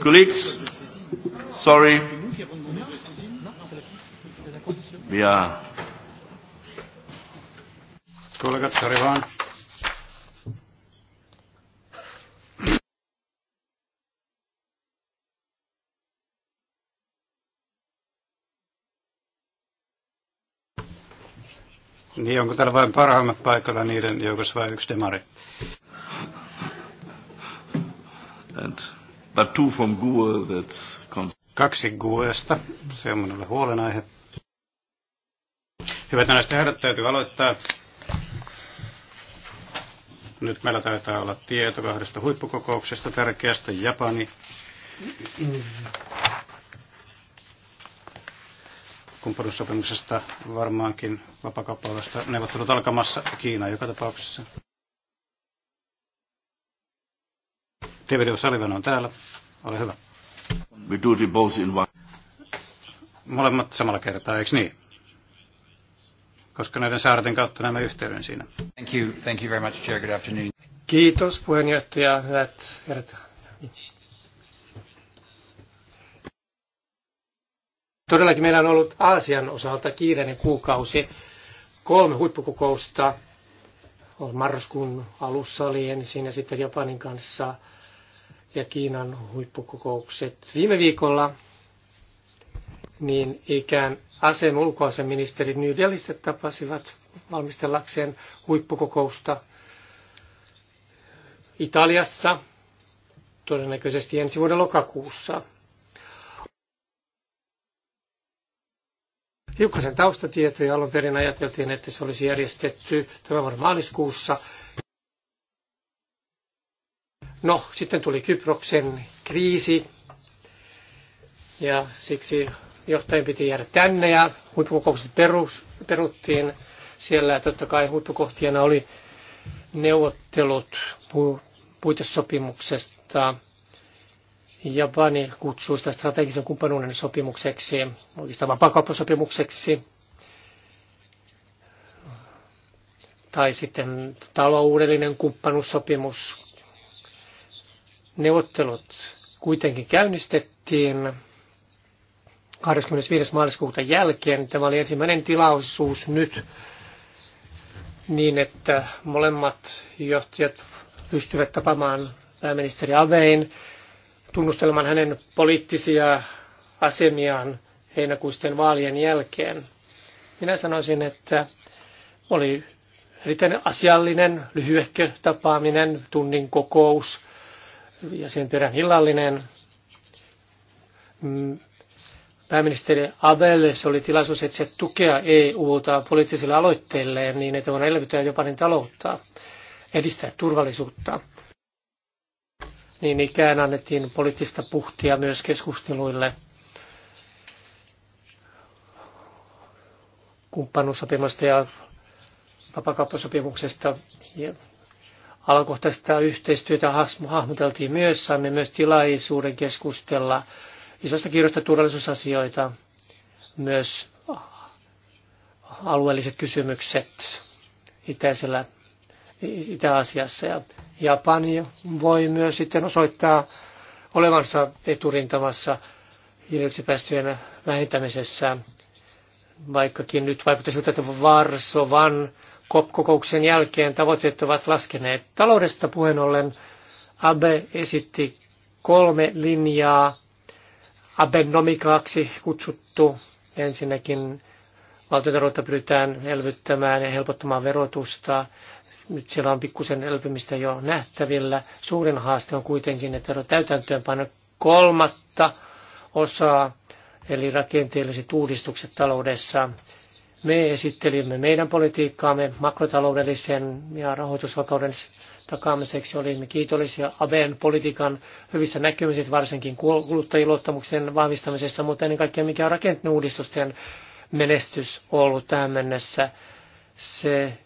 Colleagues, sorry. We are. Niin, onko täällä vain parhaimmat paikalla niiden joukossa vai yksi demari? And But two from that's... Kaksi GUEsta, se on minulle huolenaihe. Hyvät naiset herrat, täytyy aloittaa. Nyt meillä taitaa olla tieto kahdesta huippukokouksesta, tärkeästä Japani. Kumppanuussopimuksesta varmaankin vapakauppaudesta neuvottelut alkamassa Kiina joka tapauksessa. Tiberio Salivan on täällä. Ole hyvä. We do it both in one. Molemmat samalla kertaa, eikö niin? Koska näiden saarten kautta näemme yhteyden siinä. Thank you, thank you very much, Chair. Good afternoon. Kiitos puheenjohtaja. Hyvät herrat. Todellakin meillä on ollut Aasian osalta kiireinen kuukausi. Kolme huippukokousta. Marraskuun alussa oli ensin ja sitten Japanin kanssa – ja Kiinan huippukokoukset viime viikolla, niin ikään aseen ulkoaseministerit New Delhistä tapasivat valmistellakseen huippukokousta Italiassa todennäköisesti ensi vuoden lokakuussa. Hiukkasen taustatietoja alun perin ajateltiin, että se olisi järjestetty tämän vuoden maaliskuussa, No, sitten tuli Kyproksen kriisi ja siksi johtajien piti jäädä tänne ja huippukokoukset perus, peruttiin siellä ja totta kai huippukohtiana oli neuvottelut pu, puitesopimuksesta. Japani kutsui sitä strategisen kumppanuuden sopimukseksi, oikeastaan vapaakauppasopimukseksi. Tai sitten taloudellinen kumppanuussopimus Neuvottelut kuitenkin käynnistettiin 25. maaliskuuta jälkeen. Tämä oli ensimmäinen tilaisuus nyt niin, että molemmat johtajat pystyvät tapaamaan pääministeri Avein, tunnustelemaan hänen poliittisia asemiaan heinäkuisten vaalien jälkeen. Minä sanoisin, että oli erittäin asiallinen, lyhyehkö tapaaminen, tunnin kokous, ja sen perään illallinen. Mm, pääministeri Abelle se oli tilaisuus etsiä tukea EU-ta poliittisille aloitteille, niin, että voidaan elvyttää Japanin taloutta, edistää turvallisuutta. Niin ikään annettiin poliittista puhtia myös keskusteluille kumppanuussopimusta ja vapakauppasopimuksesta. Ja Alakohtaista yhteistyötä hahmoteltiin myös, saimme myös tilaisuuden keskustella isosta kirjoista turvallisuusasioita, myös alueelliset kysymykset itäisellä Itä-Asiassa. Ja Japani voi myös sitten osoittaa olevansa eturintamassa hiilidioksidipäästöjen vähentämisessä, vaikkakin nyt vaikuttaa siltä, että Varsovan COP-kokouksen jälkeen tavoitteet ovat laskeneet. Taloudesta puheen ollen Abe esitti kolme linjaa, Abenomikaksi kutsuttu. Ensinnäkin valtiotaloutta pyritään elvyttämään ja helpottamaan verotusta. Nyt siellä on pikkusen elpymistä jo nähtävillä. Suurin haaste on kuitenkin, että täytäntöönpano kolmatta osaa, eli rakenteelliset uudistukset taloudessa me esittelimme meidän politiikkaamme makrotaloudellisen ja rahoitusvakauden takaamiseksi. Olimme kiitollisia ABEn politiikan hyvissä näkymisistä, varsinkin kuluttajiluottamuksen vahvistamisessa, mutta ennen kaikkea mikä on uudistusten menestys ollut tähän mennessä. Se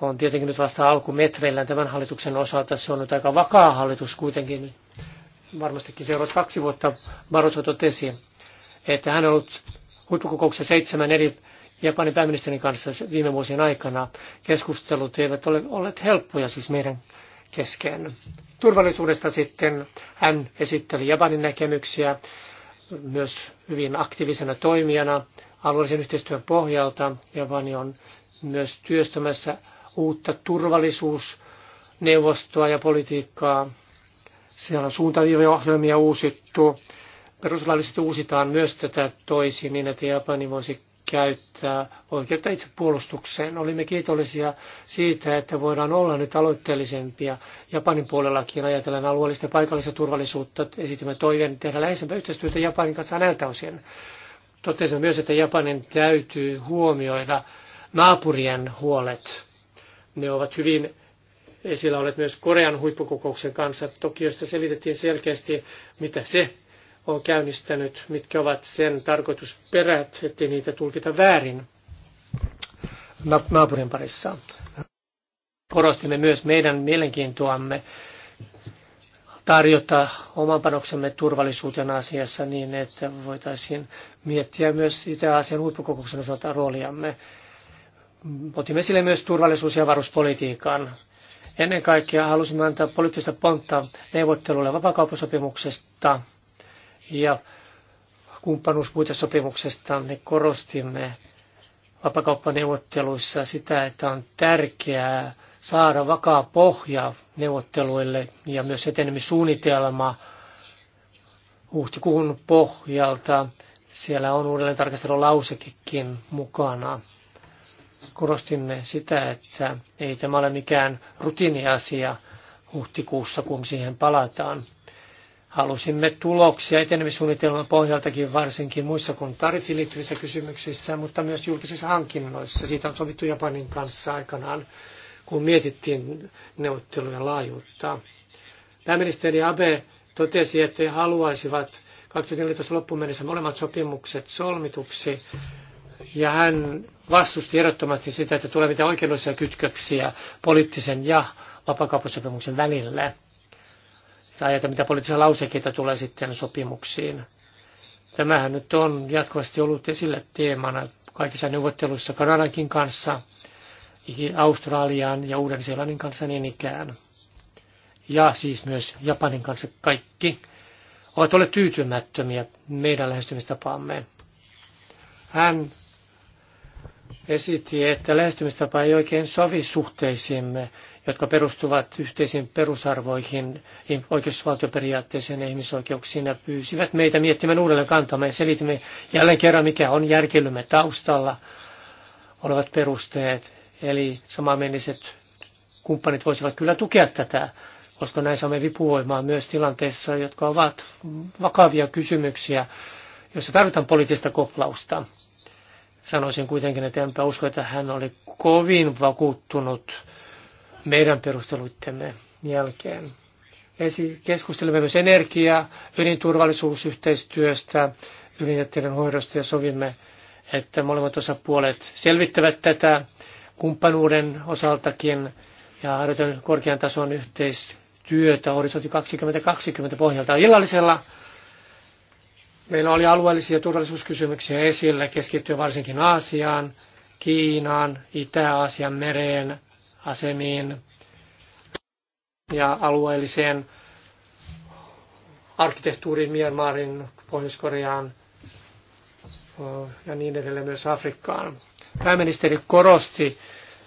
on tietenkin nyt vasta alkumetreillä tämän hallituksen osalta. Se on nyt aika vakaa hallitus kuitenkin. Varmastikin seuraavat kaksi vuotta Barroso totesi, että hän on ollut huippukokouksessa seitsemän eri Japanin pääministerin kanssa viime vuosien aikana. Keskustelut eivät ole olleet helppoja siis meidän kesken. Turvallisuudesta sitten hän esitteli Japanin näkemyksiä myös hyvin aktiivisena toimijana alueellisen yhteistyön pohjalta. Japani on myös työstämässä uutta turvallisuusneuvostoa ja politiikkaa. Siellä on suuntaviivaohjelmia uusittu. Perustuslaillisesti uusitaan myös tätä toisin niin, että Japani voisi käyttää oikeutta itsepuolustukseen. Olimme kiitollisia siitä, että voidaan olla nyt aloitteellisempia Japanin puolellakin ajatellen alueellista ja paikallista turvallisuutta. Esitimme toiveen tehdä läheisempää yhteistyötä Japanin kanssa näiltä osin. Totesimme myös, että Japanin täytyy huomioida naapurien huolet. Ne ovat hyvin esillä olleet myös Korean huippukokouksen kanssa. Tokiosta selitettiin selkeästi, mitä se on käynnistänyt, mitkä ovat sen tarkoitusperät, ettei niitä tulkita väärin naapurin parissa. Korostimme myös meidän mielenkiintoamme tarjota oman panoksemme turvallisuuden asiassa niin, että voitaisiin miettiä myös Itä-Aasian huippukokouksen osalta rooliamme. Otimme sille myös turvallisuus- ja varuspolitiikan. Ennen kaikkea halusimme antaa poliittista pontta neuvottelulle vapakauppasopimuksesta – ja kumppanuuspuitesopimuksesta me korostimme vapakauppaneuvotteluissa sitä, että on tärkeää saada vakaa pohja neuvotteluille ja myös etenemissuunnitelma huhtikuun pohjalta. Siellä on uudelleen tarkastelulausekikin mukana. Korostimme sitä, että ei tämä ole mikään rutiiniasia huhtikuussa, kun siihen palataan. Halusimme tuloksia etenemissuunnitelman pohjaltakin varsinkin muissa kuin tarifiin liittyvissä kysymyksissä, mutta myös julkisissa hankinnoissa. Siitä on sovittu Japanin kanssa aikanaan, kun mietittiin neuvottelujen laajuutta. Pääministeri Abe totesi, että he haluaisivat 2014 loppuun mennessä molemmat sopimukset solmituksi, ja hän vastusti ehdottomasti sitä, että tulee mitään oikeudellisia kytköksiä poliittisen ja vapaakauppasopimuksen välillä tai että mitä poliittisia lausekkeita tulee sitten sopimuksiin. Tämähän nyt on jatkuvasti ollut esillä teemana kaikissa neuvotteluissa Kanadankin kanssa, Australian ja Uuden-Seelannin kanssa niin ikään. Ja siis myös Japanin kanssa kaikki ovat olleet tyytymättömiä meidän lähestymistapaamme. Hän esitti, että lähestymistapa ei oikein sovi suhteisiimme jotka perustuvat yhteisiin perusarvoihin, niin oikeusvaltioperiaatteeseen ja ihmisoikeuksiin, ja pyysivät meitä miettimään uudelleen kantamme ja selitimme jälleen kerran, mikä on järkeilymme taustalla olevat perusteet. Eli samanmieliset kumppanit voisivat kyllä tukea tätä, koska näin saamme vipuvoimaa myös tilanteissa, jotka ovat vakavia kysymyksiä, joissa tarvitaan poliittista koplausta sanoisin kuitenkin, että enpä usko, että hän oli kovin vakuuttunut meidän perusteluittemme jälkeen. Esi- keskustelemme myös energia- ydinturvallisuusyhteistyöstä, ydinjätteiden hoidosta ja sovimme, että molemmat osapuolet selvittävät tätä kumppanuuden osaltakin ja harjoitan korkean tason yhteistyötä horisontti 2020 pohjalta. Illallisella meillä oli alueellisia turvallisuuskysymyksiä esillä keskittyen varsinkin Aasiaan, Kiinaan, Itä-Aasian mereen, asemiin ja alueelliseen arkkitehtuuriin Myanmarin, Pohjois-Koreaan ja niin edelleen myös Afrikkaan. Pääministeri korosti,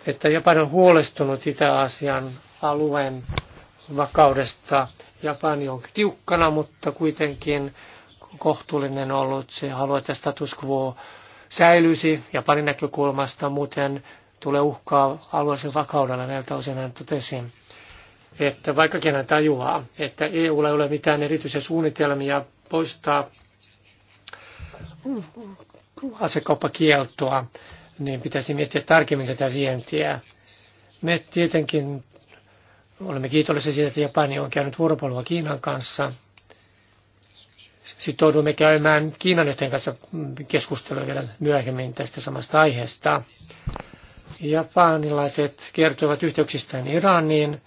että Japani on huolestunut Itä-Aasian alueen vakaudesta. Japani on tiukkana, mutta kuitenkin kohtuullinen ollut. Se haluaa, että status quo säilyisi Japanin näkökulmasta, muuten tule uhkaa alueellisen vakaudella. Näiltä osin hän totesi, että vaikkakin hän tajuaa, että EUlla ei ole mitään erityisiä suunnitelmia poistaa asekauppakieltoa, niin pitäisi miettiä tarkemmin tätä vientiä. Me tietenkin olemme kiitollisia siitä, että Japani on käynyt vuoropuolua Kiinan kanssa. Sitoudumme käymään Kiinan yhteen kanssa keskustelua vielä myöhemmin tästä samasta aiheesta. Japanilaiset kertovat yhteyksistään Iraniin.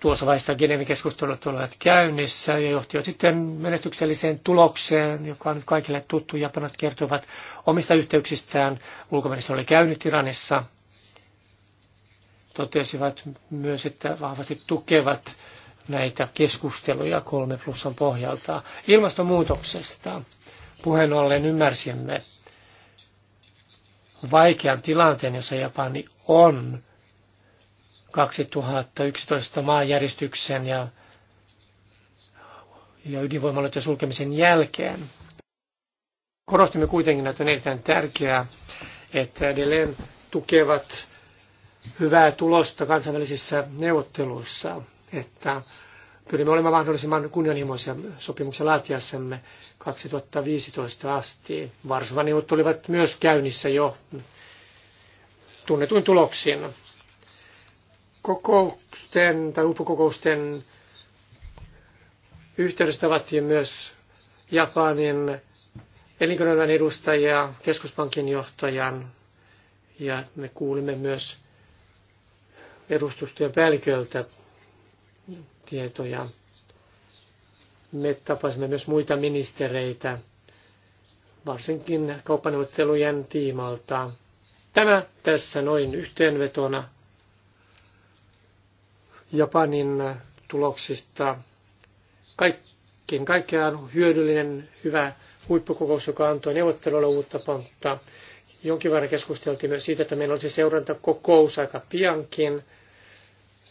Tuossa vaiheessa Geneve-keskustelut olivat käynnissä ja johtivat sitten menestykselliseen tulokseen, joka on nyt kaikille tuttu. Japanat kertovat omista yhteyksistään. Ulkoministeri oli käynyt Iranissa. Totesivat myös, että vahvasti tukevat näitä keskusteluja kolme plussan pohjalta ilmastonmuutoksesta. Puheen ollen ymmärsimme, vaikean tilanteen, jossa Japani on 2011 maanjäristyksen ja, ja ydinvoimaloiden sulkemisen jälkeen. Korostimme kuitenkin, että on erittäin tärkeää, että edelleen tukevat hyvää tulosta kansainvälisissä neuvotteluissa, että pyrimme olemaan mahdollisimman kunnianhimoisia sopimuksen laatiassamme 2015 asti. Varsovan olivat myös käynnissä jo tunnetuin tuloksin. Kokousten tai huippukokousten yhteydessä tavattiin myös Japanin elinkeinoelämän edustajia, keskuspankin johtajan ja me kuulimme myös edustustojen päälliköltä tietoja. Me tapasimme myös muita ministereitä, varsinkin kauppaneuvottelujen tiimalta. Tämä tässä noin yhteenvetona Japanin tuloksista. Kaikkien kaikkiaan hyödyllinen, hyvä huippukokous, joka antoi neuvotteluille uutta pontta. Jonkin verran keskusteltiin myös siitä, että meillä olisi seurantakokous aika piankin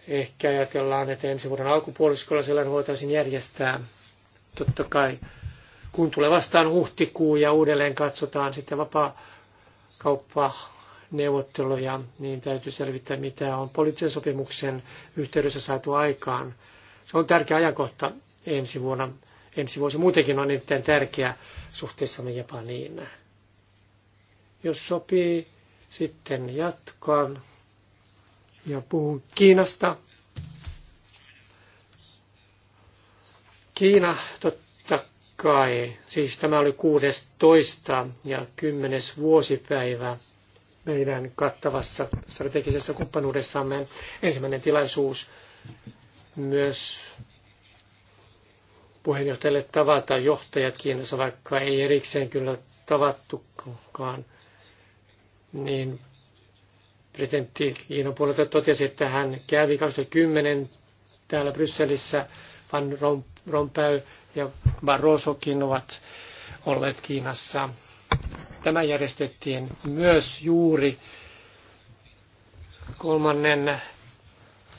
Ehkä ajatellaan, että ensi vuoden alkupuoliskolla sellainen voitaisiin järjestää. Totta kai, kun tulee vastaan huhtikuu ja uudelleen katsotaan sitten vapaa neuvotteluja, niin täytyy selvittää, mitä on poliittisen sopimuksen yhteydessä saatu aikaan. Se on tärkeä ajankohta ensi vuonna. Ensi vuosi muutenkin on erittäin tärkeä suhteessa me Japaniin. Jos sopii, sitten jatkan ja puhun Kiinasta. Kiina totta kai, siis tämä oli 16. ja 10. vuosipäivä meidän kattavassa strategisessa kumppanuudessamme ensimmäinen tilaisuus myös puheenjohtajalle tavata johtajat Kiinassa, vaikka ei erikseen kyllä tavattukaan, niin Presidentti Kiinan puolelta totesi, että hän kävi 2010 täällä Brysselissä. Van Rompuy ja Barrosokin ovat olleet Kiinassa. Tämä järjestettiin myös juuri kolmannen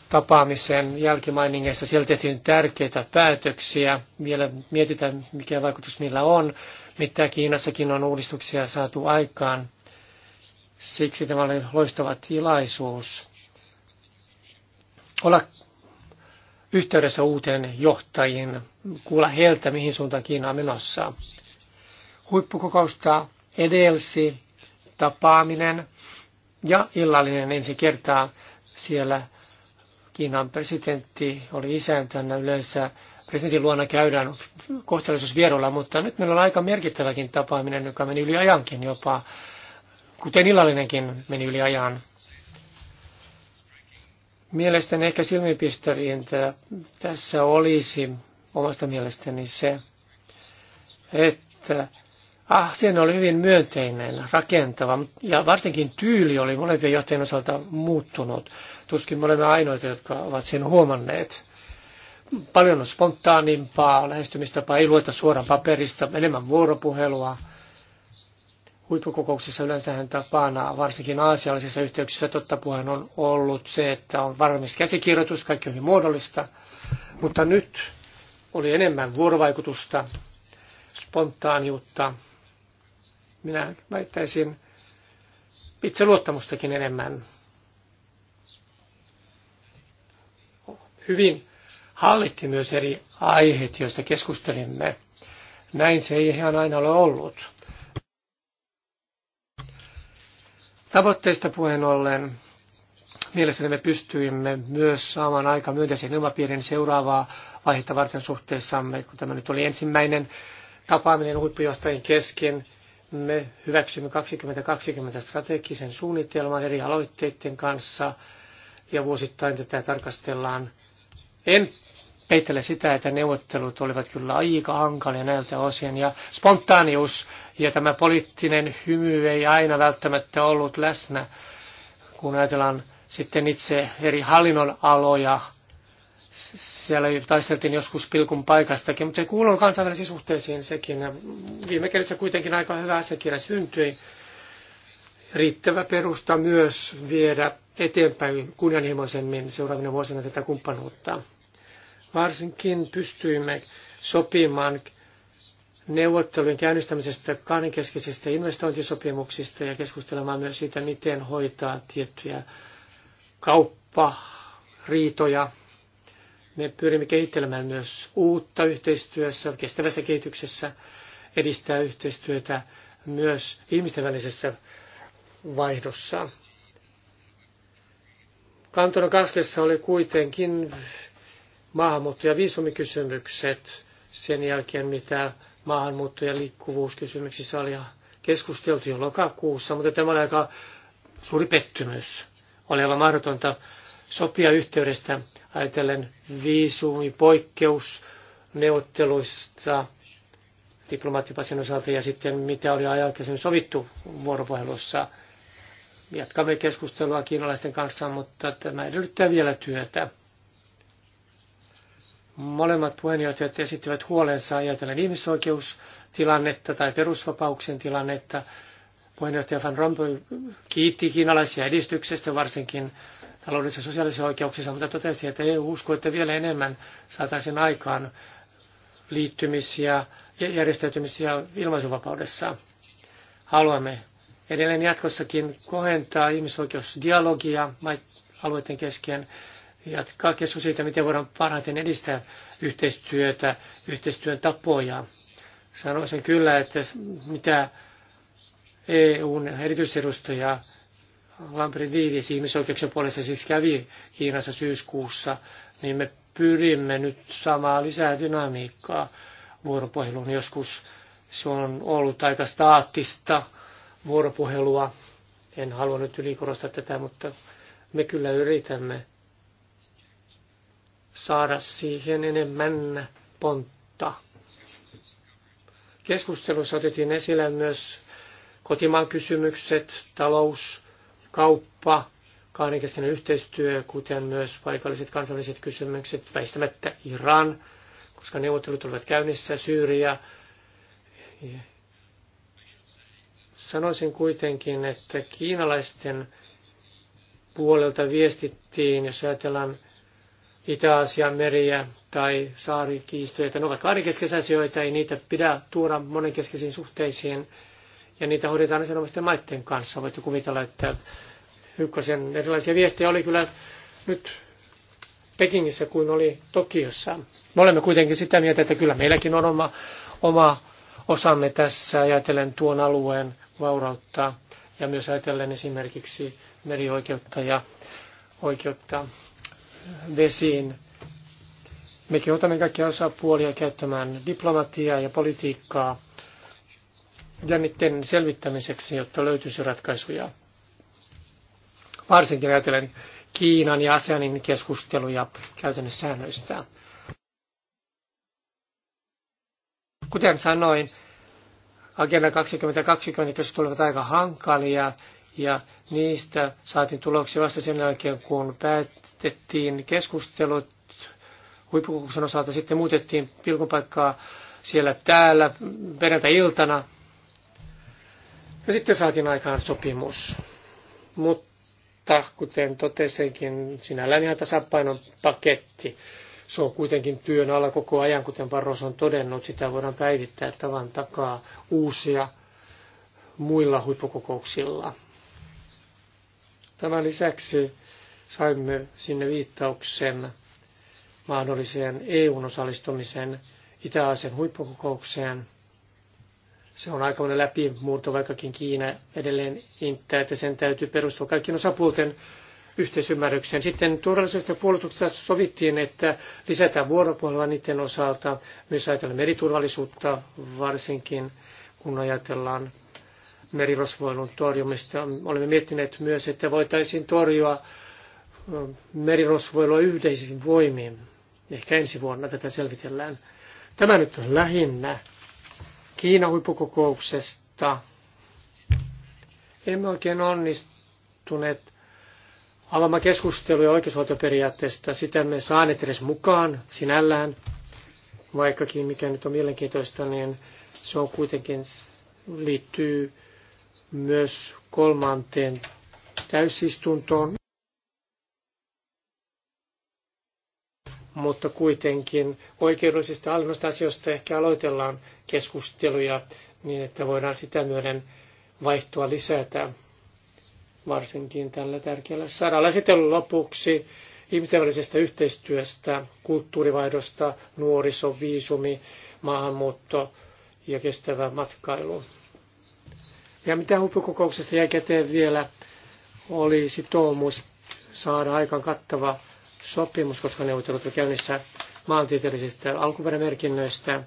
tapaamisen jälkimainingeissa. Siellä tehtiin tärkeitä päätöksiä. Vielä mietitään, mikä vaikutus niillä on. Mitä Kiinassakin on uudistuksia saatu aikaan. Siksi tämä oli loistava tilaisuus olla yhteydessä uuteen johtajiin, kuulla heiltä, mihin suuntaan Kiina on menossa. Huippukokousta edelsi tapaaminen ja illallinen ensi kertaa siellä Kiinan presidentti oli isäntänä yleensä. Presidentin luona käydään kohtalaisuusvierolla, mutta nyt meillä on aika merkittäväkin tapaaminen, joka meni yli ajankin jopa kuten illallinenkin meni yli ajan. Mielestäni ehkä silmipistävintä tässä olisi omasta mielestäni se, että ah, siinä oli hyvin myönteinen, rakentava ja varsinkin tyyli oli molempien johtajien osalta muuttunut. Tuskin me olemme ainoita, jotka ovat sen huomanneet. Paljon on spontaanimpaa lähestymistapaa, ei lueta suoraan paperista, enemmän vuoropuhelua – Huippukokouksissa hän tapana, varsinkin aasiallisissa yhteyksissä totta puheen on ollut se, että on varmasti käsikirjoitus, kaikki on hyvin muodollista, mutta nyt oli enemmän vuorovaikutusta, spontaaniutta, minä väittäisin luottamustakin enemmän. Hyvin hallitti myös eri aiheet, joista keskustelimme. Näin se ei ihan aina ole ollut. Tavoitteista puheen ollen mielestäni me pystyimme myös saamaan aika myönteisen ilmapiirin seuraavaa vaihetta varten suhteessamme, kun tämä nyt oli ensimmäinen tapaaminen huippujohtajien kesken. Me hyväksymme 2020 strategisen suunnitelman eri aloitteiden kanssa ja vuosittain tätä tarkastellaan. En peitellä sitä, että neuvottelut olivat kyllä aika hankalia näiltä osin. Ja spontaanius ja tämä poliittinen hymy ei aina välttämättä ollut läsnä, kun ajatellaan sitten itse eri hallinnon aloja. Siellä taisteltiin joskus pilkun paikastakin, mutta se kuuluu kansainvälisiin suhteisiin sekin. Ja viime kädessä kuitenkin aika hyvä asiakirja syntyi. Riittävä perusta myös viedä eteenpäin kunnianhimoisemmin seuraavina vuosina tätä kumppanuutta. Varsinkin pystyimme sopimaan neuvottelujen käynnistämisestä kahdenkeskisistä investointisopimuksista ja keskustelemaan myös siitä, miten hoitaa tiettyjä kauppariitoja. Me pyrimme kehittelemään myös uutta yhteistyössä, kestävässä kehityksessä, edistää yhteistyötä myös ihmisten välisessä vaihdossa. Kantona Kaslessa oli kuitenkin maahanmuutto- ja viisumikysymykset sen jälkeen, mitä maahanmuutto- ja liikkuvuuskysymyksissä oli keskusteltu jo lokakuussa, mutta tämä oli aika suuri pettymys. Oli aivan mahdotonta sopia yhteydestä ajatellen viisumipoikkeusneuvotteluista neuvotteluista diplomaattipasin osalta ja sitten mitä oli aikaisemmin sovittu vuoropuhelussa. Jatkamme keskustelua kiinalaisten kanssa, mutta tämä edellyttää vielä työtä. Molemmat puheenjohtajat esittivät huolensa ajatellen ihmisoikeustilannetta tai perusvapauksien tilannetta. Puheenjohtaja Van Rompuy kiitti kiinalaisia edistyksestä, varsinkin taloudellisissa ja sosiaalisissa oikeuksissa, mutta totesi, että EU uskoo, että vielä enemmän saataisiin aikaan liittymisiä, järjestäytymisiä ilmaisuvapaudessa. Haluamme edelleen jatkossakin kohentaa ihmisoikeusdialogia alueiden kesken jatkaa keskustelua siitä, miten voidaan parhaiten edistää yhteistyötä, yhteistyön tapoja. Sanoisin kyllä, että mitä EUn erityisedustaja Lambrinidis ihmisoikeuksien puolesta siis kävi Kiinassa syyskuussa, niin me pyrimme nyt saamaan lisää dynamiikkaa vuoropuheluun. Joskus se on ollut aika staattista vuoropuhelua. En halua nyt ylikorostaa tätä, mutta me kyllä yritämme saada siihen enemmän pontta. Keskustelussa otettiin esille myös kotimaan kysymykset, talous, kauppa, kahdenkeskinen yhteistyö, kuten myös paikalliset kansalliset kysymykset, väistämättä Iran, koska neuvottelut olivat käynnissä, Syyriä. Sanoisin kuitenkin, että kiinalaisten puolelta viestittiin, jos ajatellaan Itä-Aasian meriä tai saarikiistoja. Ne ovat kahdenkeskeisiä asioita, ei niitä pidä tuoda monenkeskeisiin suhteisiin. Ja niitä hoidetaan asianomaisten maiden kanssa. Voitte kuvitella, että Hykkösen erilaisia viestejä oli kyllä nyt Pekingissä kuin oli Tokiossa. Me olemme kuitenkin sitä mieltä, että kyllä meilläkin on oma, oma osamme tässä ajatellen tuon alueen vaurautta ja myös ajatellen esimerkiksi merioikeutta ja oikeutta vesiin. Me kehotamme kaikkia osapuolia käyttämään diplomatiaa ja politiikkaa jännitteiden selvittämiseksi, jotta löytyisi ratkaisuja. Varsinkin ajatellen Kiinan ja ASEANin keskusteluja käytännön säännöistä. Kuten sanoin, Agenda 2020 keskustelut aika hankalia ja niistä saatiin tuloksia vasta sen jälkeen, kun päät, muutettiin keskustelut huippukokouksen osalta, sitten muutettiin pilkunpaikkaa siellä täällä perjantai-iltana. Ja sitten saatiin aikaan sopimus. Mutta kuten totesinkin, sinällään ihan tasapainon paketti. Se on kuitenkin työn alla koko ajan, kuten Barros on todennut. Sitä voidaan päivittää tavan takaa uusia muilla huippukokouksilla. Tämän lisäksi saimme sinne viittauksen mahdolliseen EUn osallistumiseen Itä-Aasian huippukokoukseen. Se on aikamoinen läpimuuto, vaikkakin Kiina edelleen inttää, että sen täytyy perustua kaikkien osapuolten yhteisymmärrykseen. Sitten turvallisuudesta puolustuksesta sovittiin, että lisätään vuoropuhelua niiden osalta, myös ajatellaan meriturvallisuutta varsinkin, kun ajatellaan merirosvoilun torjumista. Olemme miettineet myös, että voitaisiin torjua merirosvoilua yhdeisin voimiin. Ehkä ensi vuonna tätä selvitellään. Tämä nyt on lähinnä Kiinan huippukokouksesta. Emme oikein onnistuneet avaamaan keskusteluja oikeusvaltioperiaatteesta. Sitä me saaneet edes mukaan sinällään, vaikkakin mikä nyt on mielenkiintoista, niin se on kuitenkin liittyy myös kolmanteen täysistuntoon. mutta kuitenkin oikeudellisista hallinnosta asioista ehkä aloitellaan keskusteluja niin, että voidaan sitä myöden vaihtoa lisätä, varsinkin tällä tärkeällä saralla. Sitten lopuksi ihmisten välisestä yhteistyöstä, kulttuurivaihdosta, nuoriso, viisumi, maahanmuutto ja kestävä matkailu. Ja mitä huippukokouksesta jäi käteen vielä, oli sitoumus saada aikaan kattava sopimus, koska neuvottelut on käynnissä maantieteellisistä alkuperämerkinnöistä,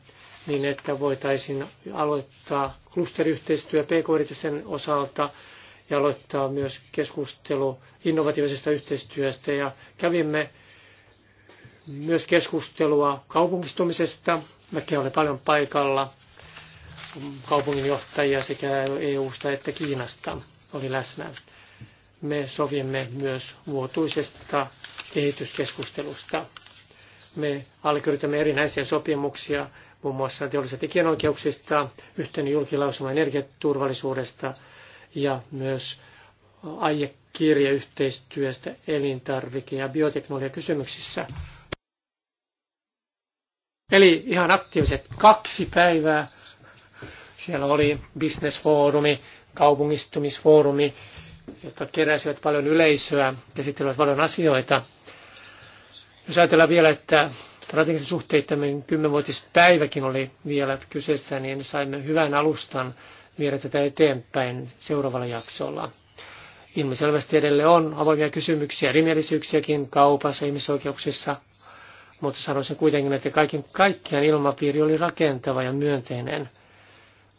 niin että voitaisiin aloittaa klusteriyhteistyö pk-yritysten osalta ja aloittaa myös keskustelu innovatiivisesta yhteistyöstä. Ja kävimme myös keskustelua kaupungistumisesta. Mäkin olen paljon paikalla kaupunginjohtajia sekä EU-sta että Kiinasta oli läsnä. Me sovimme myös vuotuisesta kehityskeskustelusta. Me allekirjoitamme erinäisiä sopimuksia, muun muassa teollisista tekijänoikeuksista, yhteinen julkilausuma energiaturvallisuudesta ja myös aiekirjayhteistyöstä elintarvike- ja bioteknologiakysymyksissä. Eli ihan aktiiviset kaksi päivää. Siellä oli bisnesfoorumi, kaupungistumisfoorumi, jotka keräsivät paljon yleisöä, käsittelivät paljon asioita. Jos ajatellaan vielä, että strategiset suhteittamme kymmenvuotispäiväkin oli vielä kyseessä, niin saimme hyvän alustan viedä tätä eteenpäin seuraavalla jaksolla. Ilmiselvästi edelleen on avoimia kysymyksiä, erimielisyyksiäkin kaupassa, ihmisoikeuksissa, mutta sanoisin kuitenkin, että kaiken kaikkiaan ilmapiiri oli rakentava ja myönteinen.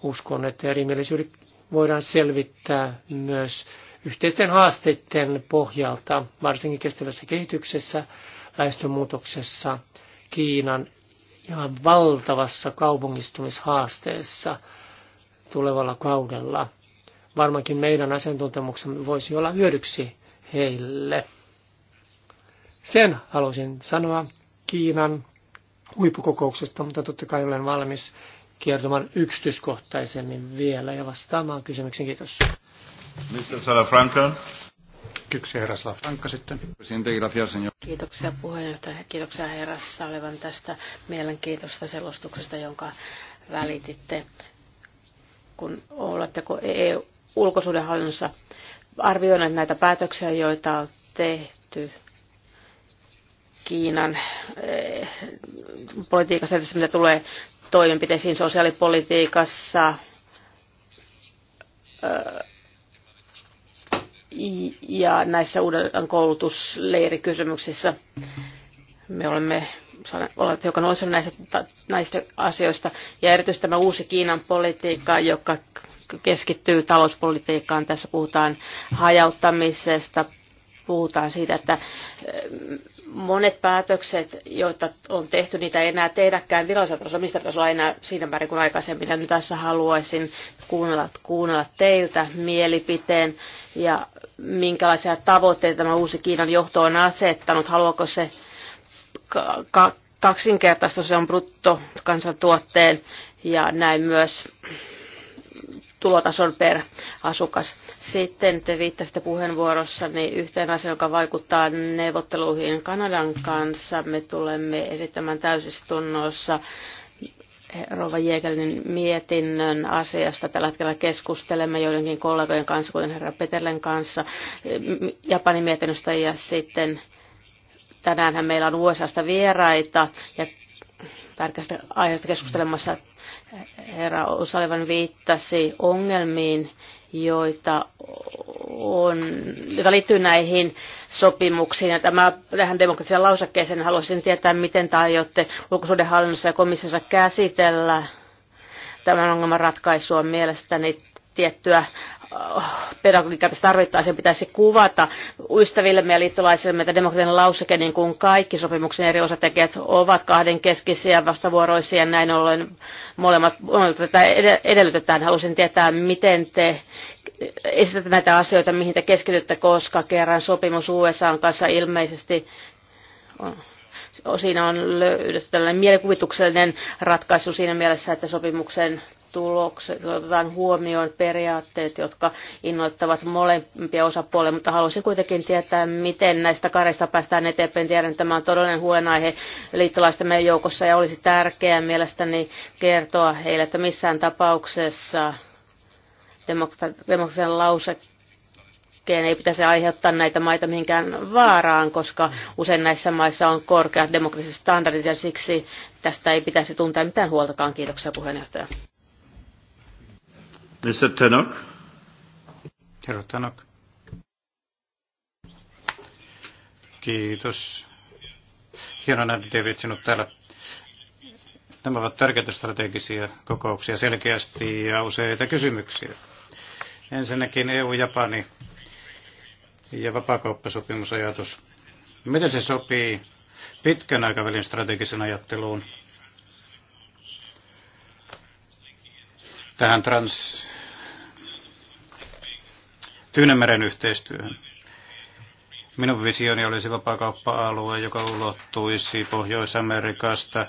Uskon, että erimielisyydet voidaan selvittää myös yhteisten haasteiden pohjalta, varsinkin kestävässä kehityksessä väestönmuutoksessa, Kiinan ja valtavassa kaupungistumishaasteessa tulevalla kaudella. Varmaankin meidän asiantuntemuksemme voisi olla hyödyksi heille. Sen halusin sanoa Kiinan huippukokouksesta, mutta totta kai olen valmis kertomaan yksityiskohtaisemmin vielä ja vastaamaan kysymyksiin. Kiitos. Mr. Salafranca. Kiitoksia herra Slafranka sitten. Kiitoksia puheenjohtaja ja kiitoksia herra Salevan tästä mielenkiintoista selostuksesta, jonka välititte. Kun oletteko EU, ulkosuudenhallinnossa arvioineet näitä päätöksiä, joita on tehty Kiinan eh, politiikassa, mitä tulee toimenpiteisiin sosiaalipolitiikassa, eh, ja näissä uudelleen koulutusleirikysymyksissä. Me olemme olleet hiukan osa näistä, näistä asioista. Ja erityisesti tämä uusi Kiinan politiikka, joka keskittyy talouspolitiikkaan. Tässä puhutaan hajauttamisesta, puhutaan siitä, että eh, monet päätökset, joita on tehty, niitä ei enää tehdäkään virallisella tasolla, mistä tasolla enää siinä määrin kuin aikaisemmin. Ja nyt tässä haluaisin kuunnella, kuunnella teiltä mielipiteen ja minkälaisia tavoitteita tämä uusi Kiinan johto on asettanut. Haluaako se kaksinkertaista se on bruttokansantuotteen ja näin myös tulotason per asukas. Sitten te viittasitte niin yhteen asiaan, joka vaikuttaa neuvotteluihin Kanadan kanssa. Me tulemme esittämään täysistunnossa Rova Jäkelin mietinnön asiasta. Tällä hetkellä keskustelemme joidenkin kollegojen kanssa, kuten herra Peterlen kanssa, Japanin mietinnöstä ja sitten tänäänhän meillä on USAsta vieraita ja tärkeästä aiheesta keskustelemassa herra Osalevan viittasi ongelmiin, joita on, joita liittyy näihin sopimuksiin. Ja tämä, tähän demokratian lausakkeeseen haluaisin tietää, miten te aiotte ulkosuudenhallinnossa ja komissiossa käsitellä tämän ongelman ratkaisua. Mielestäni tiettyä oh, pedagogiikkaa tässä tarvittaisiin, sen pitäisi kuvata uistaville ja liittolaisillemme, että demokratian lauseke, niin kuin kaikki sopimuksen eri osatekijät ovat kahdenkeskisiä vastavuoroisia, ja näin ollen molemmat tätä edellytetään. Haluaisin tietää, miten te esitätte näitä asioita, mihin te keskitytte, koska kerran sopimus USA kanssa ilmeisesti on siinä on löydetty tällainen mielikuvituksellinen ratkaisu siinä mielessä, että sopimuksen tulokset, otetaan huomioon periaatteet, jotka innoittavat molempia osapuolia, mutta haluaisin kuitenkin tietää, miten näistä kareista päästään eteenpäin. Tiedän, että tämä on todellinen huolenaihe meidän joukossa ja olisi tärkeää mielestäni kertoa heille, että missään tapauksessa demokratian lausekkeen ei pitäisi aiheuttaa näitä maita mihinkään vaaraan, koska usein näissä maissa on korkeat demokratiset standardit ja siksi tästä ei pitäisi tuntea mitään huoltakaan. Kiitoksia puheenjohtaja. Mr. Herra Tannock, Kiitos. Hienoa nähdä David sinut täällä. Nämä ovat tärkeitä strategisia kokouksia selkeästi ja useita kysymyksiä. Ensinnäkin EU-Japani ja vapaakauppasopimusajatus. Miten se sopii pitkän aikavälin strategisen ajatteluun? Tähän trans Tyynemeren yhteistyöhön. Minun visioni olisi vapaakauppa-alue, joka ulottuisi Pohjois-Amerikasta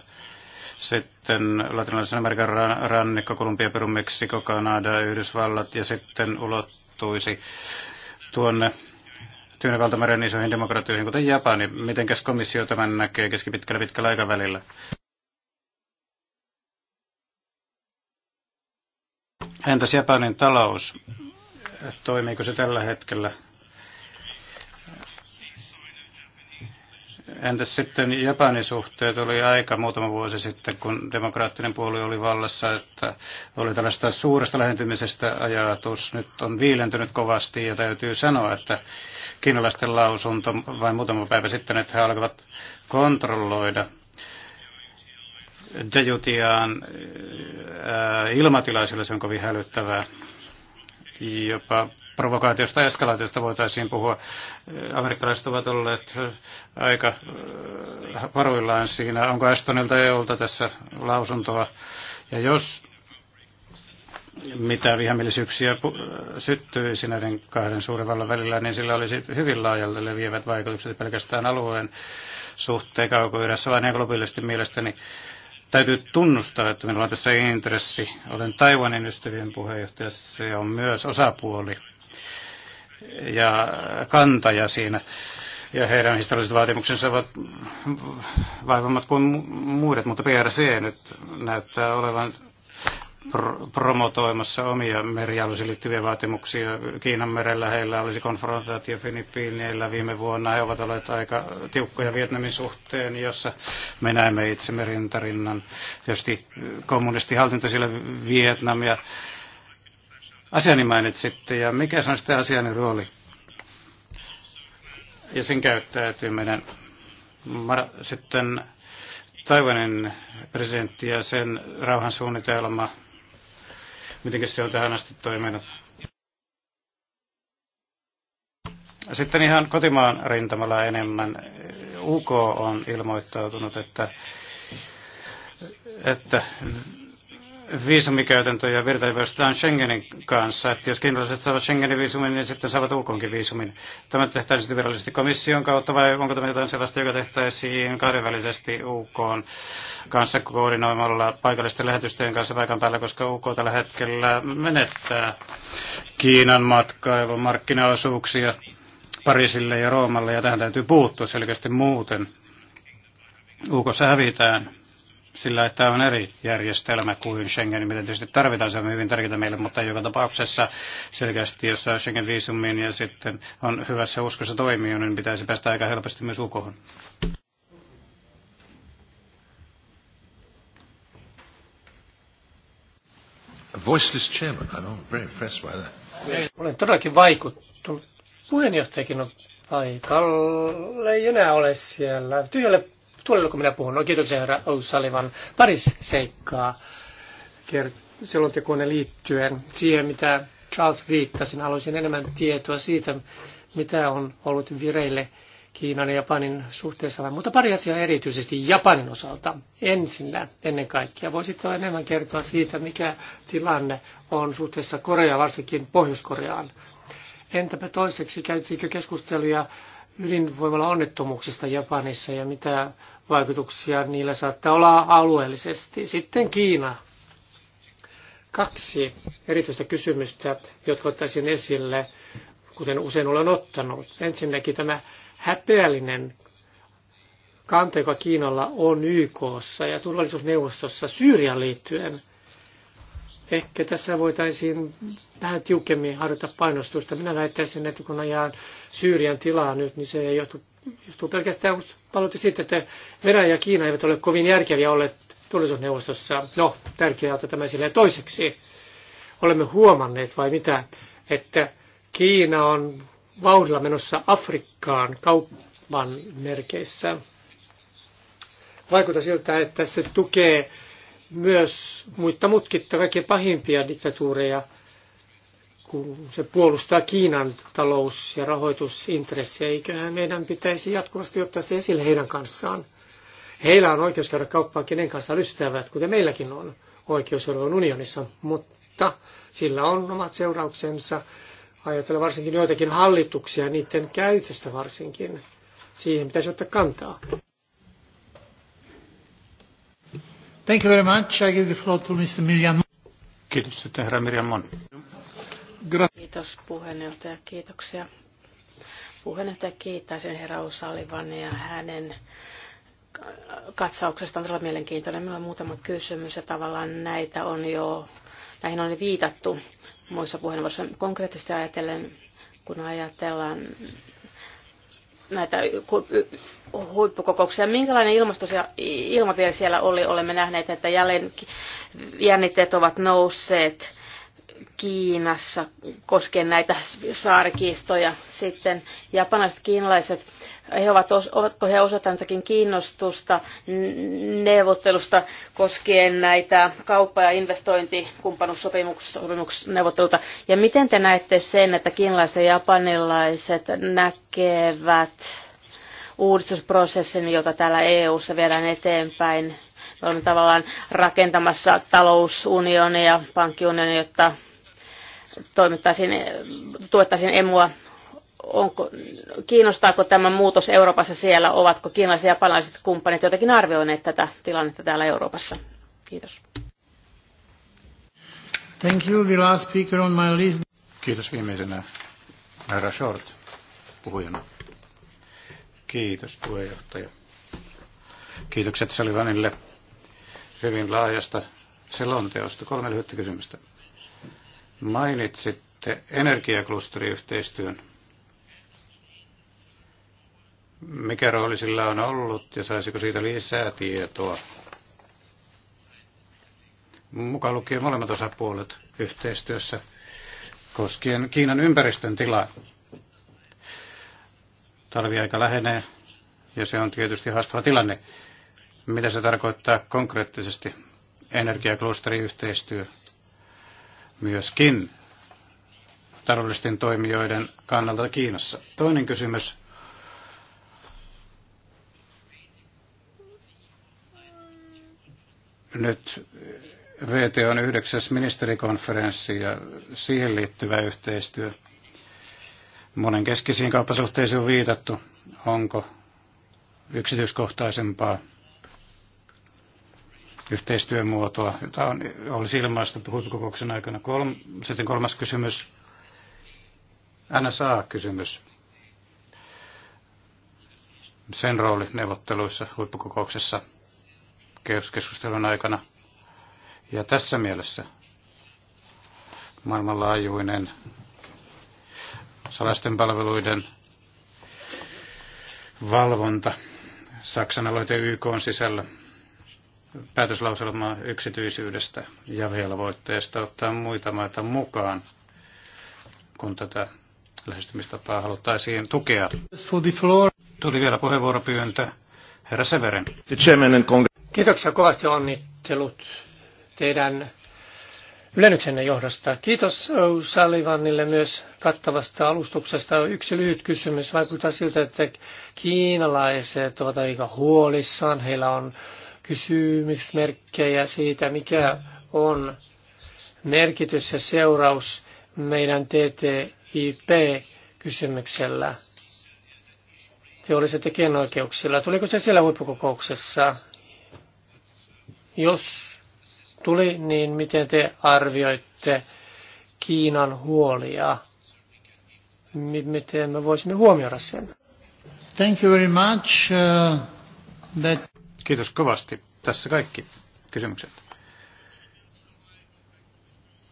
sitten Latinalaisen Amerikan rannikko, Kolumbia, Peru, Meksiko, Kanada, Yhdysvallat ja sitten ulottuisi tuonne Tyynevaltameren isoihin demokratioihin, kuten Japani. Mitenkäs komissio tämän näkee keskipitkällä pitkällä aikavälillä? Entäs Japanin talous? Toimiiko se tällä hetkellä? Entäs sitten Japanin suhteet oli aika muutama vuosi sitten, kun demokraattinen puolue oli vallassa, että oli tällaista suuresta lähentymisestä ajatus. Nyt on viilentynyt kovasti ja täytyy sanoa, että kiinalaisten lausunto vain muutama päivä sitten, että he alkavat kontrolloida Dejutiaan ilmatilaisille, se on kovin hälyttävää jopa provokaatiosta ja eskalaatiosta voitaisiin puhua. Amerikkalaiset ovat olleet äh, aika äh, varuillaan siinä. Onko Estonilta EUlta tässä lausuntoa? Ja jos mitä vihamielisyyksiä äh, syttyisi näiden kahden suuren vallan välillä, niin sillä olisi hyvin laajalle leviävät vaikutukset pelkästään alueen suhteen kaukoyhdessä, vaan ihan globaalisti mielestäni. Niin Täytyy tunnustaa, että minulla on tässä intressi. Olen Taiwanin ystävien puheenjohtaja, se on myös osapuoli ja kantaja siinä. Ja heidän historialliset vaatimuksensa ovat vaivammat kuin muiden, mutta PRC nyt näyttää olevan promotoimassa omia merialueisiin liittyviä vaatimuksia. Kiinan merellä heillä olisi konfrontaatio Filippiineillä viime vuonna. He ovat olleet aika tiukkoja Vietnamin suhteen, jossa me näemme itse merintarinnan. Tietysti kommunistihallinto siellä Vietnamia. Asiani mainitsitte, ja mikä se on sitten asiani rooli? Ja sen käyttäytyminen. Sitten Taiwanin presidentti ja sen rauhansuunnitelma Miten se on tähän asti toiminut? Sitten ihan kotimaan rintamalla enemmän. UK on ilmoittautunut, että, että viisumikäytäntöjä virtaviivastetaan Schengenin kanssa, että jos kiinalaiset saavat Schengenin viisumin, niin sitten saavat ulkoonkin viisumin. Tämä tehtäisiin sitten virallisesti komission kautta vai onko tämä jotain sellaista, joka tehtäisiin kahdenvälisesti UK kanssa koordinoimalla paikallisten lähetystöjen kanssa paikan päällä, koska UK tällä hetkellä menettää Kiinan matkailun markkinaosuuksia Pariisille ja Roomalle ja tähän täytyy puuttua selkeästi muuten. UKssa hävitään sillä, että on eri järjestelmä kuin Schengen, mitä tietysti tarvitaan, se on hyvin tärkeää meille, mutta joka tapauksessa selkeästi, jos saa Schengen viisumiin ja sitten on hyvässä uskossa toimia, niin pitäisi päästä aika helposti myös ukohon. voiceless chairman. I'm very impressed by that. Olen todellakin vaikuttunut. Puheenjohtajakin on paikalla. Ei enää ole siellä. Tyhjälle tuolla kun minä puhun. No kiitoksia herra O'Sullivan. parisseikkaa, seikkaa selontekoon liittyen siihen, mitä Charles viittasin. Haluaisin enemmän tietoa siitä, mitä on ollut vireille Kiinan ja Japanin suhteessa, mutta pari asiaa erityisesti Japanin osalta. Ensinnä ennen kaikkea. Voisitko enemmän kertoa siitä, mikä tilanne on suhteessa Koreaan, varsinkin Pohjois-Koreaan? Entäpä toiseksi, käytiinkö keskusteluja ydinvoimalla onnettomuuksista Japanissa ja mitä vaikutuksia niillä saattaa olla alueellisesti. Sitten Kiina. Kaksi erityistä kysymystä, jotka ottaisin esille, kuten usein olen ottanut. Ensinnäkin tämä häpeällinen kanta, joka Kiinalla on YKssa ja turvallisuusneuvostossa Syyrian liittyen. Ehkä tässä voitaisiin vähän tiukemmin harjoittaa painostusta. Minä väittäisin, että kun ajan Syyrian tilaa nyt, niin se ei johtu johtuu pelkästään paljon siitä, että Venäjä ja Kiina eivät ole kovin järkeviä olleet turvallisuusneuvostossa. No, tärkeää ottaa tämä esille. toiseksi olemme huomanneet, vai mitä, että Kiina on vauhdilla menossa Afrikkaan kaupan merkeissä. Vaikuttaa siltä, että se tukee myös muita mutkitta kaikkein pahimpia diktatuureja – kun se puolustaa Kiinan talous- ja rahoitusintressejä, eiköhän meidän pitäisi jatkuvasti ottaa se esille heidän kanssaan. Heillä on oikeus käydä kauppaa kenen kanssa lystävät, kuten meilläkin on oikeus Euroopan unionissa, mutta sillä on omat seurauksensa. ajatellaan varsinkin joitakin hallituksia, niiden käytöstä varsinkin. Siihen pitäisi ottaa kantaa. Thank you very much. I give the floor to Mr. Mirjan. Kiitos, herra Mirjam Mon. Kiitos puheenjohtaja, kiitoksia. Puheenjohtaja kiittäisin herra Usalivani ja hänen katsauksesta on todella mielenkiintoinen. Minulla on muutama kysymys ja tavallaan näitä on jo, näihin on viitattu muissa puheenvuoroissa. Konkreettisesti ajatellen, kun ajatellaan näitä huippukokouksia. Minkälainen ilmasto siellä, ilmapiiri siellä oli? Olemme nähneet, että jälleen jännitteet ovat nousseet Kiinassa koskien näitä saarikiistoja. Sitten japanilaiset kiinalaiset, he ovat, ovatko he osoittaneet jotakin kiinnostusta neuvottelusta koskien näitä kauppa- ja investointikumppanuussopimusneuvotteluita? Ja miten te näette sen, että kiinalaiset ja japanilaiset näkevät uudistusprosessin, jota täällä EU-ssa viedään eteenpäin? Me olemme tavallaan rakentamassa talousunionia pankkiunionia, jotta toimittaisiin, tuettaisiin emua. Onko, kiinnostaako tämä muutos Euroopassa siellä? Ovatko kiinalaiset ja japanilaiset kumppanit jotenkin arvioineet tätä tilannetta täällä Euroopassa? Kiitos. Thank you. The last speaker on my list. Kiitos viimeisenä. Herra Short puhujana. Kiitos puheenjohtaja. Kiitokset Salivanille hyvin laajasta selonteosta. Kolme lyhyttä kysymystä. Mainitsitte energiaklusteriyhteistyön. Mikä rooli sillä on ollut ja saisiko siitä lisää tietoa? Mukaan lukien molemmat osapuolet yhteistyössä koskien Kiinan ympäristön tilaa. Talviaika lähenee ja se on tietysti haastava tilanne. Mitä se tarkoittaa konkreettisesti energiaklusteriyhteistyö? yhteistyö? myöskin taloudellisten toimijoiden kannalta Kiinassa. Toinen kysymys. Nyt VT on yhdeksäs ministerikonferenssi ja siihen liittyvä yhteistyö. Monenkeskisiin kauppasuhteisiin on viitattu. Onko yksityiskohtaisempaa yhteistyömuotoa, jota on, olisi ilmaista huippukokouksen aikana. Kolm, sitten kolmas kysymys, NSA-kysymys. Sen rooli neuvotteluissa huippukokouksessa keskustelun aikana. Ja tässä mielessä maailmanlaajuinen salaisten palveluiden valvonta Saksan aloite YK on sisällä päätöslauselmaa yksityisyydestä ja velvoitteesta ottaa muita maita mukaan, kun tätä lähestymistapaa haluttaisiin tukea. Tuli vielä puheenvuoropyyntö. Herra Severin. Kiitoksia kovasti onnittelut teidän ylennyksenne johdosta. Kiitos Salivanille myös kattavasta alustuksesta. Yksi lyhyt kysymys. Vaikuttaa siltä, että kiinalaiset ovat aika huolissaan. Heillä on kysymysmerkkejä siitä, mikä on merkitys ja seuraus meidän TTIP-kysymyksellä teolliset tekijänoikeuksilla. Tuliko se siellä huippukokouksessa? Jos tuli, niin miten te arvioitte Kiinan huolia? Miten me voisimme huomioida sen? Thank you very much. Uh, that... Kiitos kovasti. Tässä kaikki kysymykset.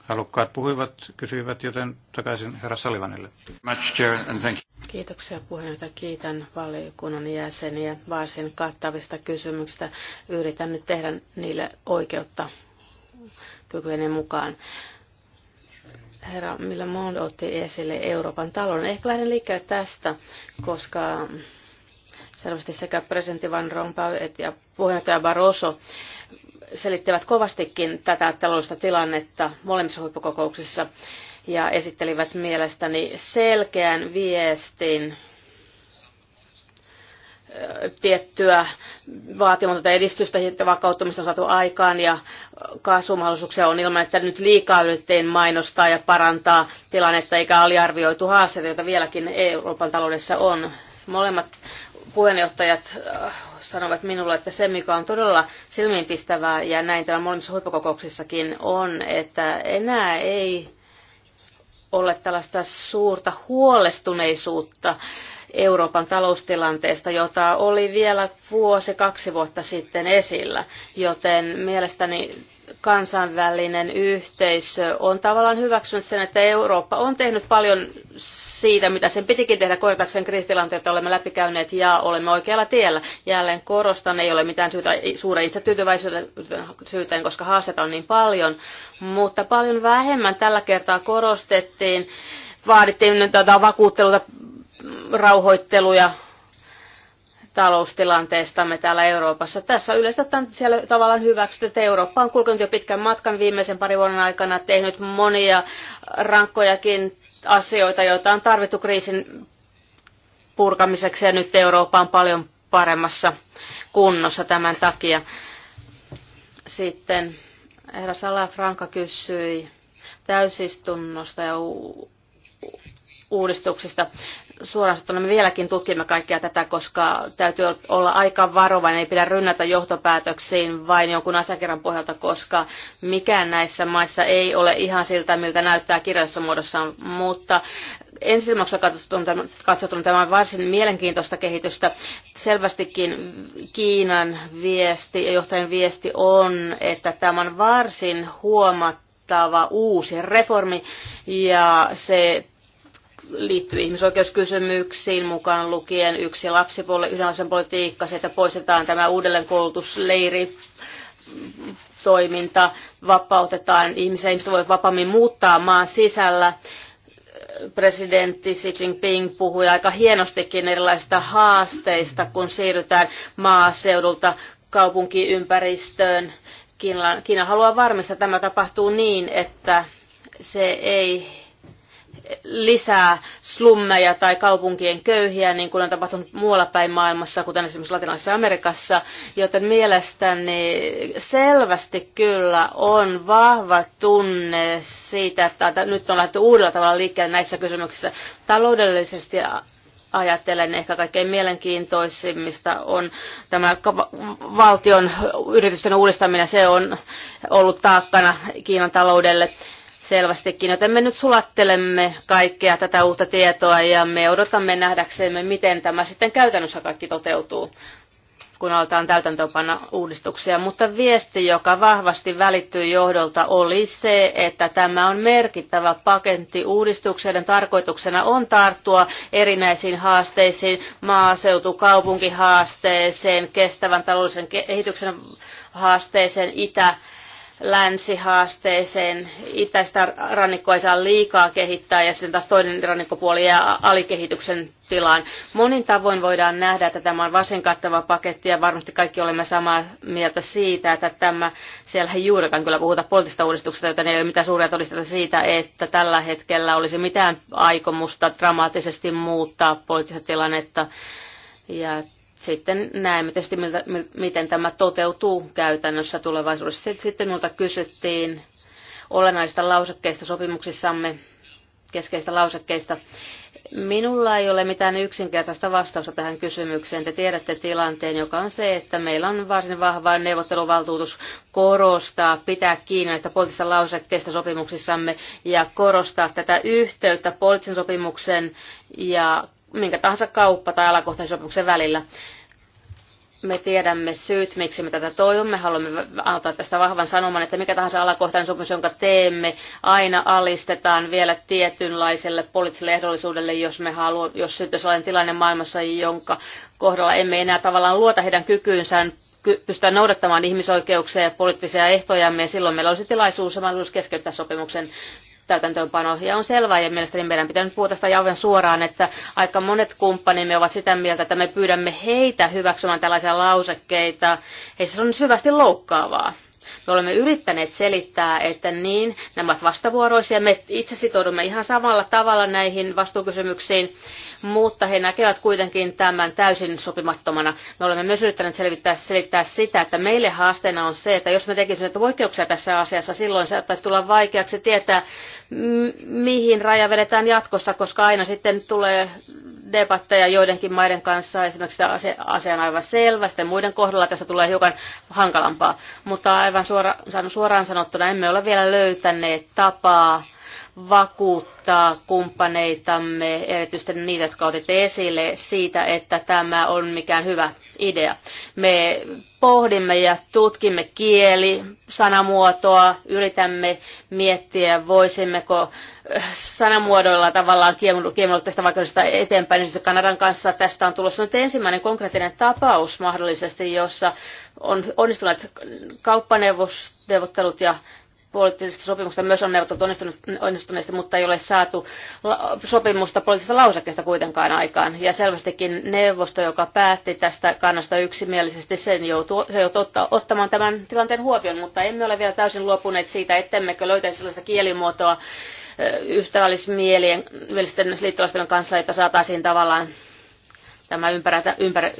Halukkaat puhuivat, kysyivät, joten takaisin herra Salivanille. Kiitoksia puheenjohtaja. Kiitän valiokunnan jäseniä varsin kattavista kysymyksistä. Yritän nyt tehdä niille oikeutta kykyinen mukaan. Herra Millamond otti esille Euroopan talon. Ehkä lähden liikkeelle tästä, koska selvästi sekä presidentti Van Rompuy ja puheenjohtaja Barroso selittivät kovastikin tätä taloudellista tilannetta molemmissa huippukokouksissa ja esittelivät mielestäni selkeän viestin tiettyä vaatimatonta edistystä ja vakauttamista on saatu aikaan ja kasvumahdollisuuksia on ilman, että nyt liikaa yritettiin mainostaa ja parantaa tilannetta eikä aliarvioitu haasteita, joita vieläkin Euroopan taloudessa on. Molemmat puheenjohtajat äh, sanovat minulle, että se mikä on todella silmiinpistävää ja näin täällä molemmissa huippukokouksissakin on, että enää ei ole tällaista suurta huolestuneisuutta Euroopan taloustilanteesta, jota oli vielä vuosi, kaksi vuotta sitten esillä. Joten mielestäni kansainvälinen yhteisö on tavallaan hyväksynyt sen, että Eurooppa on tehnyt paljon siitä, mitä sen pitikin tehdä korjatakseen kristilanteita, olemme läpikäyneet ja olemme oikealla tiellä. Jälleen korostan, ei ole mitään syytä suuren itsetyytyväisyyteen, koska haasteita on niin paljon, mutta paljon vähemmän tällä kertaa korostettiin, vaadittiin tätä vakuutteluta, rauhoitteluja, taloustilanteestamme täällä Euroopassa. Tässä yleistä siellä tavallaan hyväksytty, että Eurooppa on kulkenut jo pitkän matkan viimeisen parin vuoden aikana, tehnyt monia rankkojakin asioita, joita on tarvittu kriisin purkamiseksi ja nyt Eurooppa on paljon paremmassa kunnossa tämän takia. Sitten herra Franka kysyi täysistunnosta ja uudistuksista. Suorastaan me vieläkin tutkimme kaikkea tätä, koska täytyy olla aika varovainen, ei pidä rynnätä johtopäätöksiin vain jonkun asiakirjan pohjalta, koska mikään näissä maissa ei ole ihan siltä, miltä näyttää kirjallisessa muodossa, mutta ensimmäisenä katsotun katsottuna tämä on varsin mielenkiintoista kehitystä. Selvästikin Kiinan viesti ja johtajan viesti on, että tämä on varsin huomattava uusi reformi ja se liittyy ihmisoikeuskysymyksiin mukaan lukien yksi lapsipuoli, yhdenlaisen politiikka, se, että poistetaan tämä uudelleenkoulutusleiri, toiminta, vapautetaan ihmisiä, ihmiset voivat vapaammin muuttaa maan sisällä. Presidentti Xi Jinping puhui aika hienostikin erilaisista haasteista, kun siirrytään maaseudulta kaupunkiympäristöön. Kiina, Kiina haluaa varmistaa, että tämä tapahtuu niin, että se ei lisää slummeja tai kaupunkien köyhiä, niin kuin on tapahtunut muualla päin maailmassa, kuten esimerkiksi Latinalaisessa Amerikassa, joten mielestäni selvästi kyllä on vahva tunne siitä, että nyt on lähdetty uudella tavalla liikkeelle näissä kysymyksissä taloudellisesti ajattelen ehkä kaikkein mielenkiintoisimmista on tämä valtion yritysten uudistaminen. Se on ollut taakkana Kiinan taloudelle selvästikin, joten me nyt sulattelemme kaikkea tätä uutta tietoa ja me odotamme nähdäksemme, miten tämä sitten käytännössä kaikki toteutuu kun aletaan täytäntöönpanna uudistuksia, mutta viesti, joka vahvasti välittyy johdolta, oli se, että tämä on merkittävä paketti uudistuksen tarkoituksena on tarttua erinäisiin haasteisiin, maaseutu, kaupunkihaasteeseen, kestävän taloudellisen kehityksen haasteeseen, itä, länsihaasteeseen. Itäistä rannikkoa ei saa liikaa kehittää ja sitten taas toinen rannikkopuoli jää alikehityksen tilaan. Monin tavoin voidaan nähdä, että tämä on varsin kattava paketti ja varmasti kaikki olemme samaa mieltä siitä, että tämä, siellä ei juurikaan kyllä puhuta poliittisesta uudistuksesta, joten ei ole mitään suuria todisteita siitä, että tällä hetkellä olisi mitään aikomusta dramaattisesti muuttaa poliittista tilannetta. Ja sitten näemme tietysti, miltä, miten tämä toteutuu käytännössä tulevaisuudessa. Sitten minulta kysyttiin olennaisista lausekkeista sopimuksissamme, keskeistä lausekkeista. Minulla ei ole mitään yksinkertaista vastausta tähän kysymykseen. Te tiedätte tilanteen, joka on se, että meillä on varsin vahva neuvotteluvaltuutus korostaa, pitää kiinni näistä poliittisista lausekkeista sopimuksissamme ja korostaa tätä yhteyttä poliittisen sopimuksen ja minkä tahansa kauppa- tai alakohtaisen sopimuksen välillä. Me tiedämme syyt, miksi me tätä toivomme. Haluamme antaa tästä vahvan sanoman, että mikä tahansa alakohtainen sopimus, jonka teemme, aina alistetaan vielä tietynlaiselle poliittiselle ehdollisuudelle, jos me haluamme, jos sitten sellainen tilanne maailmassa, jonka kohdalla emme enää tavallaan luota heidän kykyynsään pystyä noudattamaan ihmisoikeuksia ja poliittisia ehtojamme, ja silloin meillä olisi tilaisuus ja mahdollisuus keskeyttää sopimuksen täytäntöönpano. Ja on selvää, ja mielestäni meidän pitää nyt puhua tästä suoraan, että aika monet kumppanimme ovat sitä mieltä, että me pyydämme heitä hyväksymään tällaisia lausekkeita. Ei se on syvästi loukkaavaa. Me olemme yrittäneet selittää, että niin, nämä ovat vastavuoroisia. Me itse sitoudumme ihan samalla tavalla näihin vastuukysymyksiin mutta he näkevät kuitenkin tämän täysin sopimattomana. Me olemme myös yrittäneet selvittää, selittää sitä, että meille haasteena on se, että jos me tekisimme poikkeuksia tässä asiassa, silloin saattaisi tulla vaikeaksi tietää, mihin raja vedetään jatkossa, koska aina sitten tulee debatteja joidenkin maiden kanssa, esimerkiksi tämä asia on aivan selvä, sitten muiden kohdalla tässä tulee hiukan hankalampaa. Mutta aivan suora, suoraan sanottuna emme ole vielä löytäneet tapaa vakuuttaa kumppaneitamme, erityisesti niitä, jotka otitte esille, siitä, että tämä on mikään hyvä idea. Me pohdimme ja tutkimme kieli, sanamuotoa, yritämme miettiä, voisimmeko äh, sanamuodoilla tavallaan kiemmoilla tästä vaikeudesta eteenpäin. Siis Kanadan kanssa tästä on tulossa nyt ensimmäinen konkreettinen tapaus mahdollisesti, jossa on onnistuneet kauppaneuvottelut ja poliittisesta sopimuksesta myös on neuvoteltu onnistuneesti, mutta ei ole saatu sopimusta poliittisesta lausakkeesta kuitenkaan aikaan. Ja selvästikin neuvosto, joka päätti tästä kannasta yksimielisesti, sen joutuu, se joutuu ottamaan tämän tilanteen huomioon, mutta emme ole vielä täysin luopuneet siitä, ettemmekö löytäisi sellaista kielimuotoa ystävällismielisten liittolaisten kanssa, että saataisiin tavallaan tämä ympärä, ympärä,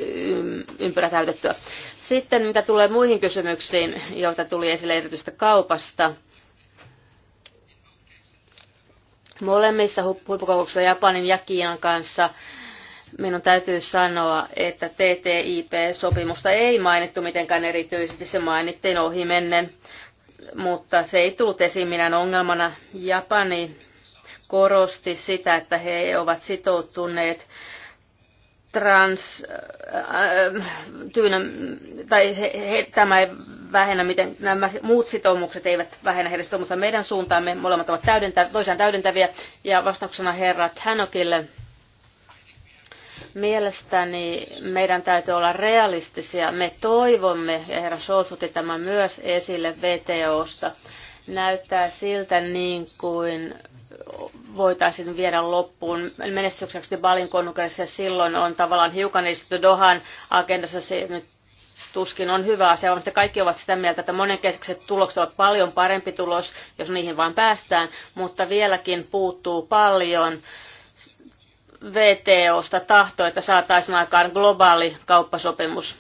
ympärä täytettyä. Sitten mitä tulee muihin kysymyksiin, joita tuli esille erityisesti kaupasta. Molemmissa huippukokouksissa Japanin ja Kiinan kanssa minun täytyy sanoa, että TTIP-sopimusta ei mainittu mitenkään erityisesti, se mainittiin mennen, mutta se ei tullut esiin minään ongelmana. Japani korosti sitä, että he ovat sitoutuneet trans, äh, äh, tyynä, tai se, he, tämä ei vähennä, miten nämä muut sitoumukset eivät vähennä heidän sitoumusta meidän suuntaamme. Molemmat ovat täydentä, toisiaan täydentäviä. Ja vastauksena herra Tanokille. Mielestäni meidän täytyy olla realistisia. Me toivomme, ja herra Scholz otti tämän myös esille VTOsta, näyttää siltä niin kuin voitaisiin viedä loppuun menestykseksi Balin konnukerissa. Silloin on tavallaan hiukan edistetty Dohan agendassa. Se nyt tuskin on hyvä asia, mutta kaikki ovat sitä mieltä, että monenkeskiset tulokset ovat paljon parempi tulos, jos niihin vain päästään, mutta vieläkin puuttuu paljon VTOsta tahtoa, että saataisiin aikaan globaali kauppasopimus.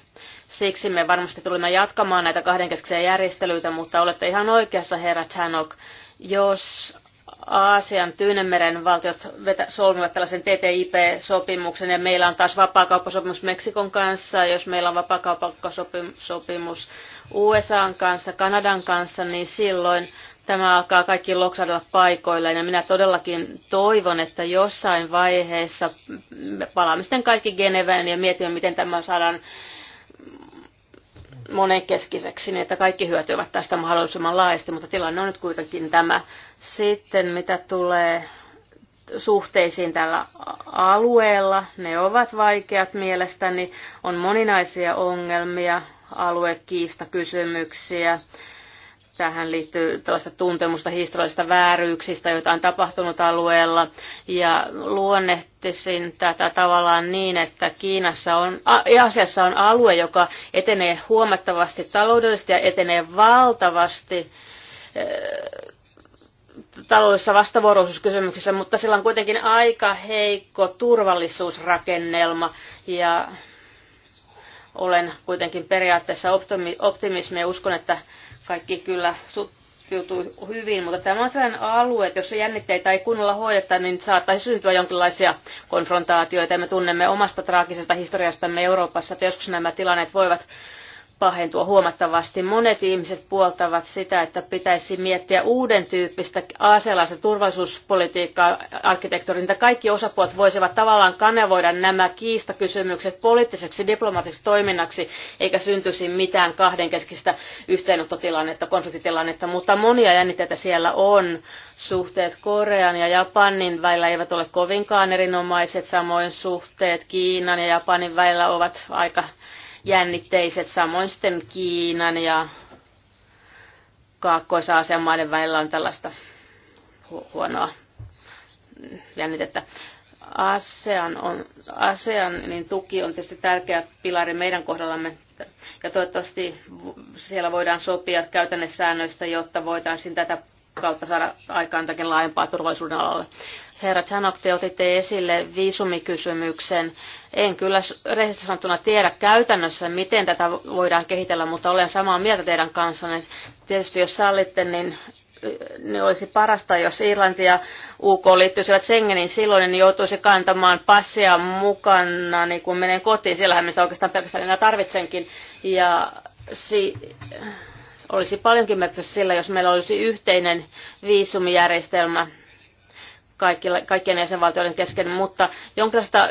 Siksi me varmasti tulemme jatkamaan näitä kahdenkeskisiä järjestelyitä, mutta olette ihan oikeassa, herra Chanok. Jos Aasian Tyynemeren valtiot solmivat tällaisen TTIP-sopimuksen ja meillä on taas vapaakauppasopimus Meksikon kanssa. Jos meillä on vapaakauppasopimus USAn kanssa, Kanadan kanssa, niin silloin tämä alkaa kaikki loksahdella paikoilleen. Ja minä todellakin toivon, että jossain vaiheessa palaamme sitten kaikki Geneveen ja mietimme, miten tämä saadaan monenkeskiseksi, niin että kaikki hyötyvät tästä mahdollisimman laajasti, mutta tilanne on nyt kuitenkin tämä. Sitten mitä tulee suhteisiin tällä alueella, ne ovat vaikeat mielestäni, on moninaisia ongelmia, aluekiistakysymyksiä, kysymyksiä Tähän liittyy tällaista tuntemusta historiallisista vääryyksistä, joita on tapahtunut alueella. Ja luonnehtisin tätä tavallaan niin, että Kiinassa on, Aasiassa on alue, joka etenee huomattavasti taloudellisesti ja etenee valtavasti eh, taloudellisessa vastavuoroisuuskysymyksessä, mutta sillä on kuitenkin aika heikko turvallisuusrakennelma ja olen kuitenkin periaatteessa optimismi ja uskon, että kaikki kyllä sutkiutui hyvin, mutta tämä on sellainen alue, että jos jännitteitä ei kunnolla hoideta, niin saattaisi syntyä jonkinlaisia konfrontaatioita. Me tunnemme omasta traagisesta historiastamme Euroopassa, että joskus nämä tilanteet voivat pahentua huomattavasti. Monet ihmiset puoltavat sitä, että pitäisi miettiä uuden tyyppistä aasialaista turvallisuuspolitiikkaa arkkitehtuurin, että kaikki osapuolet voisivat tavallaan kanavoida nämä kiistakysymykset poliittiseksi diplomaattiseksi toiminnaksi, eikä syntyisi mitään kahdenkeskistä yhteenottotilannetta, konfliktitilannetta, mutta monia jännitteitä siellä on. Suhteet Korean ja Japanin välillä eivät ole kovinkaan erinomaiset, samoin suhteet Kiinan ja Japanin välillä ovat aika jännitteiset. Samoin sitten Kiinan ja Kaakkois-Aasian maiden välillä on tällaista huonoa jännitettä. ASEAN, on, ASEAN niin tuki on tietysti tärkeä pilari meidän kohdallamme. Ja toivottavasti siellä voidaan sopia käytännössäännöistä, jotta voitaisiin tätä kautta saada aikaan jotakin laajempaa turvallisuuden alalle. Herra Chanok, te otitte esille viisumikysymyksen. En kyllä rehellisesti sanottuna tiedä käytännössä, miten tätä voidaan kehitellä, mutta olen samaa mieltä teidän kanssanne. Tietysti jos sallitte, niin niin olisi parasta, jos Irlanti ja UK liittyisivät Schengenin silloin, niin joutuisi kantamaan passia mukana, niin kun menen kotiin, siellähän minä oikeastaan pelkästään enää tarvitsenkin. Ja si- olisi paljonkin merkitystä sillä, jos meillä olisi yhteinen viisumijärjestelmä kaikilla, kaikkien jäsenvaltioiden kesken, mutta jonkinlaista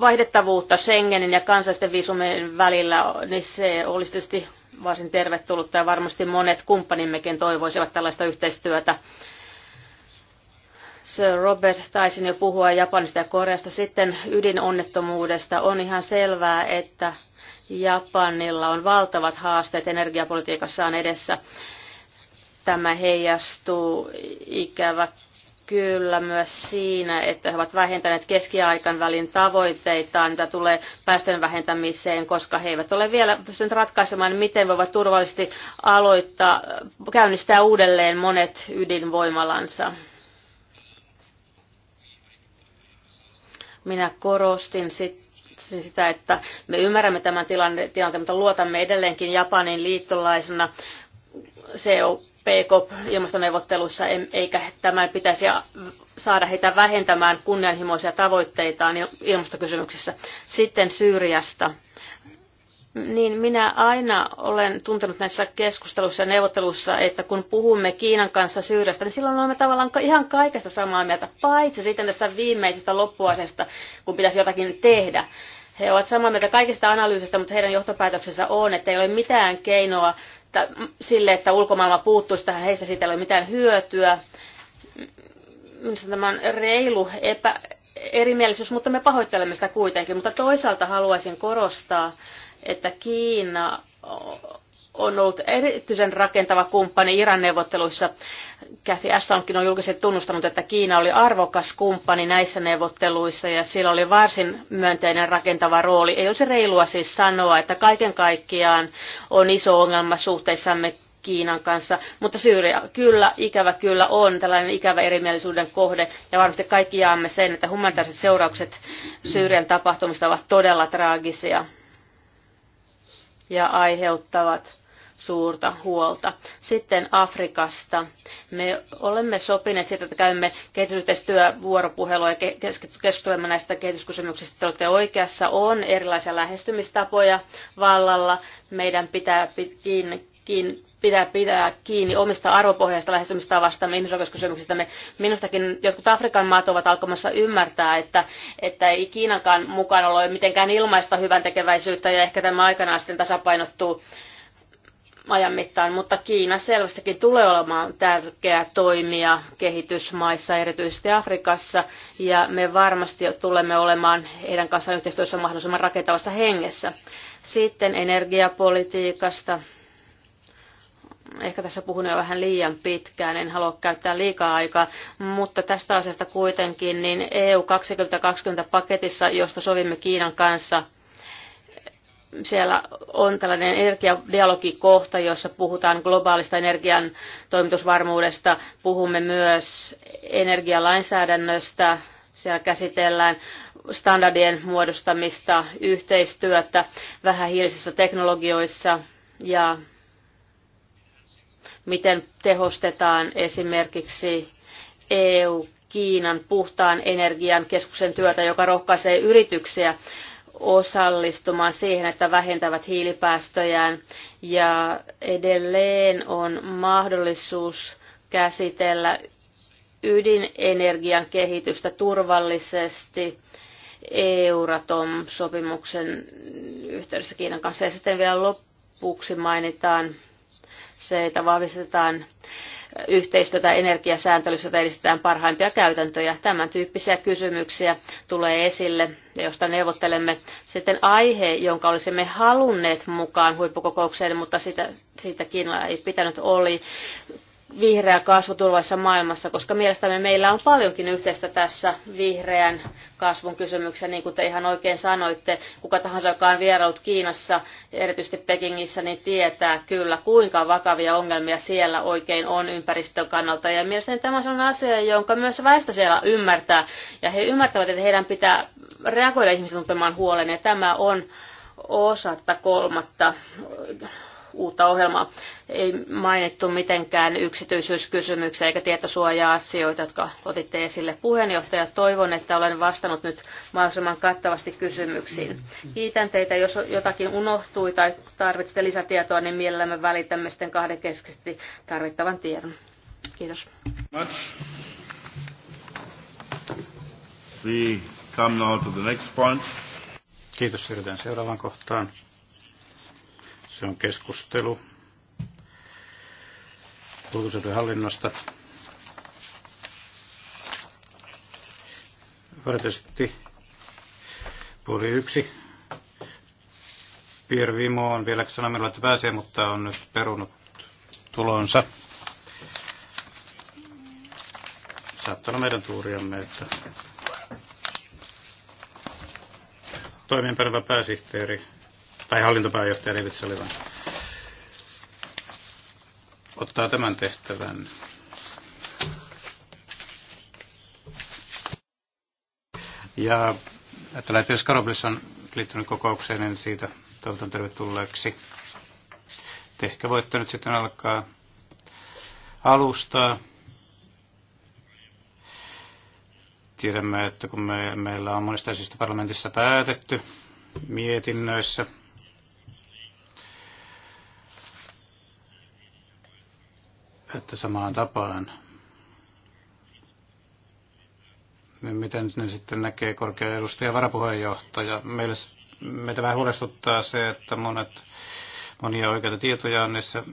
vaihdettavuutta Schengenin ja kansallisten viisumien välillä, niin se olisi tietysti varsin tervetullutta ja varmasti monet kumppanimmekin toivoisivat tällaista yhteistyötä. Sir Robert taisin jo puhua Japanista ja Koreasta. Sitten ydinonnettomuudesta on ihan selvää, että Japanilla on valtavat haasteet energiapolitiikassaan edessä. Tämä heijastuu ikävä Kyllä, myös siinä, että he ovat vähentäneet keskiaikan välin tavoitteitaan, mitä tulee päästöjen vähentämiseen, koska he eivät ole vielä pystyneet ratkaisemaan, miten voivat turvallisesti aloittaa, käynnistää uudelleen monet ydinvoimalansa. Minä korostin sitten tarkoittaisin sitä, että me ymmärrämme tämän tilanteen, tilanteen mutta luotamme edelleenkin Japanin liittolaisena COP ilmastoneuvotteluissa, eikä tämä pitäisi saada heitä vähentämään kunnianhimoisia tavoitteitaan ilmastokysymyksissä. Sitten Syyriasta niin minä aina olen tuntenut näissä keskusteluissa ja neuvotteluissa, että kun puhumme Kiinan kanssa Syyriasta, niin silloin olemme tavallaan ihan kaikesta samaa mieltä, paitsi sitten tästä viimeisestä loppuasesta, kun pitäisi jotakin tehdä. He ovat samaa mieltä kaikista analyysistä, mutta heidän johtopäätöksensä on, että ei ole mitään keinoa sille, että ulkomaailma puuttuisi tähän, heistä siitä ei ole mitään hyötyä. Minusta tämä on reilu epä, erimielisyys, mutta me pahoittelemme sitä kuitenkin. Mutta toisaalta haluaisin korostaa, että Kiina on ollut erityisen rakentava kumppani Iran neuvotteluissa. Kathy Ashtonkin on julkisesti tunnustanut, että Kiina oli arvokas kumppani näissä neuvotteluissa ja sillä oli varsin myönteinen rakentava rooli. Ei olisi reilua siis sanoa, että kaiken kaikkiaan on iso ongelma suhteissamme Kiinan kanssa, mutta Syyria kyllä, ikävä kyllä on tällainen ikävä erimielisyyden kohde ja varmasti kaikki jaamme sen, että humanitaariset seuraukset Syyrian tapahtumista ovat todella traagisia ja aiheuttavat suurta huolta. Sitten Afrikasta. Me olemme sopineet siitä, että käymme kehitysyhteistyövuoropuhelua ja keskustelemme näistä kehityskysymyksistä. Te olette oikeassa. On erilaisia lähestymistapoja vallalla. Meidän pitää pitkin pitää pitää kiinni omista arvopohjaista ihmisoikeuskysymyksistä. me Minustakin jotkut Afrikan maat ovat alkamassa ymmärtää, että, että ei Kiinankaan mukana ole mitenkään ilmaista hyvän tekeväisyyttä ja ehkä tämä aikanaan sitten tasapainottuu ajan mittaan, mutta Kiina selvästikin tulee olemaan tärkeä toimija kehitysmaissa, erityisesti Afrikassa, ja me varmasti tulemme olemaan heidän kanssaan yhteistyössä mahdollisimman rakentavassa hengessä. Sitten energiapolitiikasta ehkä tässä puhun jo vähän liian pitkään, en halua käyttää liikaa aikaa, mutta tästä asiasta kuitenkin, niin EU 2020 paketissa, josta sovimme Kiinan kanssa, siellä on tällainen energiadialogikohta, jossa puhutaan globaalista energian toimitusvarmuudesta, puhumme myös energialainsäädännöstä, siellä käsitellään standardien muodostamista, yhteistyötä vähähiilisissä teknologioissa ja miten tehostetaan esimerkiksi EU-Kiinan puhtaan energian keskuksen työtä, joka rohkaisee yrityksiä osallistumaan siihen, että vähentävät hiilipäästöjään. Ja edelleen on mahdollisuus käsitellä ydinenergian kehitystä turvallisesti Euratom-sopimuksen yhteydessä Kiinan kanssa. Ja sitten vielä loppuksi mainitaan se, että vahvistetaan yhteistyötä energiasääntelyssä tai edistetään parhaimpia käytäntöjä. Tämän tyyppisiä kysymyksiä tulee esille, josta neuvottelemme sitten aihe, jonka olisimme halunneet mukaan huippukokoukseen, mutta sitä, siitäkin ei pitänyt oli vihreä kasvu tulevassa maailmassa, koska mielestämme meillä on paljonkin yhteistä tässä vihreän kasvun kysymyksessä, niin kuin te ihan oikein sanoitte. Kuka tahansa, joka on vieraillut Kiinassa, erityisesti Pekingissä, niin tietää kyllä, kuinka vakavia ongelmia siellä oikein on ympäristön kannalta. Ja mielestäni tämä on asia, jonka myös väestö siellä ymmärtää. Ja he ymmärtävät, että heidän pitää reagoida ihmisten tuntemaan huolen, ja tämä on osa kolmatta uutta ohjelmaa. Ei mainittu mitenkään yksityisyyskysymyksiä eikä tietosuoja-asioita, jotka otitte esille puheenjohtaja. Toivon, että olen vastannut nyt mahdollisimman kattavasti kysymyksiin. Kiitän teitä, jos jotakin unohtui tai tarvitsette lisätietoa, niin mielellämme välitämme sitten kahdenkeskisesti tarvittavan tiedon. Kiitos. We come now to the next point. Kiitos, siirrytään seuraavaan kohtaan. Se on keskustelu ulkoisuuden hallinnosta. Valitettavasti puoli yksi. Pierre Vimo on vielä sanomilla, että pääsee, mutta on nyt perunut tulonsa. Saattaa olla meidän tuuriamme, että toimenpäivä pääsihteeri tai hallintopääjohtaja David Sullivan ottaa tämän tehtävän. Ja että että jos Karoblis on liittynyt kokoukseen, niin siitä toivotan tervetulleeksi. Te ehkä voitte nyt sitten alkaa alustaa. Tiedämme, että kun me, meillä on monista asioista parlamentissa päätetty mietinnöissä, että samaan tapaan, miten ne sitten näkee korkea edustaja varapuheenjohtaja. Meille, meitä vähän huolestuttaa se, että monet, monia oikeita tietoja on niissä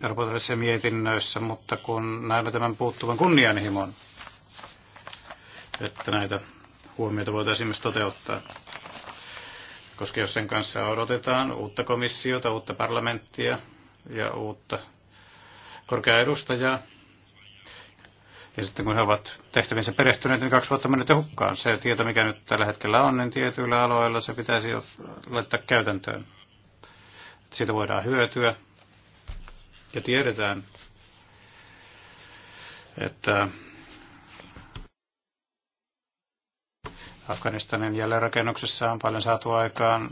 raportoissa mietinnöissä, mutta kun näemme tämän puuttuvan kunnianhimon, että näitä huomioita voitaisiin myös toteuttaa. Koska jos sen kanssa odotetaan uutta komissiota, uutta parlamenttia ja uutta korkea edustaja. Ja sitten kun he ovat tehtävinsä perehtyneet, niin kaksi vuotta mennyt hukkaan. Se tieto, mikä nyt tällä hetkellä on, niin tietyillä aloilla se pitäisi laittaa käytäntöön. Siitä voidaan hyötyä. Ja tiedetään, että Afganistanin jälleenrakennuksessa on paljon saatu aikaan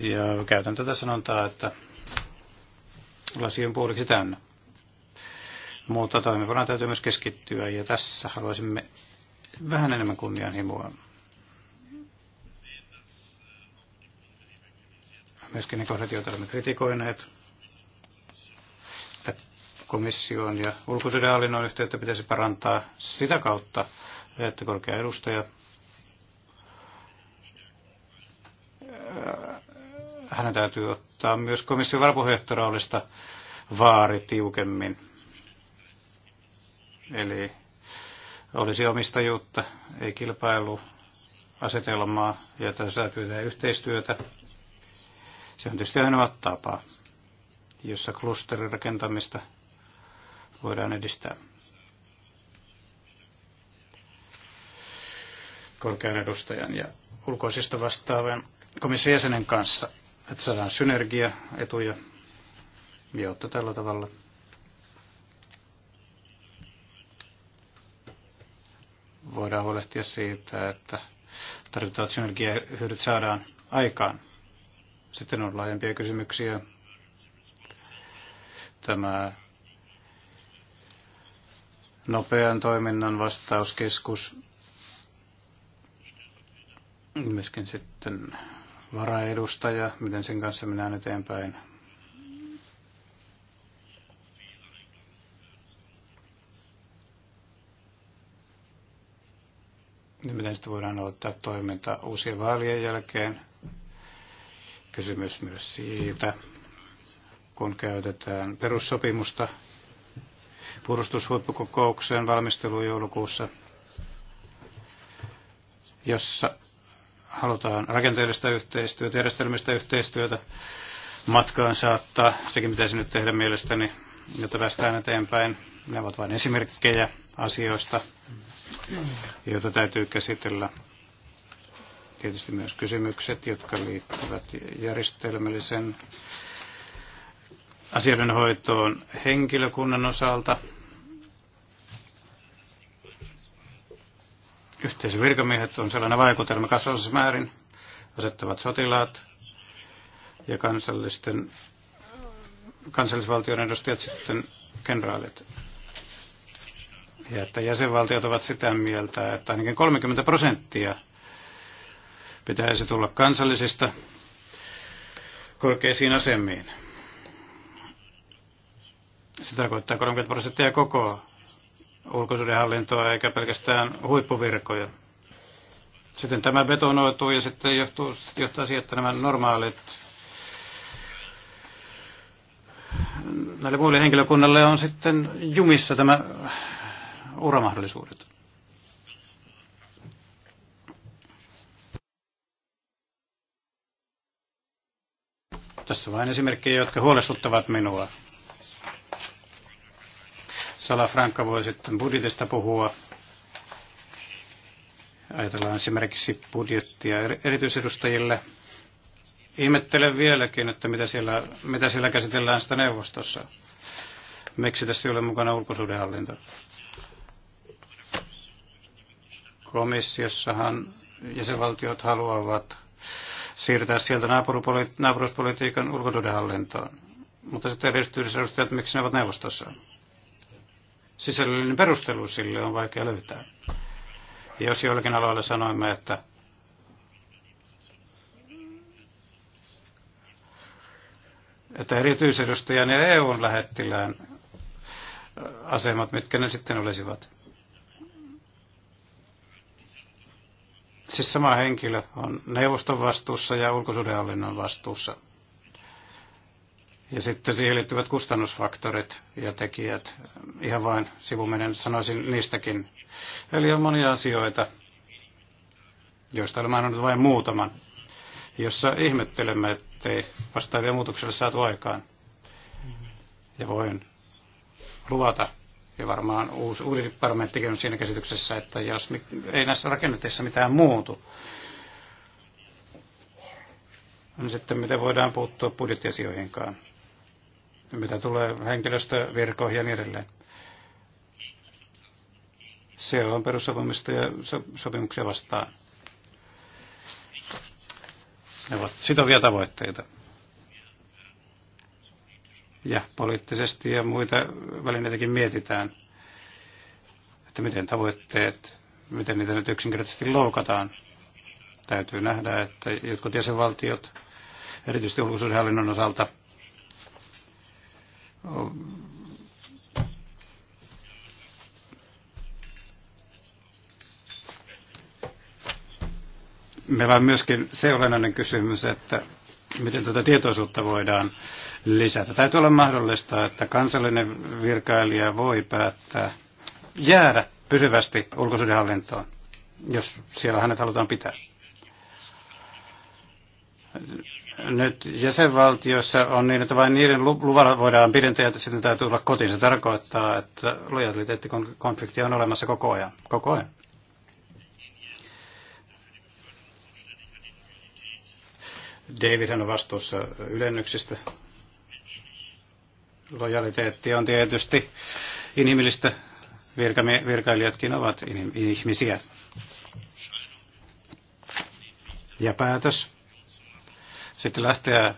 Ja käytän tätä sanontaa, että lasi on puoliksi täynnä. Mutta toimivana täytyy myös keskittyä ja tässä haluaisimme vähän enemmän kunnianhimoa. Myöskin ne kohdat, joita olemme kritikoineet, että komission ja ulkosuhdehallinnon yhteyttä pitäisi parantaa sitä kautta, että korkea edustaja hänen täytyy ottaa myös komission varapuheenjohtajaroolista vaari tiukemmin. Eli olisi omistajuutta, ei kilpailuasetelmaa, ja tässä täytyy tehdä yhteistyötä. Se on tietysti ainoa tapa, jossa klusterin rakentamista voidaan edistää. korkean edustajan ja ulkoisista vastaavan komission jäsenen kanssa että saadaan synergiaetuja, jotta tällä tavalla voidaan huolehtia siitä, että tarvittavat synergiahyödyt saadaan aikaan. Sitten on laajempia kysymyksiä. Tämä nopean toiminnan vastauskeskus, myöskin sitten varaedustaja, miten sen kanssa mennään eteenpäin. Niin miten sitten voidaan aloittaa toiminta uusien vaalien jälkeen. Kysymys myös siitä, kun käytetään perussopimusta puolustushuippukokoukseen valmisteluun joulukuussa, jossa Halutaan rakenteellista yhteistyötä, järjestelmistä yhteistyötä matkaan saattaa. Sekin pitäisi nyt tehdä mielestäni, jotta päästään eteenpäin. Ne ovat vain esimerkkejä asioista, joita täytyy käsitellä. Tietysti myös kysymykset, jotka liittyvät järjestelmällisen asioiden hoitoon henkilökunnan osalta, yhteisövirkamiehet on sellainen vaikutelma kasvavassa määrin asettavat sotilaat ja kansallisten, kansallisvaltioiden edustajat sitten kenraalit. Ja että jäsenvaltiot ovat sitä mieltä, että ainakin 30 prosenttia pitäisi tulla kansallisista korkeisiin asemiin. Se tarkoittaa 30 prosenttia koko ulkosuhdehallintoa eikä pelkästään huippuvirkoja. Sitten tämä betonoituu ja sitten johtuu, johtaa siihen, että nämä normaalit näille muille henkilökunnalle on sitten jumissa tämä uramahdollisuudet. Tässä vain esimerkkejä, jotka huolestuttavat minua. Salafranka voi sitten budjetista puhua. Ajatellaan esimerkiksi budjettia erityisedustajille. Ihmettelen vieläkin, että mitä siellä, mitä siellä käsitellään sitä neuvostossa. Miksi tässä ei ole mukana ulkosuhdehallinto? Komissiossahan jäsenvaltiot haluavat siirtää sieltä naapuruspolitiikan ulkosuhdehallintoon. Mutta sitten erityisedustajat, miksi ne ovat neuvostossa? sisällöllinen perustelu sille on vaikea löytää. Ja jos joillakin aloilla sanoimme, että että erityisedustajan ja EUn lähettilään äh, asemat, mitkä ne sitten olisivat. Siis sama henkilö on neuvoston vastuussa ja ulkosuhdehallinnon vastuussa. Ja sitten siihen liittyvät kustannusfaktorit ja tekijät. Ihan vain sivuminen sanoisin niistäkin. Eli on monia asioita, joista olen mainannut vain muutaman, jossa ihmettelemme, ettei vastaavia muutoksia saatu aikaan. Ja voin luvata, ja varmaan uusi, uusi parlamenttikin on siinä käsityksessä, että jos ei näissä rakenneteissa mitään muutu, niin sitten miten voidaan puuttua budjettiasioihinkaan mitä tulee henkilöstövirkoihin ja niin edelleen. Se on perussopimista ja so- sopimuksia vastaan. Ne ovat sitovia tavoitteita. Ja poliittisesti ja muita välineitäkin mietitään, että miten tavoitteet, miten niitä nyt yksinkertaisesti loukataan. Täytyy nähdä, että jotkut jäsenvaltiot, erityisesti ulkoisuushallinnon osalta, Meillä on myöskin se olennainen kysymys, että miten tätä tietoisuutta voidaan lisätä. Täytyy olla mahdollista, että kansallinen virkailija voi päättää jäädä pysyvästi ulkosuudenhallintoon, jos siellä hänet halutaan pitää nyt jäsenvaltiossa on niin, että vain niiden luvalla voidaan pidentää, että sitten täytyy tulla kotiin. Se tarkoittaa, että lojaliteettikonflikti on olemassa koko ajan. Koko ajan. David on vastuussa ylennyksistä. Lojaliteetti on tietysti inhimillistä. Virkami- virkailijatkin ovat ihmisiä. Ja päätös sitten lähteä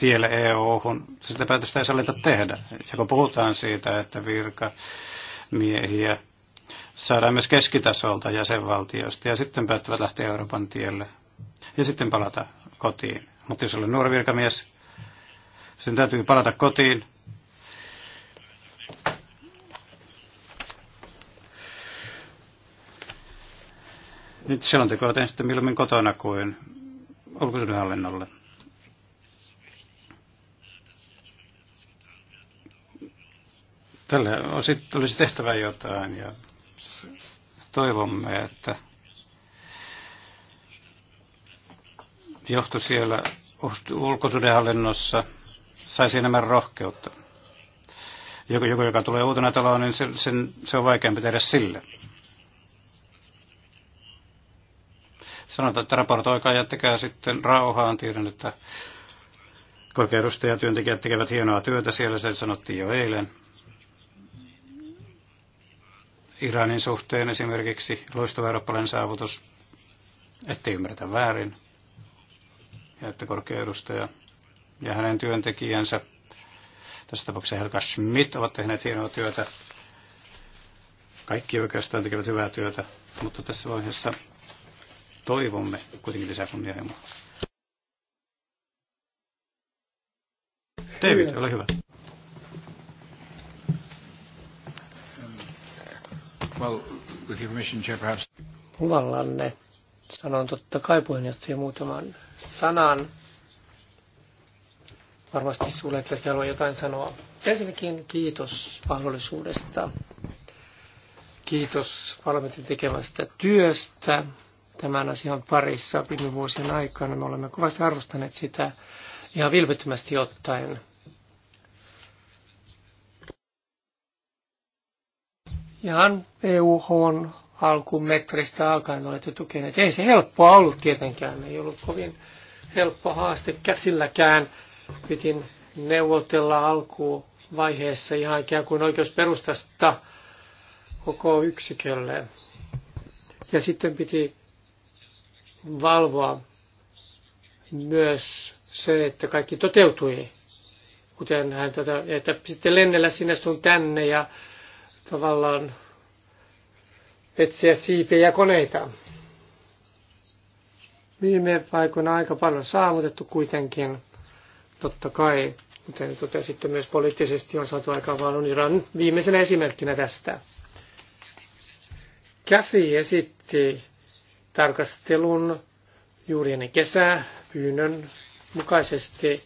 tielle EU-hun, sitä päätöstä ei sallita tehdä. Ja kun puhutaan siitä, että virka miehiä saadaan myös keskitasolta jäsenvaltiosta ja sitten päättävät lähteä Euroopan tielle ja sitten palata kotiin. Mutta jos olen nuori virkamies, sen täytyy palata kotiin. Nyt selontekoa teen sitten mieluummin kotona kuin ulkosuhdehallinnolle. Tälle olisi tehtävä jotain ja toivomme, että johto siellä ulkosuhdehallinnossa saisi enemmän rohkeutta. Joku, joka tulee uutena taloon, niin se, sen, se on vaikeampi tehdä sille. sanotaan, että raportoikaa ja jättäkää sitten rauhaan. Tiedän, että korkeudusta ja työntekijät tekevät hienoa työtä siellä, se sanottiin jo eilen. Iranin suhteen esimerkiksi loistava eurooppalainen saavutus, ettei ymmärretä väärin, ja että korkeudustaja ja hänen työntekijänsä, tässä tapauksessa Helga Schmidt, ovat tehneet hienoa työtä. Kaikki oikeastaan tekevät hyvää työtä, mutta tässä vaiheessa toivomme kuitenkin lisää kunnianhimoa. David, ole hyvä. Well, with your permission, Chair, perhaps... Luvallanne sanon totta kai puheenjohtaja muutaman sanan. Varmasti suljettelisikin haluaa jotain sanoa. Ensinnäkin kiitos mahdollisuudesta. Kiitos parlamentin tekemästä työstä tämän asian parissa viime vuosien aikana. Me olemme kovasti arvostaneet sitä ihan vilpittömästi ottaen. Ihan EUH on alkumetristä alkaen olette tukeneet. Ei se helppoa ollut tietenkään, ei ollut kovin helppo haaste käsilläkään. Piti neuvotella alkuvaiheessa ihan ikään kuin oikeusperustasta koko yksikölle. Ja sitten piti valvoa myös se, että kaikki toteutui, kuten hän tätä, tota, että sitten lennellä sinne sun tänne ja tavallaan etsiä siipiä ja koneita. Viime aikoina aika paljon saavutettu kuitenkin, totta kai, kuten totesitte myös poliittisesti on saatu aika paljon Iran viimeisenä esimerkkinä tästä. Käfi esitti tarkastelun juuri ennen kesää pyynnön mukaisesti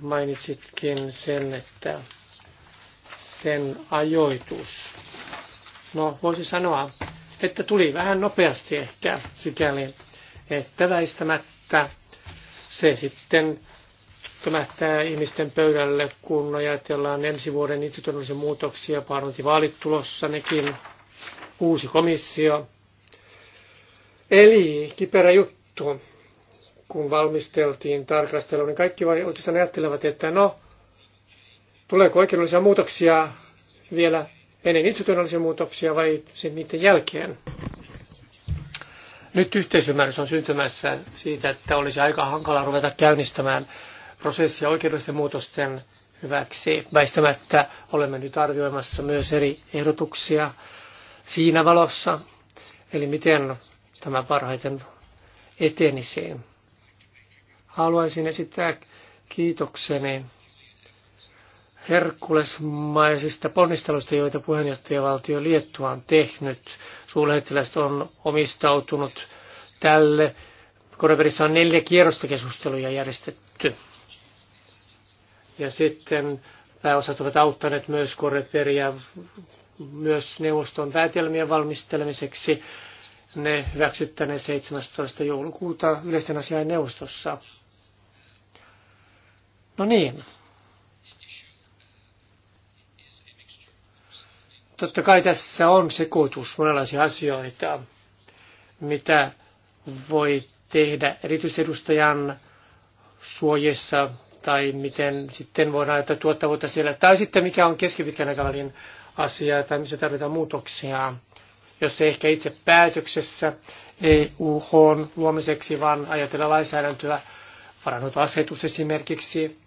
mainitsitkin sen, että sen ajoitus. No, voisi sanoa, että tuli vähän nopeasti ehkä sikäli, että väistämättä se sitten tömähtää ihmisten pöydälle, kun ajatellaan ensi vuoden itsetunnollisen muutoksia, parantivaalit tulossa nekin uusi komissio. Eli kiperä juttu, kun valmisteltiin tarkastelua, niin kaikki vai oikeastaan ajattelevat, että no, tuleeko oikeudellisia muutoksia vielä ennen itsetyönnallisia muutoksia vai sen niiden jälkeen. Nyt yhteisymmärrys on syntymässä siitä, että olisi aika hankala ruveta käynnistämään prosessia oikeudellisten muutosten hyväksi. Väistämättä olemme nyt arvioimassa myös eri ehdotuksia siinä valossa, eli miten tämä parhaiten etenisi. Haluaisin esittää kiitokseni herkkulesmaisista ponnisteluista, joita puheenjohtajavaltio Liettua on tehnyt. Suurlähettiläiset on omistautunut tälle. Koreperissa on neljä keskusteluja järjestetty. Ja sitten pääosat ovat auttaneet myös Koreperia myös neuvoston päätelmien valmistelemiseksi. Ne hyväksyttäneen 17. joulukuuta yleisten asiain neuvostossa. No niin. Totta kai tässä on sekoitus monenlaisia asioita, mitä voi tehdä erityisedustajan suojessa tai miten sitten voidaan ajatella tuottavuutta siellä. Tai sitten mikä on keskipitkän aikavälin asiaa tai missä tarvitaan muutoksia, jos ei ehkä itse päätöksessä EUH luomiseksi, vaan ajatella lainsäädäntöä, varannut asetus esimerkiksi.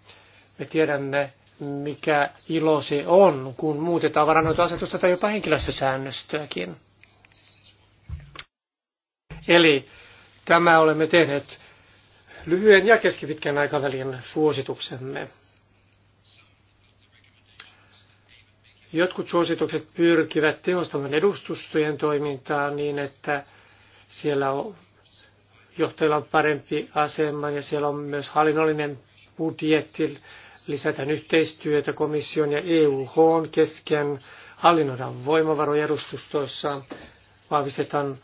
Me tiedämme, mikä ilo se on, kun muutetaan asetusta tai jopa henkilöstösäännöstöäkin. Eli tämä olemme tehneet lyhyen ja keskipitkän aikavälin suosituksemme. Jotkut suositukset pyrkivät tehostamaan edustustojen toimintaa niin, että siellä on, johtajilla on parempi asema ja siellä on myös hallinnollinen budjetti, lisätään yhteistyötä komission ja EUH kesken, hallinnoidaan voimavaroja edustustoissa, vahvistetaan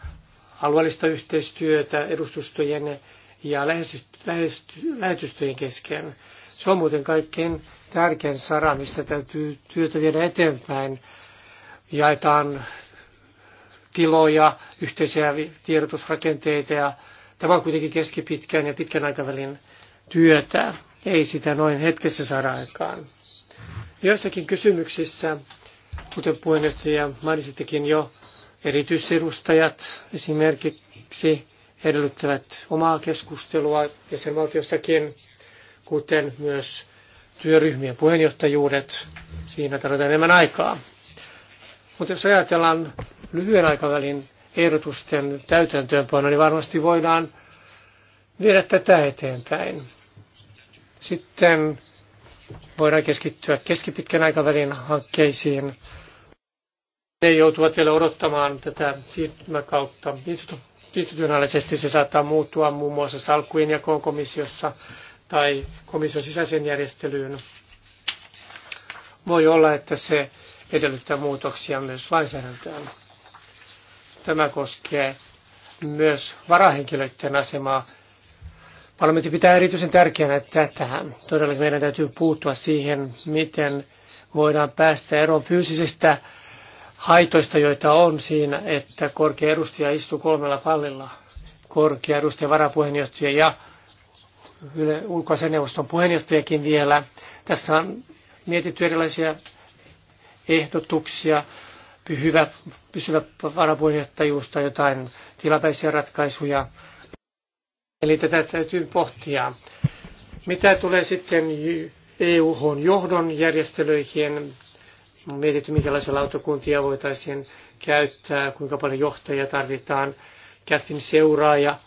alueellista yhteistyötä edustustojen ja lähetystöjen kesken. Se on muuten kaikkein tärkein sara, mistä täytyy työtä viedä eteenpäin. Jaetaan tiloja, yhteisiä tiedotusrakenteita ja tämä on kuitenkin keskipitkän ja pitkän aikavälin työtä. Ei sitä noin hetkessä saada aikaan. Joissakin kysymyksissä, kuten puheenjohtaja mainitsittekin jo, erityisedustajat esimerkiksi edellyttävät omaa keskustelua jäsenvaltiostakin kuten myös työryhmien puheenjohtajuudet. Siinä tarvitaan enemmän aikaa. Mutta jos ajatellaan lyhyen aikavälin ehdotusten täytäntöönpanoa, niin varmasti voidaan viedä tätä eteenpäin. Sitten voidaan keskittyä keskipitkän aikavälin hankkeisiin. Ne joutuvat vielä odottamaan tätä siirtymäkautta. Institutionaalisesti se saattaa muuttua muun muassa salkkujen ja komissiossa tai komission sisäiseen järjestelyyn. Voi olla, että se edellyttää muutoksia myös lainsäädäntöön. Tämä koskee myös varahenkilöiden asemaa. Parlamentti pitää erityisen tärkeänä tähän Todellakin meidän täytyy puuttua siihen, miten voidaan päästä eroon fyysisistä haitoista, joita on siinä, että korkea edustaja istuu kolmella pallilla. Korkea edustaja, varapuheenjohtaja ja ulkoisen neuvoston puheenjohtajakin vielä. Tässä on mietitty erilaisia ehdotuksia, pysyvä, pysyvä varapuheenjohtajuus tai jotain tilapäisiä ratkaisuja. Eli tätä täytyy pohtia. Mitä tulee sitten EU-johdon järjestelyihin, on mietitty, minkälaisia lautakuntia voitaisiin käyttää, kuinka paljon johtajia tarvitaan, Kathin seuraaja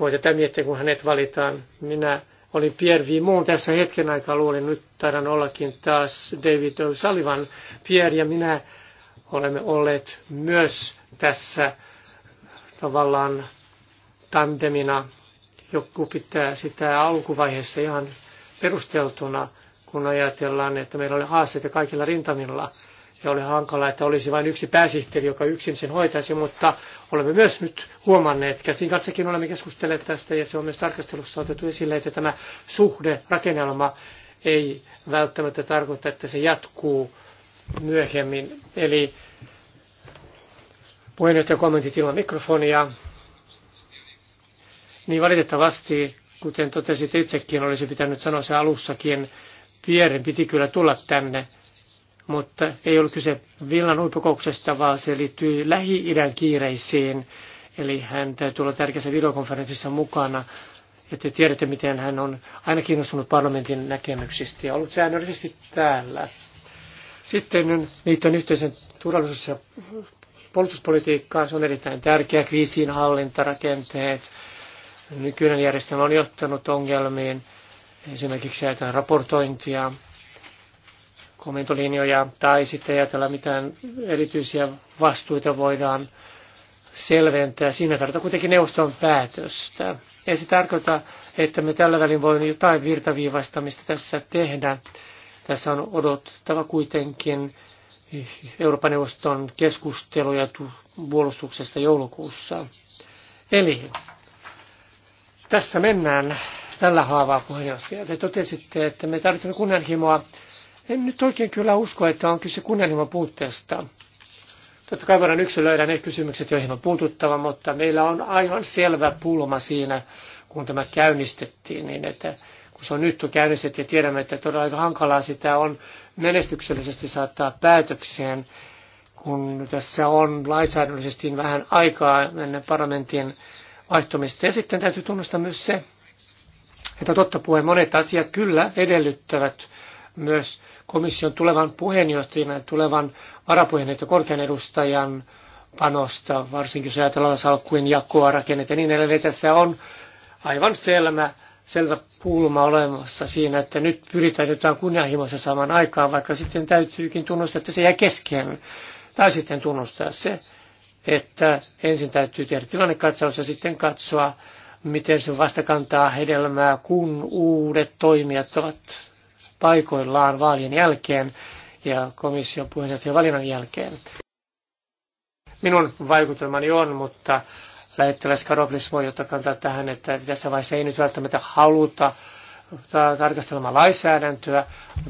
voi tätä miettiä, kun hänet valitaan. Minä olin Pierre Vimon tässä hetken aikaa, luulin nyt taidan ollakin taas David O'Sullivan. Pierre ja minä olemme olleet myös tässä tavallaan tandemina. Joku pitää sitä alkuvaiheessa ihan perusteltuna, kun ajatellaan, että meillä oli haasteita kaikilla rintamilla – ja oli hankala, että olisi vain yksi pääsihteeri, joka yksin sen hoitaisi, mutta olemme myös nyt huomanneet, Kätin kanssakin olemme keskustelleet tästä ja se on myös tarkastelussa otettu esille, että tämä suhde, rakennelma ei välttämättä tarkoita, että se jatkuu myöhemmin. Eli puheenjohtaja kommentit ilman mikrofonia. Niin valitettavasti, kuten totesit itsekin, olisi pitänyt sanoa se alussakin, Pierin piti kyllä tulla tänne mutta ei ollut kyse Villan huippukouksesta, vaan se liittyy Lähi-idän kiireisiin. Eli hän täytyy olla tärkeässä videokonferenssissa mukana, te tiedätte, miten hän on aina kiinnostunut parlamentin näkemyksistä ja ollut säännöllisesti täällä. Sitten liittyen yhteisen turvallisuus- ja puolustuspolitiikkaan, se on erittäin tärkeä, kriisiin hallintarakenteet. Nykyinen järjestelmä on johtanut ongelmiin, esimerkiksi ajatellaan raportointia, komentolinjoja tai sitten ajatella mitään erityisiä vastuita voidaan selventää. Siinä tarvitaan kuitenkin neuvoston päätöstä. Ei se tarkoita, että me tällä välin voimme jotain virtaviivastamista tässä tehdä. Tässä on odottava kuitenkin Euroopan neuvoston keskusteluja puolustuksesta joulukuussa. Eli tässä mennään tällä haavaa puheenjohtaja. Te totesitte, että me tarvitsemme kunnianhimoa en nyt oikein kyllä usko, että on kyse kunnianhimon puutteesta. Totta kai voidaan yksilöidä ne kysymykset, joihin on puututtava, mutta meillä on aivan selvä pulma siinä, kun tämä käynnistettiin, niin että kun se on nyt käynnistetty ja tiedämme, että todella aika hankalaa sitä on menestyksellisesti saattaa päätökseen, kun tässä on lainsäädännöllisesti vähän aikaa ennen parlamentin vaihtumista. Ja sitten täytyy tunnustaa myös se, että totta puheen monet asiat kyllä edellyttävät myös komission tulevan puheenjohtajan, tulevan varapuheenjohtajan korkean edustajan panosta, varsinkin jos ajatellaan salkkujen jakoa, rakennetta ja niin edelleen. Tässä on aivan selvä, selvä pulma olemassa siinä, että nyt pyritään jotain kunnianhimoista saman aikaan, vaikka sitten täytyykin tunnustaa, että se jää kesken. Tai sitten tunnustaa se, että ensin täytyy tehdä tilannekatsaus ja sitten katsoa, miten se vastakantaa hedelmää, kun uudet toimijat ovat paikoillaan vaalien jälkeen ja komission puheenjohtajan valinnan jälkeen. Minun vaikutelmani on, mutta lähettiläs Karoplis voi ottaa kantaa tähän, että tässä vaiheessa ei nyt välttämättä haluta tarkastelemaan lainsäädäntöä,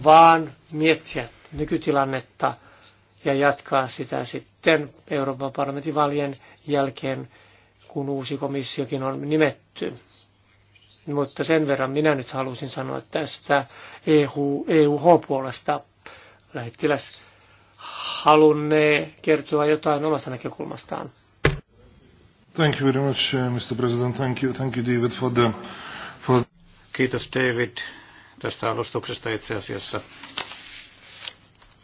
vaan miettiä nykytilannetta ja jatkaa sitä sitten Euroopan parlamentin vaalien jälkeen, kun uusi komissiokin on nimetty. Mutta sen verran minä nyt halusin sanoa tästä EU, e EUH-puolesta. Lähettiläs halunnee kertoa jotain omasta näkökulmastaan. Thank you very much, uh, Mr. President. Thank you, thank you David, for the, for... Kiitos David tästä alustuksesta itse asiassa.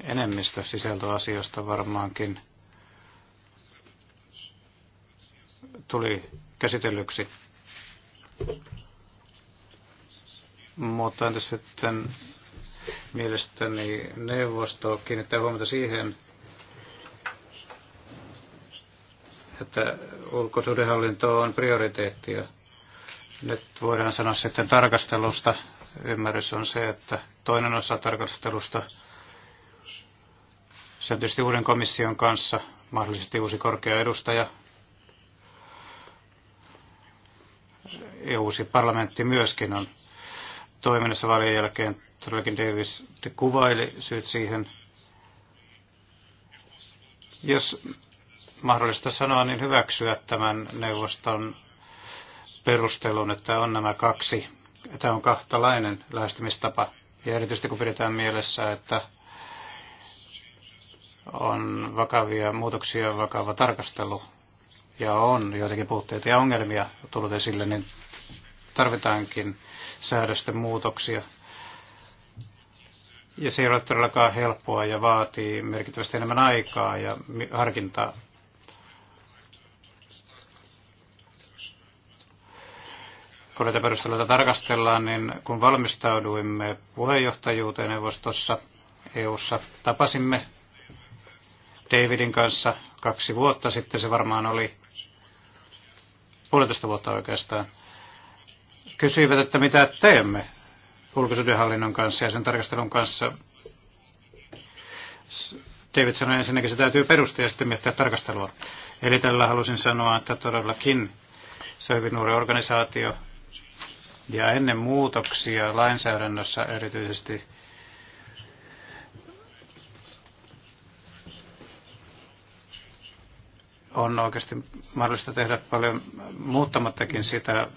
Enemmistö sisältöasioista varmaankin tuli käsitellyksi mutta entä sitten mielestäni neuvosto kiinnittää huomiota siihen, että ulkosuhdehallinto on prioriteetti ja Nyt voidaan sanoa sitten tarkastelusta. Ymmärrys on se, että toinen osa tarkastelusta, se on tietysti uuden komission kanssa, mahdollisesti uusi korkea edustaja, ja uusi parlamentti myöskin on toiminnassa vaalien jälkeen. Todellakin Davis te kuvaili syyt siihen. Jos mahdollista sanoa, niin hyväksyä tämän neuvoston perustelun, että on nämä kaksi. Tämä on kahtalainen lähestymistapa. Ja erityisesti kun pidetään mielessä, että on vakavia muutoksia, vakava tarkastelu ja on joitakin puutteita ja ongelmia tullut esille, niin tarvitaankin säädösten muutoksia. Ja se ei ole todellakaan helppoa ja vaatii merkittävästi enemmän aikaa ja harkintaa. Kun näitä perusteluita tarkastellaan, niin kun valmistauduimme puheenjohtajuuteen neuvostossa EU-ssa, tapasimme Davidin kanssa kaksi vuotta sitten, se varmaan oli puolitoista vuotta oikeastaan, kysyivät, että mitä teemme ulkosuudenhallinnon kanssa ja sen tarkastelun kanssa. David sanoi ensinnäkin, se täytyy perustaa ja sitten miettiä tarkastelua. Eli tällä halusin sanoa, että todellakin se on hyvin nuori organisaatio. Ja ennen muutoksia lainsäädännössä erityisesti on oikeasti mahdollista tehdä paljon muuttamattakin sitä äh,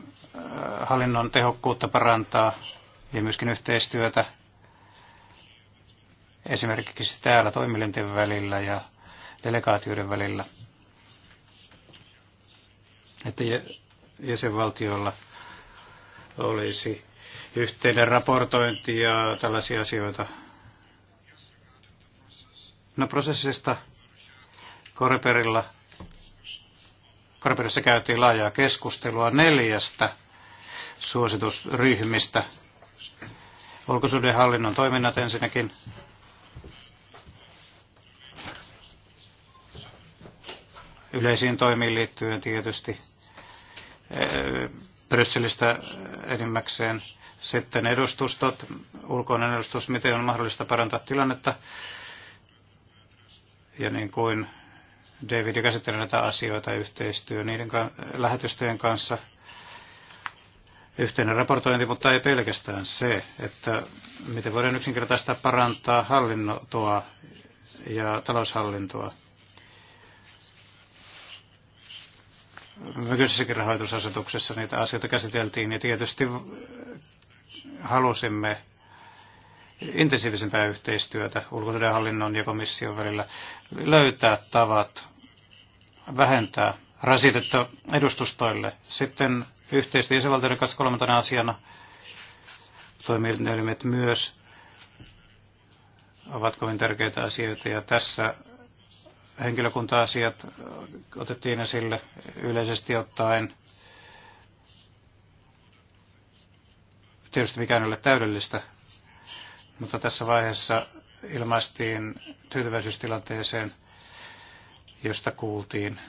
hallinnon tehokkuutta parantaa ja myöskin yhteistyötä esimerkiksi täällä toimielinten välillä ja delegaatioiden välillä, että jäsenvaltiolla olisi yhteinen raportointi ja tällaisia asioita. No prosessista Koreperilla Korperissa käytiin laajaa keskustelua neljästä suositusryhmistä. Ulkosuhdehallinnon toiminnat ensinnäkin. Yleisiin toimiin liittyen tietysti eh, Brysselistä enimmäkseen. Sitten edustustot, ulkoinen edustus, miten on mahdollista parantaa tilannetta. Ja niin kuin David ja käsittelen näitä asioita yhteistyö niiden ka- lähetystöjen kanssa. Yhteinen raportointi, mutta ei pelkästään se, että miten voidaan yksinkertaista parantaa hallintoa ja taloushallintoa. Nykyisessäkin rahoitusasetuksessa niitä asioita käsiteltiin ja tietysti halusimme intensiivisempää yhteistyötä ulkosuudenhallinnon ja komission välillä, löytää tavat vähentää rasitetta edustustoille. Sitten yhteistyö jäsenvaltioiden kanssa kolmantena asiana toimielimet myös ovat kovin tärkeitä asioita ja tässä henkilökunta-asiat otettiin esille yleisesti ottaen. Tietysti mikään ei ole täydellistä, mutta tässä vaiheessa ilmaistiin tyytyväisyystilanteeseen josta kuultiin.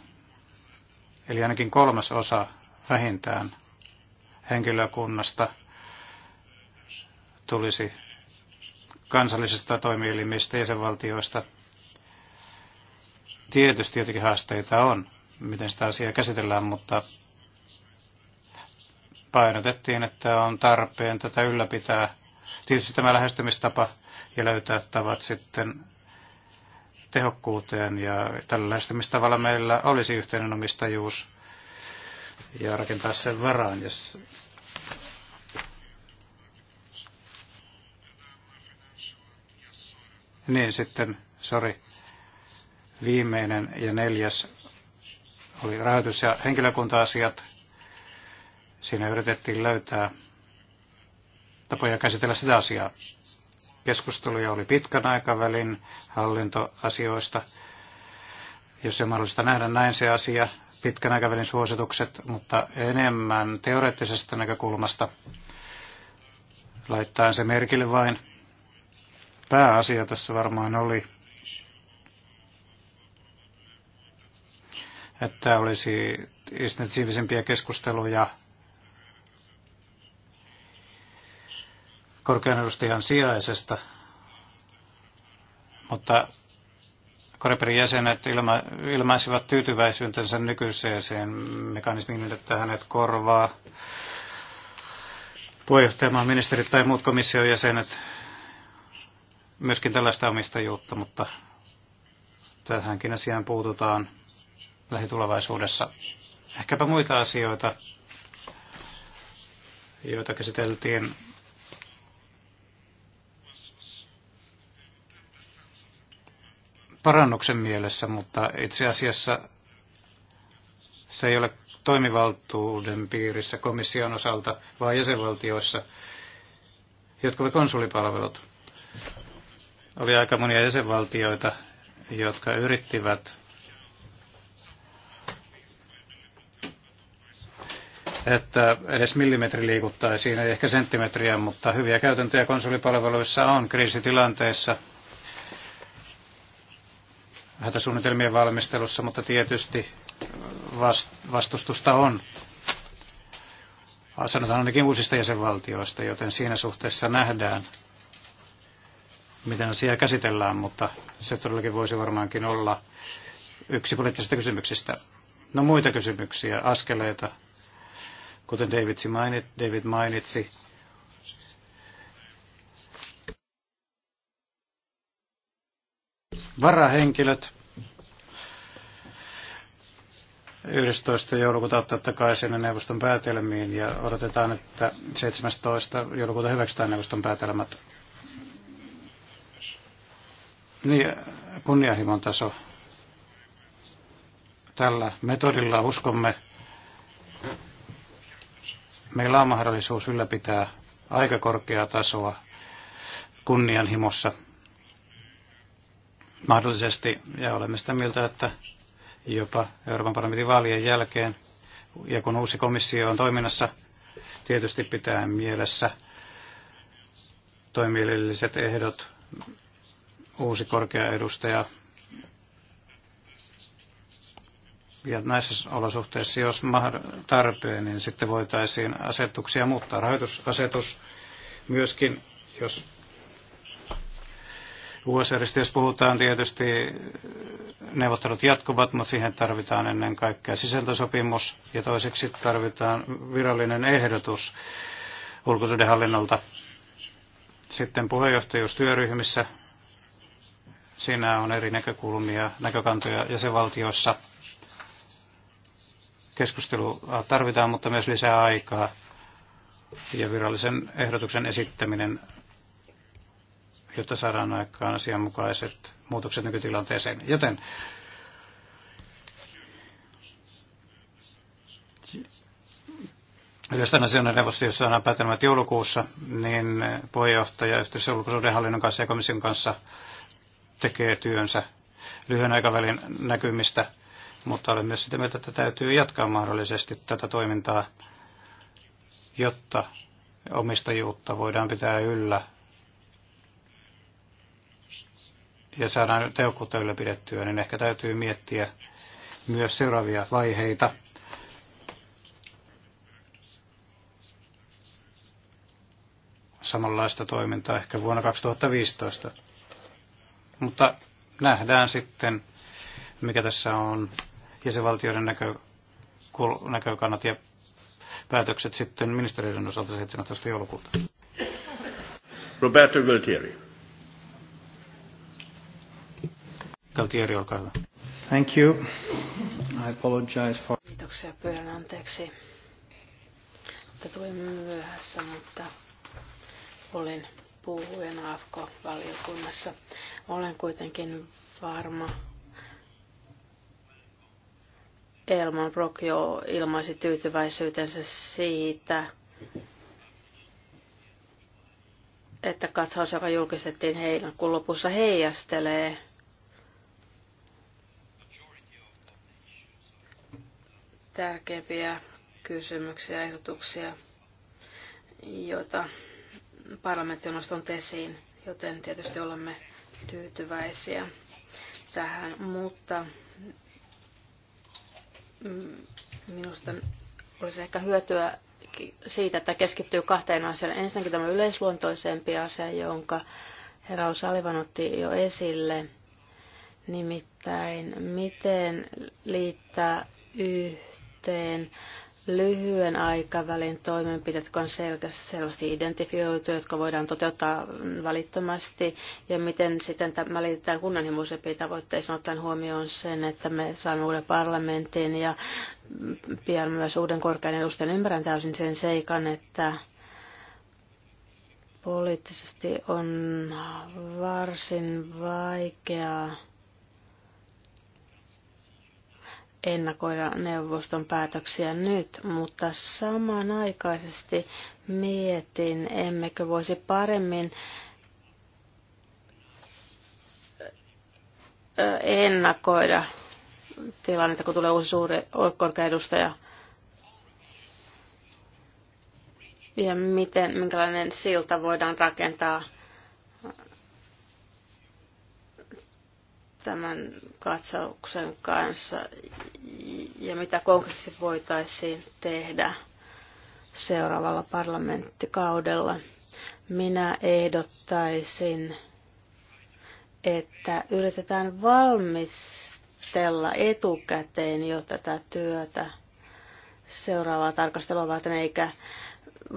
Eli ainakin kolmas osa vähintään henkilökunnasta tulisi kansallisista toimielimistä jäsenvaltioista. Tietysti jotenkin haasteita on, miten sitä asiaa käsitellään, mutta painotettiin, että on tarpeen tätä ylläpitää. Tietysti tämä lähestymistapa ja löytää tavat sitten tehokkuuteen ja tällä lähestymistavalla meillä olisi yhteinen omistajuus ja rakentaa sen varaan. Jos Niin, sitten, sorry, viimeinen ja neljäs oli rahoitus- ja henkilökunta-asiat. Siinä yritettiin löytää tapoja käsitellä sitä asiaa. Keskusteluja oli pitkän aikavälin hallintoasioista. Jos ei mahdollista nähdä näin se asia, pitkän aikavälin suositukset, mutta enemmän teoreettisesta näkökulmasta laittaa se merkille vain. Pääasia tässä varmaan oli, että olisi intensiivisempiä keskusteluja korkean edustajan sijaisesta, mutta Koreperin jäsenet ilma, ilmaisivat tyytyväisyytensä nykyiseen mekanismiin, niin että hänet korvaa puheenjohtajamaan ministerit tai muut komission jäsenet. Myöskin tällaista omistajuutta, mutta tähänkin asiaan puututaan lähitulevaisuudessa. Ehkäpä muita asioita, joita käsiteltiin parannuksen mielessä, mutta itse asiassa se ei ole toimivaltuuden piirissä komission osalta, vaan jäsenvaltioissa, jotka olivat konsulipalvelut. Oli aika monia jäsenvaltioita, jotka yrittivät että edes millimetri liikuttaisiin, ei ehkä senttimetriä, mutta hyviä käytäntöjä konsulipalveluissa on kriisitilanteessa suunnitelmien valmistelussa, mutta tietysti vastustusta on. Sanotaan ainakin uusista jäsenvaltioista, joten siinä suhteessa nähdään, miten asiaa käsitellään, mutta se todellakin voisi varmaankin olla yksi poliittisista kysymyksistä. No muita kysymyksiä, askeleita, kuten David mainitsi, David mainitsi varahenkilöt. 11. joulukuuta ottaa takaisin neuvoston päätelmiin ja odotetaan, että 17. joulukuuta hyväksytään neuvoston päätelmät. Niin, kunnianhimon taso. Tällä metodilla uskomme, meillä on mahdollisuus ylläpitää aika korkeaa tasoa kunnianhimossa mahdollisesti, ja olemme sitä mieltä, että jopa Euroopan parlamentin vaalien jälkeen, ja kun uusi komissio on toiminnassa, tietysti pitää mielessä toimielilliset ehdot, uusi korkea edustaja. Ja näissä olosuhteissa, jos tarpeen, niin sitten voitaisiin asetuksia muuttaa. Rahoitusasetus myöskin, jos USAista, jos puhutaan tietysti, neuvottelut jatkuvat, mutta siihen tarvitaan ennen kaikkea sisältösopimus ja toiseksi tarvitaan virallinen ehdotus ulkosuudenhallinnolta. Sitten puheenjohtajuustyöryhmissä siinä on eri näkökulmia, näkökantoja jäsenvaltioissa. keskustelu tarvitaan, mutta myös lisää aikaa ja virallisen ehdotuksen esittäminen jotta saadaan aikaan asianmukaiset muutokset nykytilanteeseen. Joten Yleisten asioiden neuvosto, jossa on päätelmät joulukuussa, niin puheenjohtaja yhteydessä ulkosuudenhallinnon kanssa ja komission kanssa tekee työnsä lyhyen aikavälin näkymistä, mutta olen myös sitä mieltä, että täytyy jatkaa mahdollisesti tätä toimintaa, jotta omistajuutta voidaan pitää yllä ja saadaan tehokkuutta ylläpidettyä, niin ehkä täytyy miettiä myös seuraavia vaiheita. Samanlaista toimintaa ehkä vuonna 2015. Mutta nähdään sitten, mikä tässä on jäsenvaltioiden näkö, näkökannat ja päätökset sitten ministeriöiden osalta 17. joulukuuta. Roberto Gualtieri. Galtieri, olkaa hyvä. Thank you. I apologize for... Kiitoksia, pyydän anteeksi. Mutta tulin myöhässä, mutta olin puhujana AFK-valiokunnassa. Olen kuitenkin varma, Elman Brock jo ilmaisi tyytyväisyytensä siitä, että katsaus, joka julkistettiin heinäkuun lopussa, heijastelee tärkeimpiä kysymyksiä ja ehdotuksia, joita parlamentti on nostanut esiin, joten tietysti olemme tyytyväisiä tähän, mutta mm, minusta olisi ehkä hyötyä siitä, että keskittyy kahteen asiaan. Ensinnäkin tämä yleisluontoisempi asia, jonka herra Salivan otti jo esille, nimittäin miten liittää yhteen suhteen lyhyen aikavälin toimenpiteet, jotka on selkeästi selvästi identifioitu, jotka voidaan toteuttaa välittömästi, ja miten sitten tämä liitetään kunnianhimoisempiin tavoitteisiin, ottaen huomioon sen, että me saamme uuden parlamentin ja pian myös uuden korkean edustajan ymmärrän täysin sen seikan, että poliittisesti on varsin vaikeaa ennakoida neuvoston päätöksiä nyt, mutta samanaikaisesti mietin, emmekö voisi paremmin ennakoida tilannetta, kun tulee uusi suuri korkea edustaja. Ja miten, minkälainen silta voidaan rakentaa tämän katsauksen kanssa ja mitä konkreettisesti voitaisiin tehdä seuraavalla parlamenttikaudella. Minä ehdottaisin, että yritetään valmistella etukäteen jo tätä työtä seuraavaa tarkastelua varten, eikä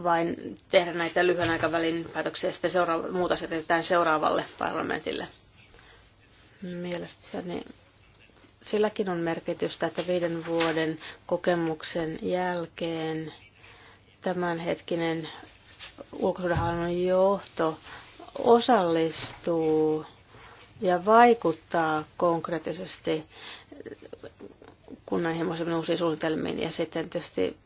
vain tehdä näitä lyhyen aikavälin päätöksiä ja sitten seuraava, muuta jätetään seuraavalle parlamentille. Mielestäni silläkin on merkitystä, että viiden vuoden kokemuksen jälkeen tämänhetkinen ulkosuhdehallinnon johto osallistuu ja vaikuttaa konkreettisesti kunnanhimoisemmin uusiin suunnitelmiin ja sitten tietysti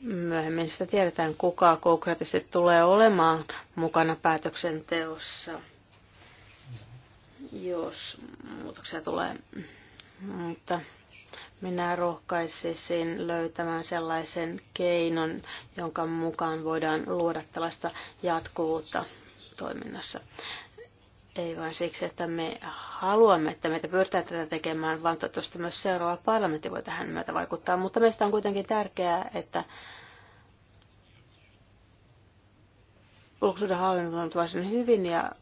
myöhemmin sitä tiedetään, kuka konkreettisesti tulee olemaan mukana päätöksenteossa jos muutoksia tulee. Mutta minä rohkaisisin löytämään sellaisen keinon, jonka mukaan voidaan luoda tällaista jatkuvuutta toiminnassa. Ei vain siksi, että me haluamme, että meitä pyritään tätä tekemään, vaan toivottavasti myös seuraava parlamentti voi tähän myötä vaikuttaa. Mutta meistä on kuitenkin tärkeää, että ulkosuuden hallinnut on varsin hyvin ja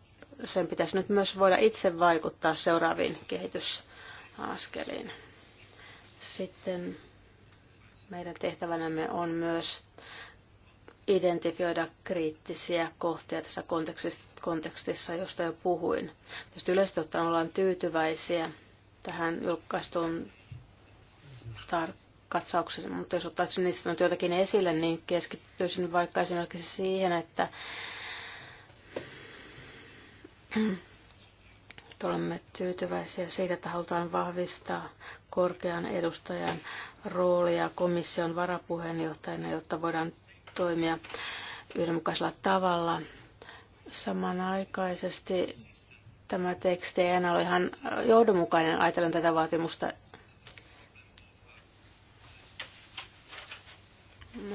sen pitäisi nyt myös voida itse vaikuttaa seuraaviin kehitysaskeliin. Sitten meidän tehtävänämme on myös identifioida kriittisiä kohtia tässä kontekstissa, josta jo puhuin. Tietysti yleisesti ottaen ollaan tyytyväisiä tähän julkaistuun tarkkaan mutta jos ottaisin niistä joitakin esille, niin keskittyisin vaikka esimerkiksi siihen, että Mm. olemme tyytyväisiä siitä, että halutaan vahvistaa korkean edustajan roolia komission varapuheenjohtajana, jotta voidaan toimia yhdenmukaisella tavalla. Samanaikaisesti tämä teksti ei enää ole ihan johdonmukainen ajatellen tätä vaatimusta.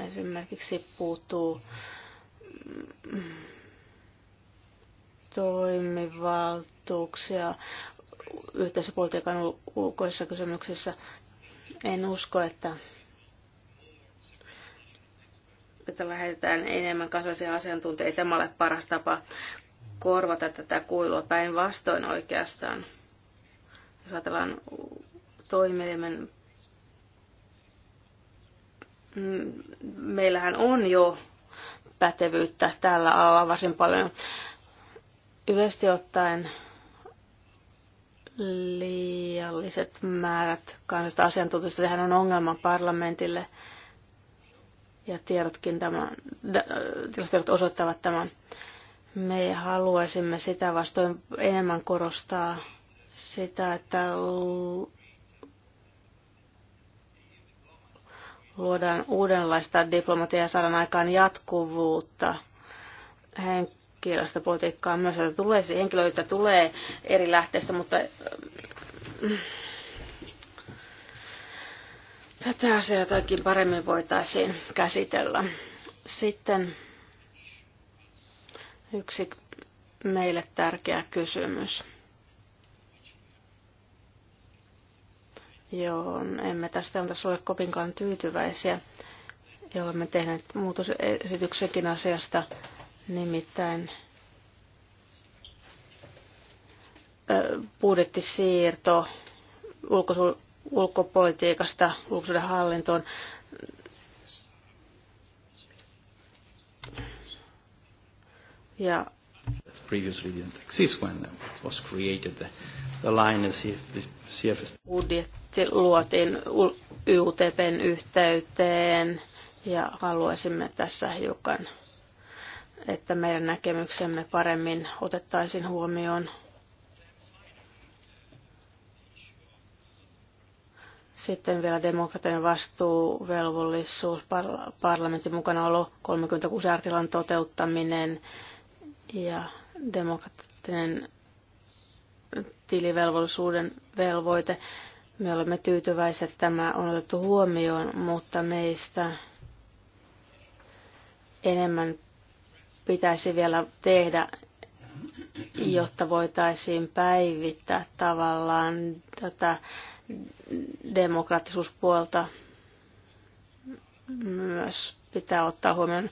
Esimerkiksi puuttuu toimivaltuuksia yhteisöpolitiikan ulkoisissa kysymyksissä. En usko, että että lähetetään enemmän kansallisia asiantuntijoita. Tämä ole paras tapa korvata tätä kuilua päinvastoin oikeastaan. Jos ajatellaan toimielimen, mm, meillähän on jo pätevyyttä tällä alalla varsin paljon Yleisesti ottaen liialliset määrät kansallista asiantuntijoista, sehän on ongelma parlamentille ja tiedotkin tämän, tilastiedot osoittavat tämän. Me haluaisimme sitä vastoin enemmän korostaa sitä, että luodaan uudenlaista diplomatiaa ja saadaan aikaan jatkuvuutta. Henk kielestä politiikkaa myös, että tulee se henkilöitä tulee eri lähteistä, mutta äh, tätä asiaa toikin paremmin voitaisiin käsitellä. Sitten yksi meille tärkeä kysymys, johon emme tästä antaisi ole kovinkaan tyytyväisiä, ja olemme tehneet muutosesityksenkin asiasta nimittäin budjettisiirto ulkopolitiikasta ulkosuuden hallintoon. Ja previously didn't exist when was created the, the line as if the CFS... Budjetti luotiin UTPn yhteyteen ja haluaisimme tässä hiukan että meidän näkemyksemme paremmin otettaisiin huomioon. Sitten vielä demokratian velvollisuus, parlamentin mukanaolo, 36 artilan toteuttaminen ja demokraattinen tilivelvollisuuden velvoite. Me olemme tyytyväisiä, että tämä on otettu huomioon, mutta meistä enemmän pitäisi vielä tehdä, jotta voitaisiin päivittää tavallaan tätä demokraattisuuspuolta myös pitää ottaa huomioon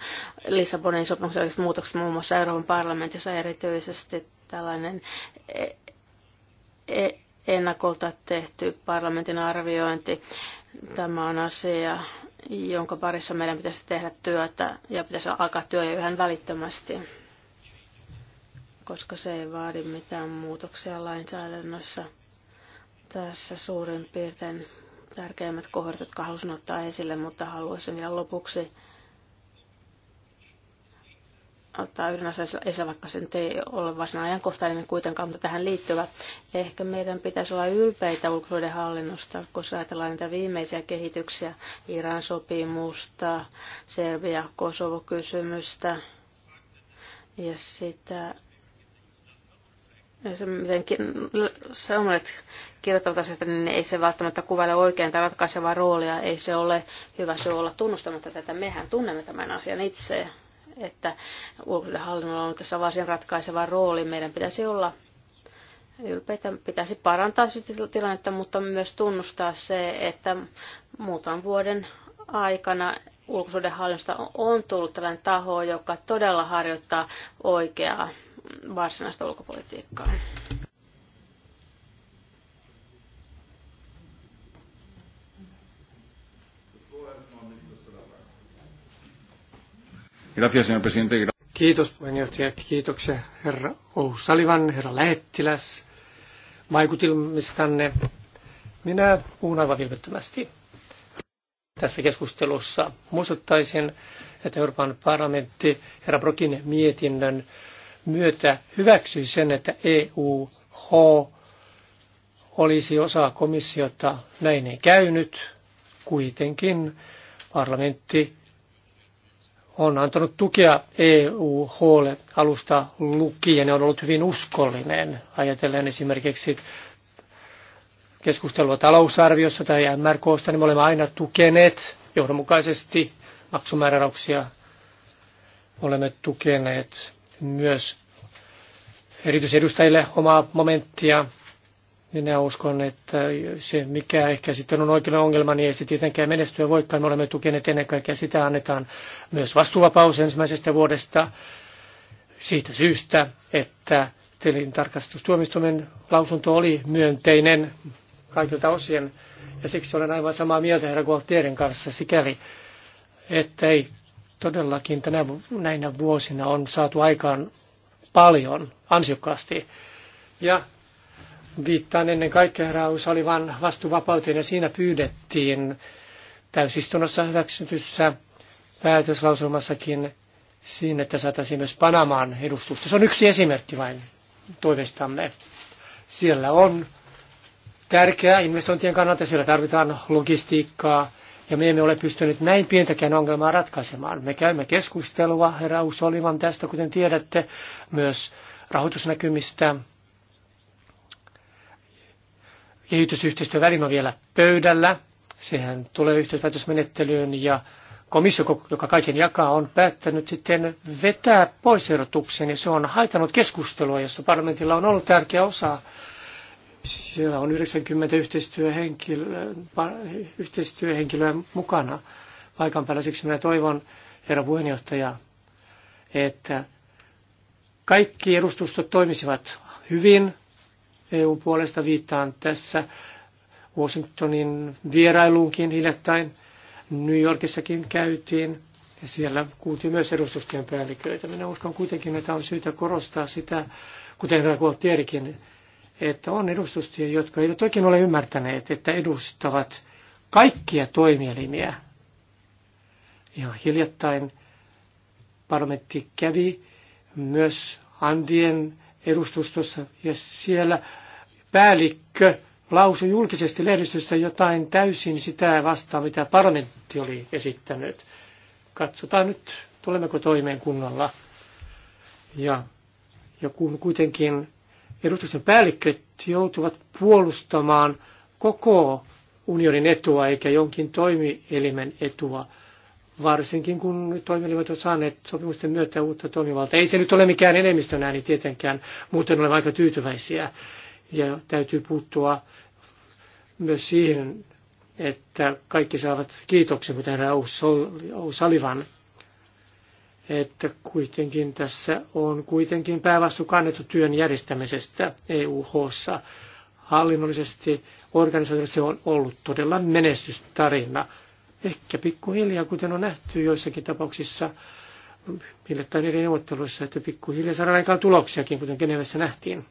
Lissabonin sopimuksen muutokset muun muassa Euroopan parlamentissa erityisesti tällainen e- e- ennakolta tehty parlamentin arviointi Tämä on asia, jonka parissa meidän pitäisi tehdä työtä ja pitäisi alkaa työ jo ihan välittömästi, koska se ei vaadi mitään muutoksia lainsäädännössä. Tässä suurin piirtein tärkeimmät kohdat, jotka halusin ottaa esille, mutta haluaisin vielä lopuksi ottaa yhden asian esille, vaikka se nyt ei ole varsinainen ajankohtainen niin kuitenkaan, mutta tähän liittyvä. Ehkä meidän pitäisi olla ylpeitä ulkoisuuden hallinnosta, kun ajatellaan niitä viimeisiä kehityksiä, Iran sopimusta, Serbia, Kosovo-kysymystä ja sitä, ja se, miten sanomat kirjoittavat asiasta, niin ei se välttämättä kuvaile oikein tai ratkaisevaa roolia. Ei se ole hyvä se olla tunnustamatta tätä. Mehän tunnemme tämän asian itse että ulkoisuudenhallinnolla on tässä varsin ratkaiseva rooli. Meidän pitäisi olla ylpeitä, pitäisi parantaa tilannetta, mutta myös tunnustaa se, että muutaman vuoden aikana ulkosuudenhallinnosta on tullut tällainen taho, joka todella harjoittaa oikeaa varsinaista ulkopolitiikkaa. Gracias, señor presidente. Kiitos puheenjohtaja, kiitoksia herra Ousalivan, herra lähettiläs vaikutilmistanne. Minä puhun aivan vilpittömästi tässä keskustelussa. Muistuttaisin, että Euroopan parlamentti herra Brokin mietinnön myötä hyväksyi sen, että EUH olisi osa komissiota. Näin ei käynyt. Kuitenkin parlamentti on antanut tukea EUHlle alusta lukien ja on ollut hyvin uskollinen. Ajatellen esimerkiksi keskustelua talousarviossa tai MRKsta, niin me olemme aina tukeneet johdonmukaisesti maksumääräyksiä, Olemme tukeneet myös erityisedustajille omaa momenttia niin minä uskon, että se mikä ehkä sitten on oikein ongelma, niin ei se tietenkään menestyä voikaan. Me olemme tukeneet ennen kaikkea sitä annetaan myös vastuuvapaus ensimmäisestä vuodesta siitä syystä, että tilintarkastustuomistumen lausunto oli myönteinen kaikilta osien. Ja siksi olen aivan samaa mieltä herra Gualtierin kanssa sikäli, että ei todellakin tänä, näinä vuosina on saatu aikaan paljon ansiokkaasti. Ja Viittaan ennen kaikkea herra Usalivan vastuvapauteen ja siinä pyydettiin täysistunnossa hyväksytyssä päätöslausumassakin siinä, että saataisiin myös Panamaan edustusta. Se on yksi esimerkki vain toivestamme. Siellä on tärkeää investointien kannalta, siellä tarvitaan logistiikkaa, ja me emme ole pystyneet näin pientäkään ongelmaa ratkaisemaan. Me käymme keskustelua, herra Usolivan, tästä, kuten tiedätte, myös rahoitusnäkymistä kehitysyhteistyöväline on vielä pöydällä. Sehän tulee yhteispäätösmenettelyyn ja komissio, joka kaiken jakaa, on päättänyt sitten vetää pois erotuksen, ja se on haitanut keskustelua, jossa parlamentilla on ollut tärkeä osa. Siellä on 90 yhteistyöhenkilöä, yhteistyöhenkilöä mukana paikan päällä. Siksi minä toivon, herra puheenjohtaja, että kaikki edustustot toimisivat hyvin, EUn puolesta viittaan tässä Washingtonin vierailuunkin hiljattain. New Yorkissakin käytiin ja siellä kuultiin myös edustustien päälliköitä. Minä uskon kuitenkin, että on syytä korostaa sitä, kuten Rakuoltierikin, että on edustustia, jotka eivät oikein ole ymmärtäneet, että edustavat kaikkia toimielimiä. Ja hiljattain parlamentti kävi myös Andien edustustossa ja siellä päällikkö lausui julkisesti lehdistöstä jotain täysin sitä vastaan, mitä parlamentti oli esittänyt. Katsotaan nyt, tulemmeko toimeen kunnolla. Ja, ja kun kuitenkin edustuksen päälliköt joutuvat puolustamaan koko unionin etua eikä jonkin toimielimen etua, varsinkin kun toimielimet ovat saaneet sopimusten myötä uutta toimivaltaa. Ei se nyt ole mikään enemmistön ääni tietenkään, muuten olemme aika tyytyväisiä. Ja täytyy puuttua myös siihen, että kaikki saavat kiitoksen, kuten herra Ousalivan. että kuitenkin tässä on kuitenkin päävastu kannettu työn järjestämisestä EUHssa. Hallinnollisesti, organisaatiollisesti on ollut todella menestystarina ehkä pikkuhiljaa, kuten on nähty joissakin tapauksissa millettäin eri neuvotteluissa, että pikkuhiljaa saadaan aikaan tuloksiakin, kuten Genevessä nähtiin.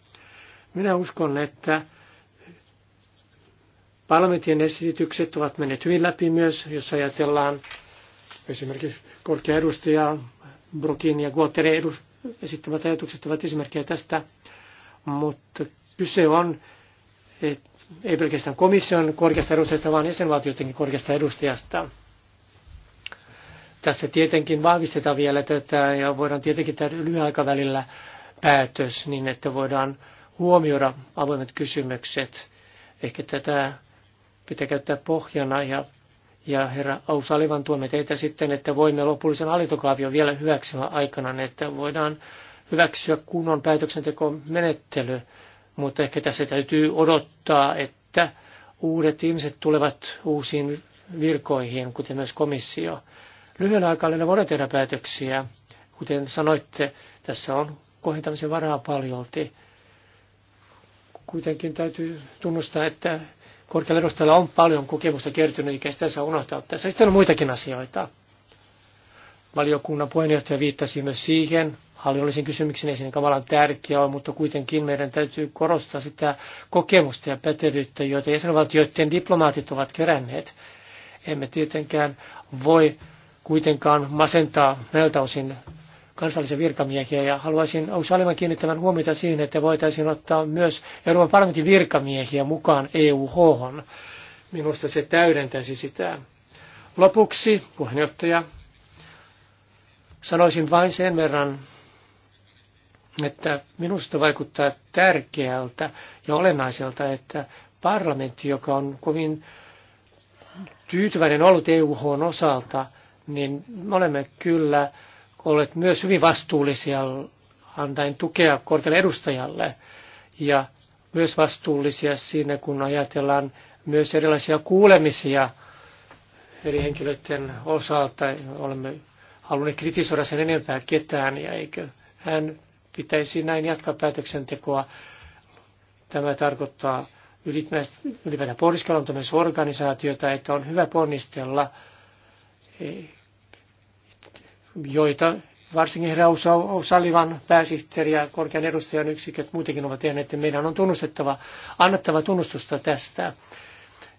Minä uskon, että parlamentin esitykset ovat menneet hyvin läpi myös, jos ajatellaan esimerkiksi korkea edustaja Brokin ja Guotterin edus- esittämät ajatukset ovat esimerkkejä tästä, mutta kyse on että ei pelkästään komission korkeasta edustajasta, vaan jäsenvaltioidenkin korkeasta edustajasta. Tässä tietenkin vahvistetaan vielä tätä ja voidaan tietenkin tehdä aikavälillä päätös niin, että voidaan huomioida avoimet kysymykset. Ehkä tätä pitää käyttää pohjana ja, ja herra Ausalivan tuomme teitä sitten, että voimme lopullisen hallintokaavion vielä hyväksyä aikana, niin että voidaan hyväksyä kunnon päätöksentekomenettely menettely mutta ehkä tässä täytyy odottaa, että uudet ihmiset tulevat uusiin virkoihin, kuten myös komissio. Lyhyellä aikavälillä voidaan tehdä päätöksiä. Kuten sanoitte, tässä on kohentamisen varaa paljolti. Kuitenkin täytyy tunnustaa, että korkealla edustajalla on paljon kokemusta kertynyt, eikä sitä saa unohtaa. Tässä sitten on muitakin asioita. Valiokunnan puheenjohtaja viittasi myös siihen, hallinnollisen kysymyksen ei siinä kamalan tärkeä ole, mutta kuitenkin meidän täytyy korostaa sitä kokemusta ja pätevyyttä, joita jäsenvaltioiden diplomaatit ovat keränneet. Emme tietenkään voi kuitenkaan masentaa näiltä osin kansallisia virkamiehiä ja haluaisin Aushaliman kiinnittämään huomiota siihen, että voitaisiin ottaa myös Euroopan parlamentin virkamiehiä mukaan EUH. -hon. Minusta se täydentäisi sitä. Lopuksi, puheenjohtaja, sanoisin vain sen verran, että minusta vaikuttaa tärkeältä ja olennaiselta, että parlamentti, joka on kovin tyytyväinen ollut EUH osalta, niin me olemme kyllä olleet myös hyvin vastuullisia antaen tukea korkealle edustajalle ja myös vastuullisia siinä, kun ajatellaan myös erilaisia kuulemisia eri henkilöiden osalta. Olemme halunneet kritisoida sen enempää ketään ja eikö hän pitäisi näin jatkaa päätöksentekoa. Tämä tarkoittaa ylipäätään pohdiskeluntumisorganisaatiota, että on hyvä ponnistella, eh, joita varsinkin herra Salivan pääsihteeri ja korkean edustajan yksiköt muutenkin ovat tehneet, että meidän on tunnustettava, annettava tunnustusta tästä.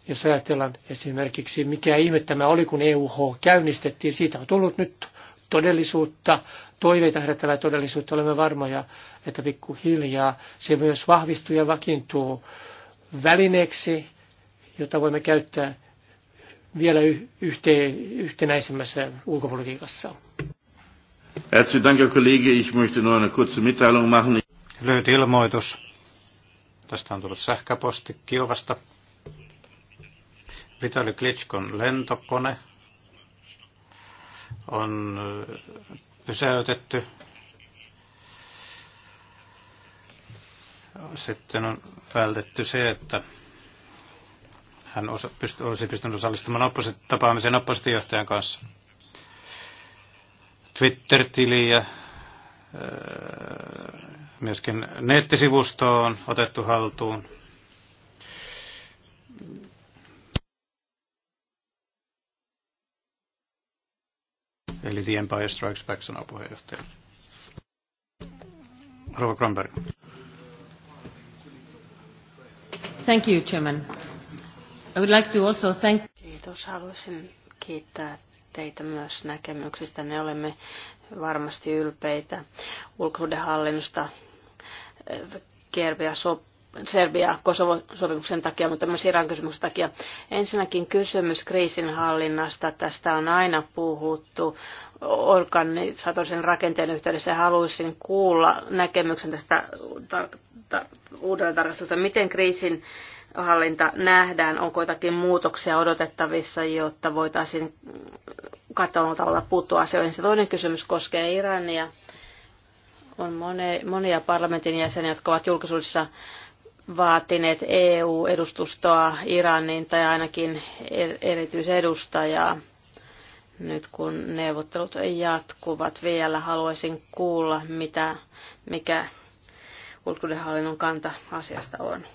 Jos ajatellaan esimerkiksi, mikä ihme tämä oli, kun EUH käynnistettiin, siitä on tullut nyt todellisuutta, toiveita herättävää todellisuutta, olemme varmoja, että pikkuhiljaa se myös vahvistuu ja vakiintuu välineeksi, jota voimme käyttää vielä yhteen, yhtenäisemmässä ulkopolitiikassa. Herzlichen Ich möchte nur eine kurze Mitteilung machen. Lyhyt ilmoitus. Tästä on tullut sähköposti Kiovasta. Vitali Klitschkon lentokone on äh, pysäytetty. Sitten on vältetty se, että hän osa, pyst, olisi pystynyt osallistumaan opposit, tapaamiseen oppositiojohtajan kanssa. Twitter-tili ja öö, myöskin nettisivusto on otettu haltuun. Eli The Empire Strikes Back sanoo puheenjohtaja. Rova Kronberg. Thank you, Chairman. I would like to also thank... Kiitos. Haluaisin kiittää teitä myös näkemyksistä. Ne olemme varmasti ylpeitä ulkosuhdehallinnosta. Kerviä eh, sop- Serbia-Kosovo-sopimuksen takia, mutta myös Iran kysymyksen takia. Ensinnäkin kysymys kriisinhallinnasta. Tästä on aina puhuttu organisatorisen rakenteen yhteydessä. Haluaisin kuulla näkemyksen tästä tar- tar- uudelleen tarkastusta. Miten kriisin hallinta nähdään? Onko jotakin muutoksia odotettavissa, jotta voitaisiin kattavalla tavalla puuttua asioihin? Se toinen kysymys koskee Irania. On monia parlamentin jäseniä, jotka ovat julkisuudessa vaatineet EU-edustustoa Iranin tai ainakin er-, erityisedustajaa. Nyt kun neuvottelut jatkuvat vielä, haluaisin kuulla, mitä, mikä hallinnon kanta asiasta on.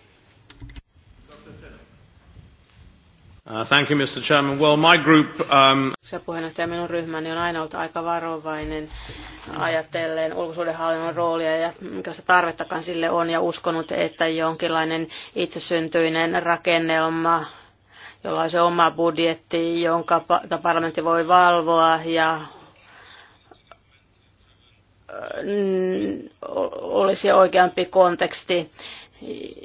Uh, thank you, Mr. Chairman. Well, my group... Um, se puheenjohtaja, minun ryhmäni on aina ollut aika varovainen ajatellen ulkosuudenhallinnon roolia ja minkälaista tarvettakaan sille on ja uskonut, että jonkinlainen itsesyntyinen rakennelma, jolla on se oma budjetti, jonka parlamentti voi valvoa ja äh, olisi oikeampi konteksti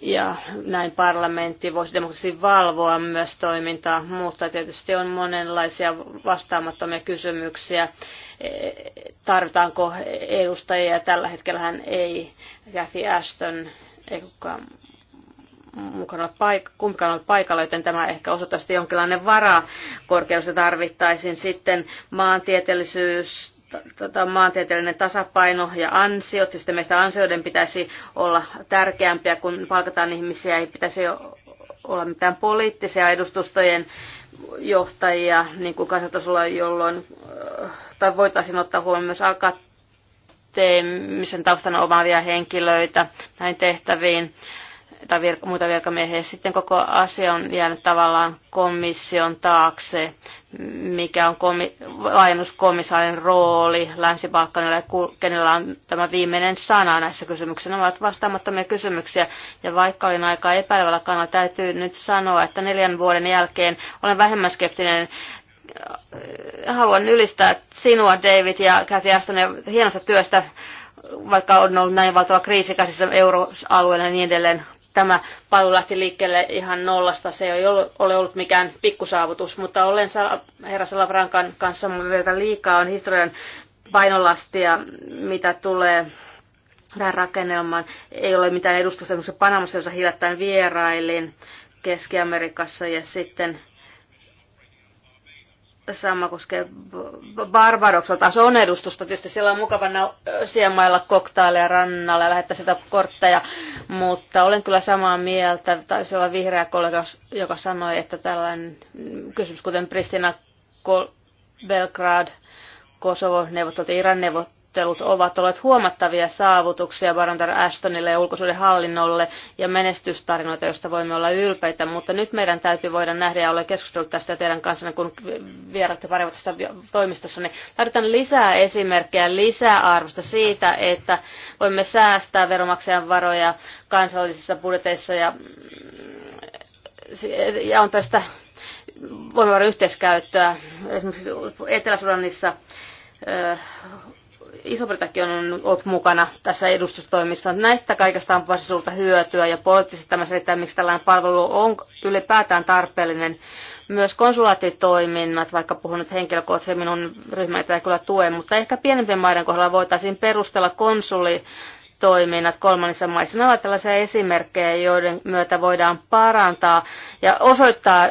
ja näin parlamentti voisi demokraattisesti valvoa myös toimintaa, mutta tietysti on monenlaisia vastaamattomia kysymyksiä. E, tarvitaanko edustajia? Tällä hetkellä hän ei, Kathy Ashton, ei kukaan mukana paik- paikalla, joten tämä ehkä osoittaa jonkinlainen vara korkeus tarvittaisiin. Sitten maantieteellisyys, tota, maantieteellinen tasapaino ja ansiot, ja sitten meistä ansioiden pitäisi olla tärkeämpiä, kun palkataan ihmisiä, ei pitäisi olla mitään poliittisia edustustojen johtajia, niin kuin kansantasolla, jolloin tai voitaisiin ottaa huomioon myös akateemisen taustan omaavia henkilöitä näin tehtäviin tai virka, muita virkamiehiä. Sitten koko asia on jäänyt tavallaan komission taakse, mikä on komi- laajennuskomissaarin rooli länsi ja kenellä on tämä viimeinen sana näissä kysymyksissä. Ne ovat vastaamattomia kysymyksiä, ja vaikka olin aika epäilevällä kannalla, täytyy nyt sanoa, että neljän vuoden jälkeen olen vähemmän skeptinen haluan ylistää sinua, David ja Kathy Aston, ja hienosta työstä, vaikka on ollut näin valtava kriisi käsissä euroalueella ja niin edelleen tämä paljon lähti liikkeelle ihan nollasta. Se ei ole ollut mikään pikkusaavutus, mutta olen herra Salavrankan kanssa mieltä liikaa on historian painolastia, mitä tulee tähän rakennelmaan. Ei ole mitään edustusta esimerkiksi Panamassa, jossa hiljattain vierailin Keski-Amerikassa ja sitten Sama koskee Barbadoksella Se on edustusta. Tietysti siellä on mukava siemailla koktaaleja rannalla ja lähettää sitä kortteja, mutta olen kyllä samaa mieltä. Taisi olla vihreä kollega, joka sanoi, että tällainen mm, kysymys, kuten Pristina Belgrad, Kosovo, neuvottelut, Iran neuvottelut, neuvottelut ovat olleet huomattavia saavutuksia Barantar Ashtonille ja ulkosuuden hallinnolle ja menestystarinoita, joista voimme olla ylpeitä, mutta nyt meidän täytyy voida nähdä ja olen keskustellut tästä teidän kanssanne, kun vierailette pari vuotta tästä toimistossa, niin tarvitaan lisää esimerkkejä, lisää arvosta siitä, että voimme säästää veronmaksajan varoja kansallisissa budjeteissa ja, ja on tästä voimavarojen yhteiskäyttöä. Esimerkiksi Etelä-Sudanissa Iso-Britannia on ollut mukana tässä edustustoimissa. Näistä kaikesta on varsin suurta hyötyä ja poliittisesti tämä selittää, miksi tällainen palvelu on ylipäätään tarpeellinen. Myös konsulaattitoiminnat, vaikka puhun nyt henkilökohtaisesti, minun ryhmäni ei kyllä tue, mutta ehkä pienempien maiden kohdalla voitaisiin perustella konsuli toiminnat kolmannissa maissa. Nämä ovat tällaisia esimerkkejä, joiden myötä voidaan parantaa ja osoittaa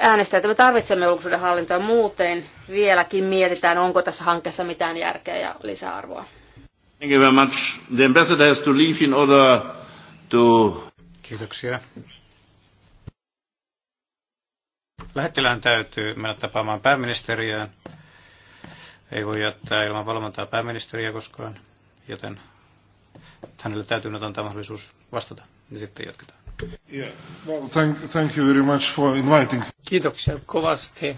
äänestäjät. Me tarvitsemme julkisuuden hallintoa muuten. Vieläkin mietitään, onko tässä hankkeessa mitään järkeä ja lisäarvoa. Thank you very much. The ambassador has to leave in order to... Kiitoksia. Lähettilään täytyy mennä tapaamaan pääministeriään. Ei voi jättää ilman valvontaa pääministeriä koskaan, joten hänelle täytyy antaa mahdollisuus vastata ja sitten jatketaan. Yeah. Well, thank, thank you very much for inviting. Kiitoksia kovasti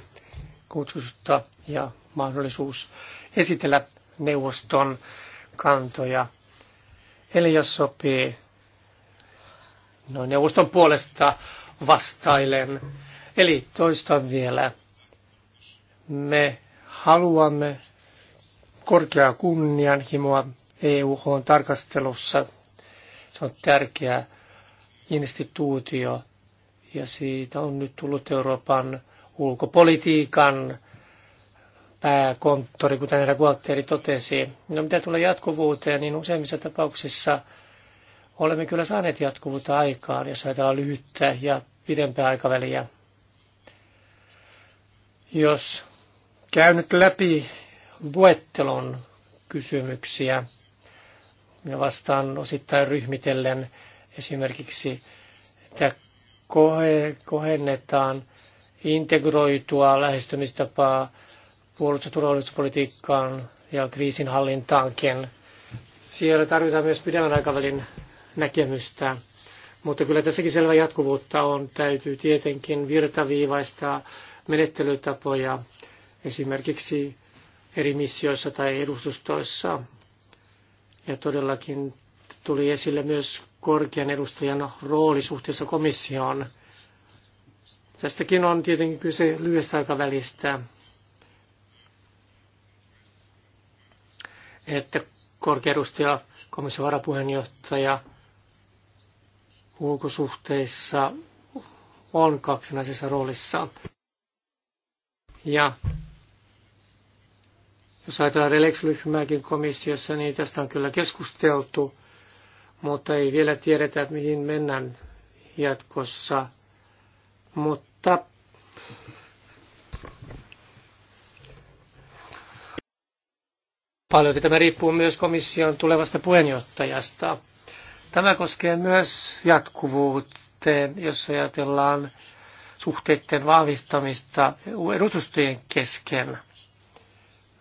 kutsusta ja mahdollisuus esitellä neuvoston kantoja. Eli jos sopii, no neuvoston puolesta vastailen. Eli toistan vielä. Me haluamme korkeaa kunnianhimoa e n tarkastelussa. Se on tärkeää instituutio ja siitä on nyt tullut Euroopan ulkopolitiikan pääkonttori, kuten herra Gualteri totesi. No mitä tulee jatkuvuuteen, niin useimmissa tapauksissa olemme kyllä saaneet jatkuvuutta aikaan, jos ajatellaan lyhyttä ja pidempää aikaväliä. Jos käyn nyt läpi luettelon kysymyksiä ja vastaan osittain ryhmitellen, esimerkiksi, että kohennetaan integroitua lähestymistapaa puolustus- ja turvallisuuspolitiikkaan ja kriisinhallintaankin. Siellä tarvitaan myös pidemmän aikavälin näkemystä, mutta kyllä tässäkin selvä jatkuvuutta on. Täytyy tietenkin virtaviivaistaa menettelytapoja esimerkiksi eri missioissa tai edustustoissa. Ja todellakin tuli esille myös korkean edustajan rooli suhteessa komissioon. Tästäkin on tietenkin kyse lyhyestä aikavälistä, että korkea edustaja, komission varapuheenjohtaja ulkosuhteissa on kaksinaisessa roolissa. Ja jos ajatellaan relex komissiossa, niin tästä on kyllä keskusteltu mutta ei vielä tiedetä, mihin mennään jatkossa. Mutta paljon tämä riippuu myös komission tulevasta puheenjohtajasta. Tämä koskee myös jatkuvuuteen, jos ajatellaan suhteiden vahvistamista edustustojen kesken.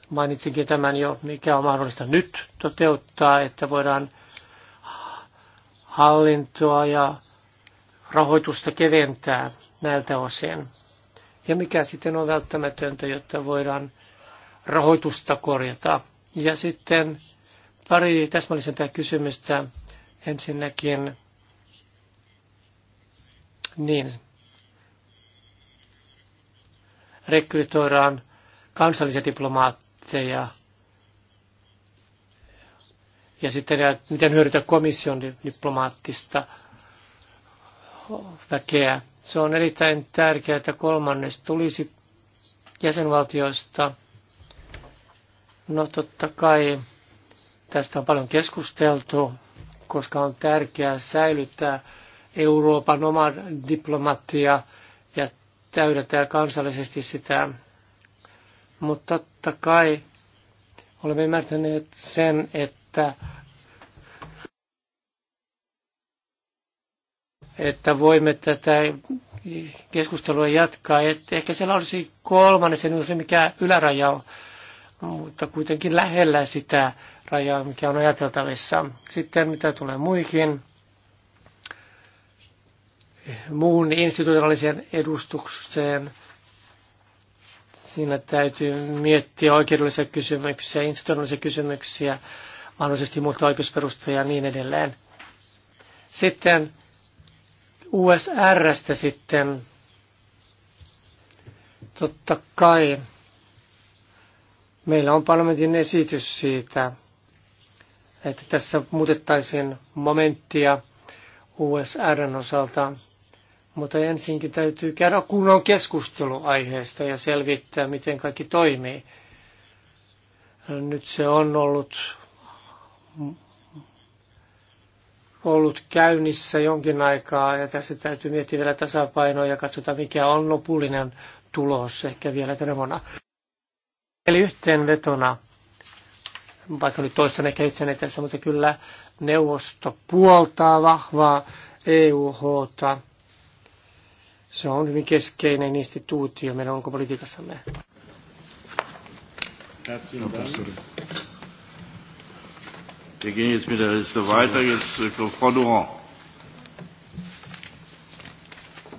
Mainitsinkin tämän jo, mikä on mahdollista nyt toteuttaa, että voidaan hallintoa ja rahoitusta keventää näiltä osin. Ja mikä sitten on välttämätöntä, jotta voidaan rahoitusta korjata. Ja sitten pari täsmällisempää kysymystä. Ensinnäkin, niin, rekrytoidaan kansallisia diplomaatteja – ja sitten ja miten hyödytä komission diplomaattista väkeä. Se on erittäin tärkeää, että kolmannes tulisi jäsenvaltioista. No totta kai tästä on paljon keskusteltu, koska on tärkeää säilyttää Euroopan oma diplomatia ja täydentää kansallisesti sitä. Mutta totta kai olemme ymmärtäneet sen, että että, että voimme tätä keskustelua jatkaa. Että ehkä siellä olisi kolmannen, se se mikä yläraja on, mutta kuitenkin lähellä sitä rajaa, mikä on ajateltavissa. Sitten mitä tulee muihin, muun institutionaaliseen edustukseen, siinä täytyy miettiä oikeudellisia kysymyksiä, institutionaalisia kysymyksiä, mahdollisesti muuttaa oikeusperustoja ja niin edelleen. Sitten USRstä sitten totta kai meillä on parlamentin esitys siitä, että tässä muutettaisiin momenttia USRn osalta, mutta ensinkin täytyy käydä kunnon keskustelu aiheesta ja selvittää, miten kaikki toimii. Nyt se on ollut ollut käynnissä jonkin aikaa ja tässä täytyy miettiä vielä tasapainoa ja katsotaan mikä on lopullinen tulos ehkä vielä tänä vuonna. Eli yhteenvetona, vaikka nyt toistan ehkä itseni tässä, mutta kyllä neuvosto puoltaa vahvaa euh -ta. Se on hyvin keskeinen instituutio meidän ulkopolitiikassamme. That's Wir gehen jetzt mit der Liste weiter. Jetzt äh, Frau Durand.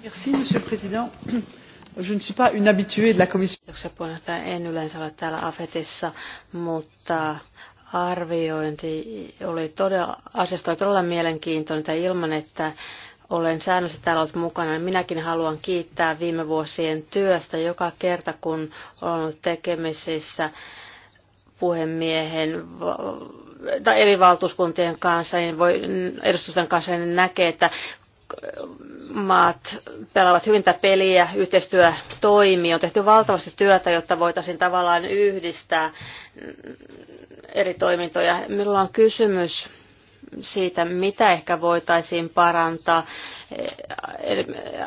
Merci, Monsieur le Président. Je ne suis pas une habituée de la Commission. En yleensä ole täällä AFETissa, mutta arviointi oli todella, asiasta oli todella mielenkiintoinen että ilman, että olen säännöllisesti täällä ollut mukana. niin Minäkin haluan kiittää viime vuosien työstä joka kerta, kun olen ollut tekemisissä puhemiehen tai eri valtuuskuntien kanssa, niin voi, edustusten kanssa, niin näkee, että maat pelaavat hyvin tätä peliä, yhteistyö toimii, on tehty valtavasti työtä, jotta voitaisiin tavallaan yhdistää eri toimintoja. Minulla on kysymys siitä, mitä ehkä voitaisiin parantaa,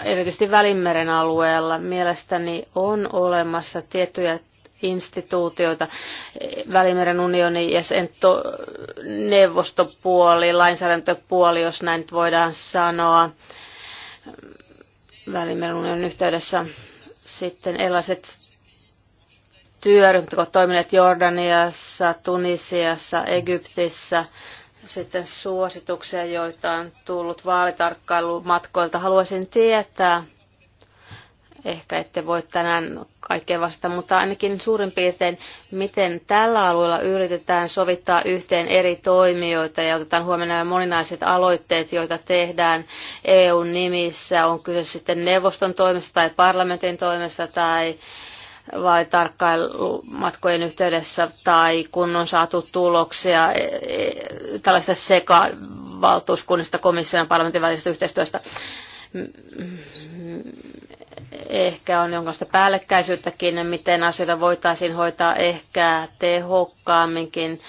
erityisesti Välimeren alueella. Mielestäni on olemassa tiettyjä instituutioita, Välimeren unioni ja sen to, neuvostopuoli, lainsäädäntöpuoli, jos näin nyt voidaan sanoa, Välimeren unionin yhteydessä sitten erilaiset työryhmät, jotka ovat toimineet Jordaniassa, Tunisiassa, Egyptissä, sitten suosituksia, joita on tullut vaalitarkkailumatkoilta. Haluaisin tietää, Ehkä ette voi tänään kaikkeen vastata, mutta ainakin suurin piirtein, miten tällä alueella yritetään sovittaa yhteen eri toimijoita ja otetaan huomioon nämä moninaiset aloitteet, joita tehdään EUn nimissä, on kyse sitten neuvoston toimesta tai parlamentin toimesta tai vai tarkkailumatkojen yhteydessä tai kun on saatu tuloksia e, e, tällaista sekavaltuuskunnista komission ja parlamentin välisestä yhteistyöstä. Ehkä on jonkinlaista päällekkäisyyttäkin, miten asioita voitaisiin hoitaa ehkä tehokkaamminkin.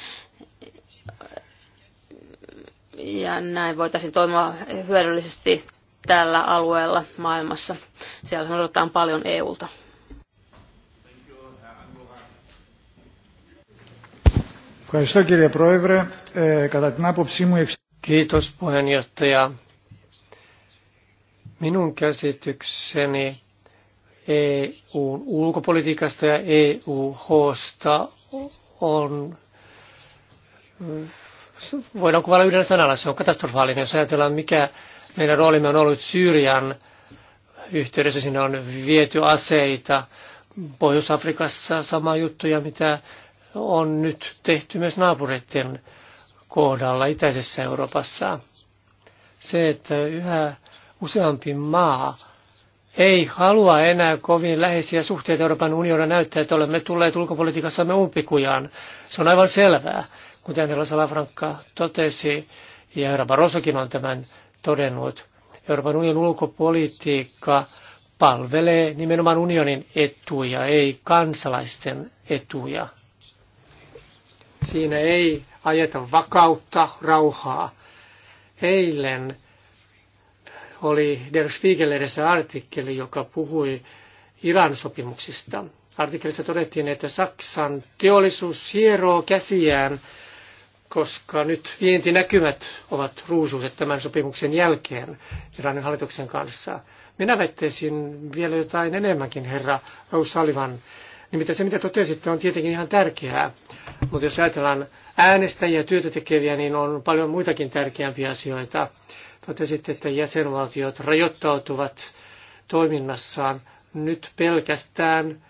Ja näin voitaisiin toimia hyödyllisesti tällä alueella maailmassa. Siellä odotetaan paljon EUlta. Kiitos puheenjohtaja. Minun käsitykseni EUn ulkopolitiikasta ja EUHsta on, voidaan kuvailla yhdellä sanalla, se on katastrofaalinen. Jos ajatellaan, mikä meidän roolimme on ollut Syyrian yhteydessä, sinne on viety aseita, Pohjois-Afrikassa sama juttuja, mitä on nyt tehty myös naapureiden kohdalla itäisessä Euroopassa. Se, että yhä useampi maa ei halua enää kovin läheisiä suhteita Euroopan unionina näyttää, että olemme tulleet ulkopolitiikassamme umpikujaan. Se on aivan selvää, kuten Elsa Salafrankka totesi, ja herra Barrosokin on tämän todennut. Euroopan unionin ulkopolitiikka palvelee nimenomaan unionin etuja, ei kansalaisten etuja. Siinä ei ajeta vakautta, rauhaa. Eilen oli Der Spiegel edessä artikkeli, joka puhui Iran sopimuksista. Artikkelissa todettiin, että Saksan teollisuus hieroo käsiään, koska nyt vientinäkymät ovat ruusuiset tämän sopimuksen jälkeen Iranin hallituksen kanssa. Minä väittäisin vielä jotain enemmänkin, herra O'Sullivan. Nimittäin se, mitä totesitte, on tietenkin ihan tärkeää. Mutta jos ajatellaan äänestäjiä työtä tekeviä, niin on paljon muitakin tärkeämpiä asioita. Totesitte, että jäsenvaltiot rajoittautuvat toiminnassaan nyt pelkästään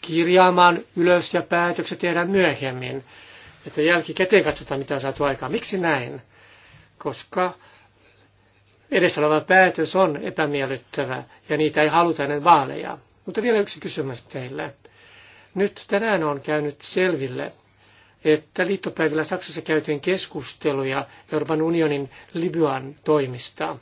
kirjaamaan ylös ja päätökset tehdään myöhemmin. Että jälkikäteen katsotaan, mitä on saatu aikaa. Miksi näin? Koska edessä oleva päätös on epämiellyttävä ja niitä ei haluta ennen vaaleja. Mutta vielä yksi kysymys teille. Nyt tänään on käynyt selville, että liittopäivillä Saksassa käytiin keskusteluja Euroopan unionin Libyan toimista.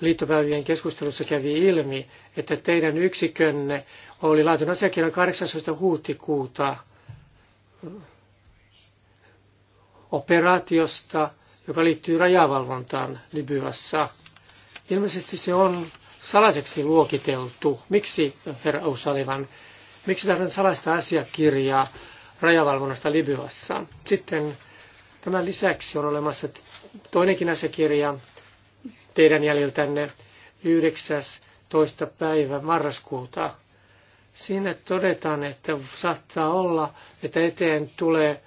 Liittopäivien keskustelussa kävi ilmi, että teidän yksikönne oli laatun asiakirjan 18. huhtikuuta operaatiosta, joka liittyy rajavalvontaan Libyassa. Ilmeisesti se on salaiseksi luokiteltu. Miksi, herra O'Sullivan, Miksi tarvitaan salaista asiakirjaa rajavalvonnasta Libyassa? Sitten tämän lisäksi on olemassa toinenkin asiakirja teidän jäljiltänne 19. päivä marraskuuta. Siinä todetaan, että saattaa olla, että eteen tulee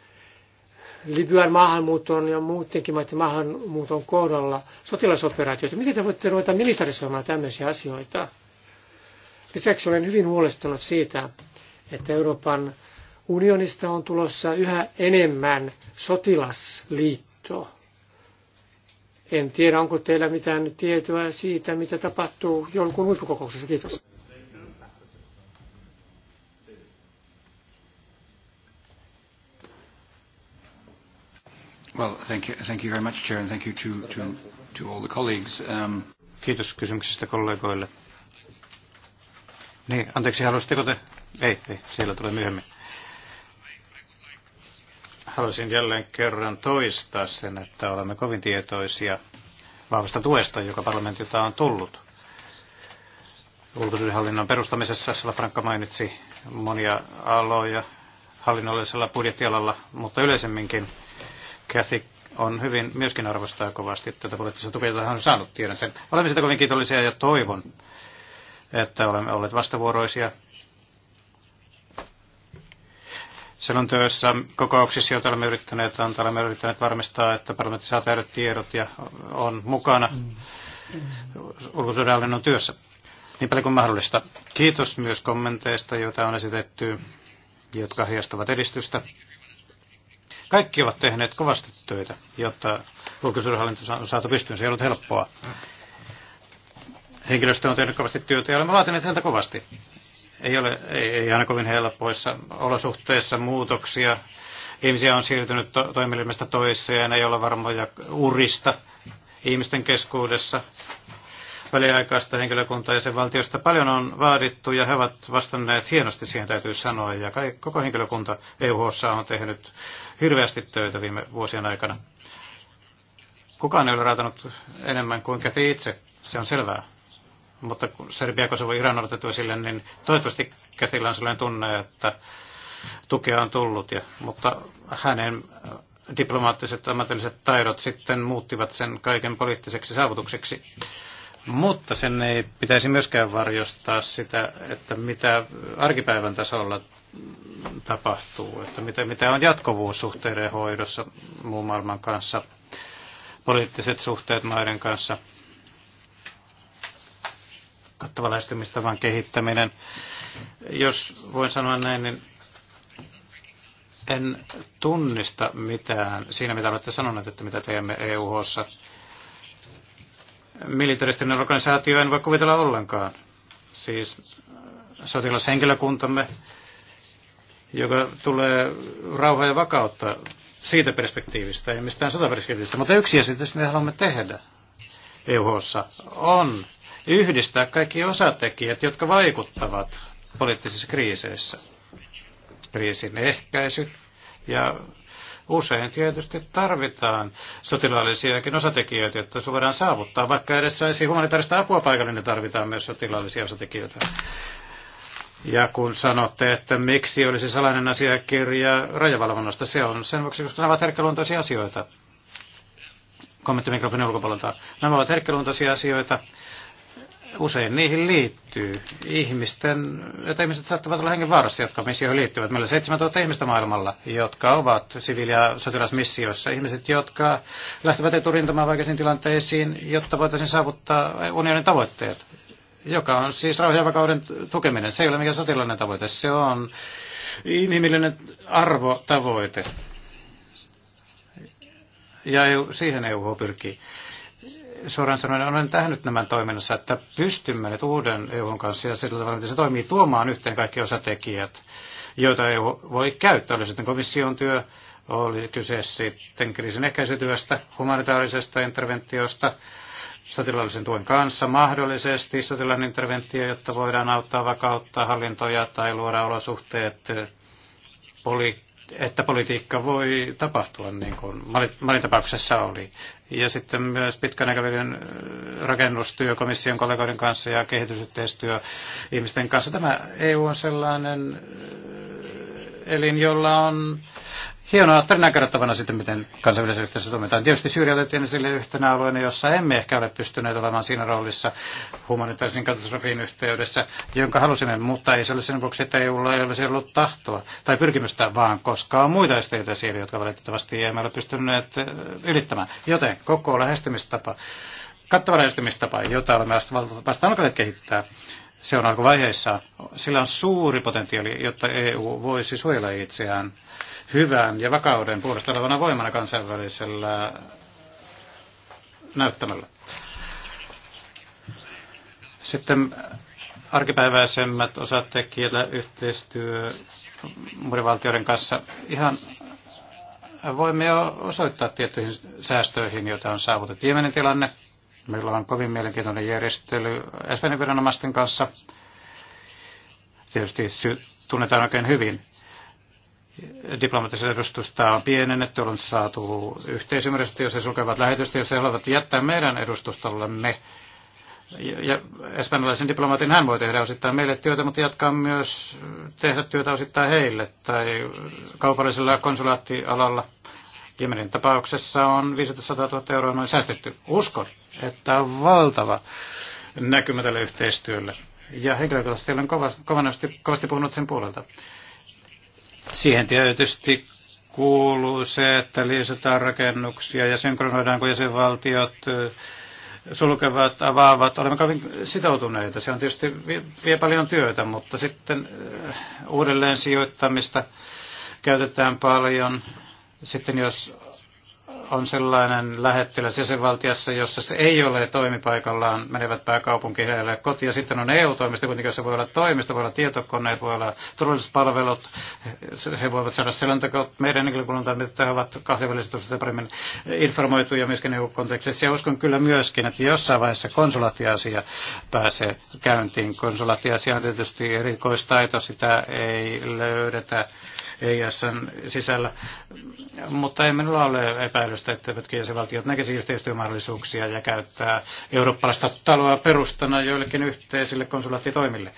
Libyan maahanmuuton ja muutenkin maiden maahanmuuton kohdalla sotilasoperaatioita. Miten te voitte ruveta militarisoimaan tämmöisiä asioita? Lisäksi olen hyvin huolestunut siitä, että Euroopan unionista on tulossa yhä enemmän sotilasliitto. En tiedä, onko teillä mitään tietoa siitä, mitä tapahtuu jonkun huippukokouksessa. Kiitos. Well, thank you, thank you very much, Chair, and thank you to, to, to all the colleagues. Um... Kiitos kysymyksistä kollegoille. Niin, anteeksi, haluaisitteko te? Ei, ei, siellä tulee myöhemmin. Haluaisin jälleen kerran toistaa sen, että olemme kovin tietoisia vahvasta tuesta, joka parlamentilta on tullut. Ulkosuudenhallinnon perustamisessa Frankka mainitsi monia aloja hallinnollisella budjettialalla, mutta yleisemminkin Kathy on hyvin myöskin arvostaa kovasti tätä poliittista tukea, jota hän on saanut, tiedän sen. Olemme sitä kovin kiitollisia ja toivon, että olemme olleet vastavuoroisia selonteoissa kokouksissa, joita olemme yrittäneet antaa, olemme yrittäneet varmistaa, että parlamentti saa täydet tiedot ja on mukana ulkosuudenhallinnon työssä niin paljon kuin mahdollista. Kiitos myös kommenteista, joita on esitetty, jotka heijastavat edistystä. Kaikki ovat tehneet kovasti töitä, jotta ulkosuudenhallinto on saatu pystyyn. Se ei ollut helppoa. Henkilöstö on tehnyt kovasti työtä ja olemme vaatineet häntä kovasti. Ei ole ei, ei aina kovin helpoissa olosuhteissa muutoksia. Ihmisiä on siirtynyt to- toimielimestä toiseen, ei ole varmoja urista ihmisten keskuudessa väliaikaista henkilökuntaa ja sen valtiosta paljon on vaadittu ja he ovat vastanneet hienosti siihen täytyy sanoa ja koko henkilökunta EUHssa on tehnyt hirveästi töitä viime vuosien aikana. Kukaan ei ole raatanut enemmän kuin Käti itse, se on selvää mutta kun Serbia, Kosovo, Iran on otettu esille, niin toivottavasti Kätillä on sellainen tunne, että tukea on tullut. Ja, mutta hänen äh, diplomaattiset ammatilliset taidot sitten muuttivat sen kaiken poliittiseksi saavutukseksi. Mutta sen ei pitäisi myöskään varjostaa sitä, että mitä arkipäivän tasolla tapahtuu, että mitä, mitä on jatkuvuussuhteiden hoidossa muun maailman kanssa, poliittiset suhteet maiden kanssa – kattava lähestymistavan kehittäminen. Jos voin sanoa näin, niin en tunnista mitään siinä, mitä olette sanoneet, että mitä teemme EUHssa. Militaristinen organisaatio en voi kuvitella ollenkaan. Siis sotilashenkilökuntamme, joka tulee rauhaa ja vakautta siitä perspektiivistä, ei mistään sotaperspektiivistä. Mutta yksi esitys, mitä haluamme tehdä EUHssa, on yhdistää kaikki osatekijät, jotka vaikuttavat poliittisissa kriiseissä. Kriisin ehkäisy ja usein tietysti tarvitaan sotilaallisiakin osatekijöitä, jotta se voidaan saavuttaa. Vaikka edes saisi humanitaarista apua paikalle, niin tarvitaan myös sotilaallisia osatekijöitä. Ja kun sanotte, että miksi olisi salainen asiakirja rajavalvonnasta, se on sen vuoksi, koska nämä ovat herkkäluontoisia asioita. Kommentti mikrofonin ulkopuolelta. Nämä ovat herkkäluontoisia asioita, usein niihin liittyy ihmisten, että ihmiset saattavat olla hengenvaarassa, jotka missioihin liittyvät. Meillä on 7000 ihmistä maailmalla, jotka ovat siviili- ja sotilasmissioissa. Ihmiset, jotka lähtevät eturintamaan vaikeisiin tilanteisiin, jotta voitaisiin saavuttaa unionin tavoitteet, joka on siis rauhan ja vakauden tukeminen. Se ei ole mikään sotilainen tavoite, se on inhimillinen arvotavoite. Ja EU, siihen EU pyrkii suoraan sanoen olen tähnyt nämän toiminnassa, että pystymme nyt uuden EUn kanssa ja sillä tavalla, miten se toimii, tuomaan yhteen kaikki osatekijät, joita EU voi käyttää. Oli sitten komission työ, oli kyse sitten kriisin ehkäisytyöstä, humanitaarisesta interventiosta, sotilaallisen tuen kanssa mahdollisesti sotilaallinen interventio, jotta voidaan auttaa vakauttaa hallintoja tai luoda olosuhteet poli- että politiikka voi tapahtua niin kuin Malin tapauksessa oli. Ja sitten myös pitkän aikavälin rakennustyö komission kollegoiden kanssa ja kehitysyhteistyö ihmisten kanssa. Tämä EU on sellainen elin, jolla on hienoa tarinaa kerrottavana sitten, miten kansainvälisessä yhteisössä toimitaan. Tietysti Syyria otettiin esille yhtenä alueena, jossa emme ehkä ole pystyneet olemaan siinä roolissa humanitaarisen katastrofiin yhteydessä, jonka halusimme, mutta ei se ole sen vuoksi, että EUlla ei olisi ollut tahtoa tai pyrkimystä, vaan koska on muita esteitä siellä, jotka valitettavasti emme ole pystyneet eh, ylittämään. Joten koko lähestymistapa, kattava lähestymistapa, jota olemme vasta alkaneet kehittää, se on alkuvaiheessa. Sillä on suuri potentiaali, jotta EU voisi suojella itseään hyvän ja vakauden puolustelevana voimana kansainvälisellä näyttämällä. Sitten arkipäiväisemmät osatekijät yhteistyö muiden valtioiden kanssa. Ihan voimme jo osoittaa tiettyihin säästöihin, joita on saavutettu. Jemenin tilanne. Meillä on kovin mielenkiintoinen järjestely Espanjan viranomaisten kanssa. Tietysti tunnetaan oikein hyvin diplomaattisen edustusta on pienennetty, on saatu yhteisymmärrystä, jos he sulkevat lähetystä, jos he haluavat jättää meidän edustustollemme. Ja espanjalaisen diplomaatin hän voi tehdä osittain meille työtä, mutta jatkaa myös tehdä työtä osittain heille tai kaupallisella konsulaattialalla. Jemenin tapauksessa on 500 000 euroa noin säästetty. Uskon, että on valtava näkymä tälle yhteistyölle. Ja henkilökohtaisesti olen kovasti, kovasti puhunut sen puolelta. Siihen tietysti kuuluu se, että lisätään rakennuksia ja synkronoidaan, kun jäsenvaltiot sulkevat, avaavat. Olemme kovin sitoutuneita. Se on tietysti vie paljon työtä, mutta sitten uudelleen sijoittamista käytetään paljon. Sitten jos on sellainen lähettiläs jäsenvaltiossa, jossa se ei ole toimipaikallaan, menevät pääkaupunki heille kotiin. Ja sitten on EU-toimisto, kuitenkin jossa voi olla toimisto, voi olla tietokoneet, voi olla turvallisuuspalvelut. He voivat saada selontekoa meidän henkilökunnalta, että he ovat kahdenvälisesti paremmin informoituja myöskin EU-kontekstissa. Ja uskon kyllä myöskin, että jossain vaiheessa konsulaattiasia pääsee käyntiin. Konsulaattiasia on tietysti erikoistaito, sitä ei löydetä EISn sisällä. Mutta ei minulla ole epäilystä, etteivätkin jäsenvaltiot näkisi yhteistyömahdollisuuksia ja käyttää eurooppalaista taloa perustana joillekin yhteisille konsulaattitoimille,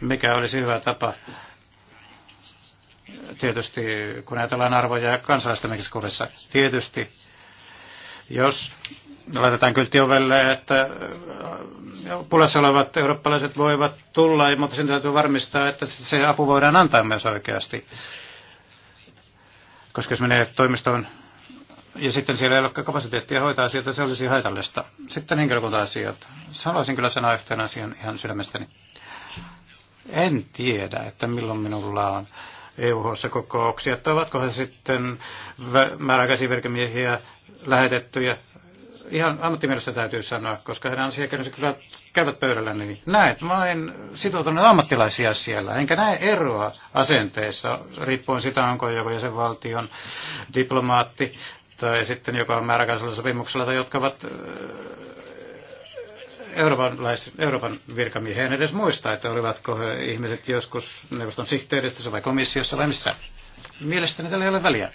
mikä olisi hyvä tapa tietysti, kun ajatellaan arvoja kansalaisten keskuudessa, tietysti jos laitetaan kyltti ovelle, että äh, pulassa olevat eurooppalaiset voivat tulla, mutta sen täytyy varmistaa, että se apu voidaan antaa myös oikeasti. Koska jos menee toimistoon ja sitten siellä ei ole kapasiteettia hoitaa asioita, se olisi haitallista. Sitten henkilökunta-asiat. Haluaisin kyllä sanoa yhteen asian ihan sydämestäni. En tiedä, että milloin minulla on eu kokouksia, että ovatko he sitten määräaikaisia virkamiehiä lähetettyjä ihan ammattimielessä täytyy sanoa, koska heidän asiakirjansa kyllä käyvät pöydällä, niin näet vain sitoutuneet ammattilaisia siellä, enkä näe eroa asenteessa, riippuen sitä, onko joku jäsenvaltion diplomaatti tai sitten joka on määräkansallisella sopimuksella tai jotka ovat äh, Euroopan, Euroopan virkamiehiä en edes muista, että olivatko he ihmiset joskus neuvoston sihteeristössä vai komissiossa vai missä. Mielestäni tällä ei ole väliä.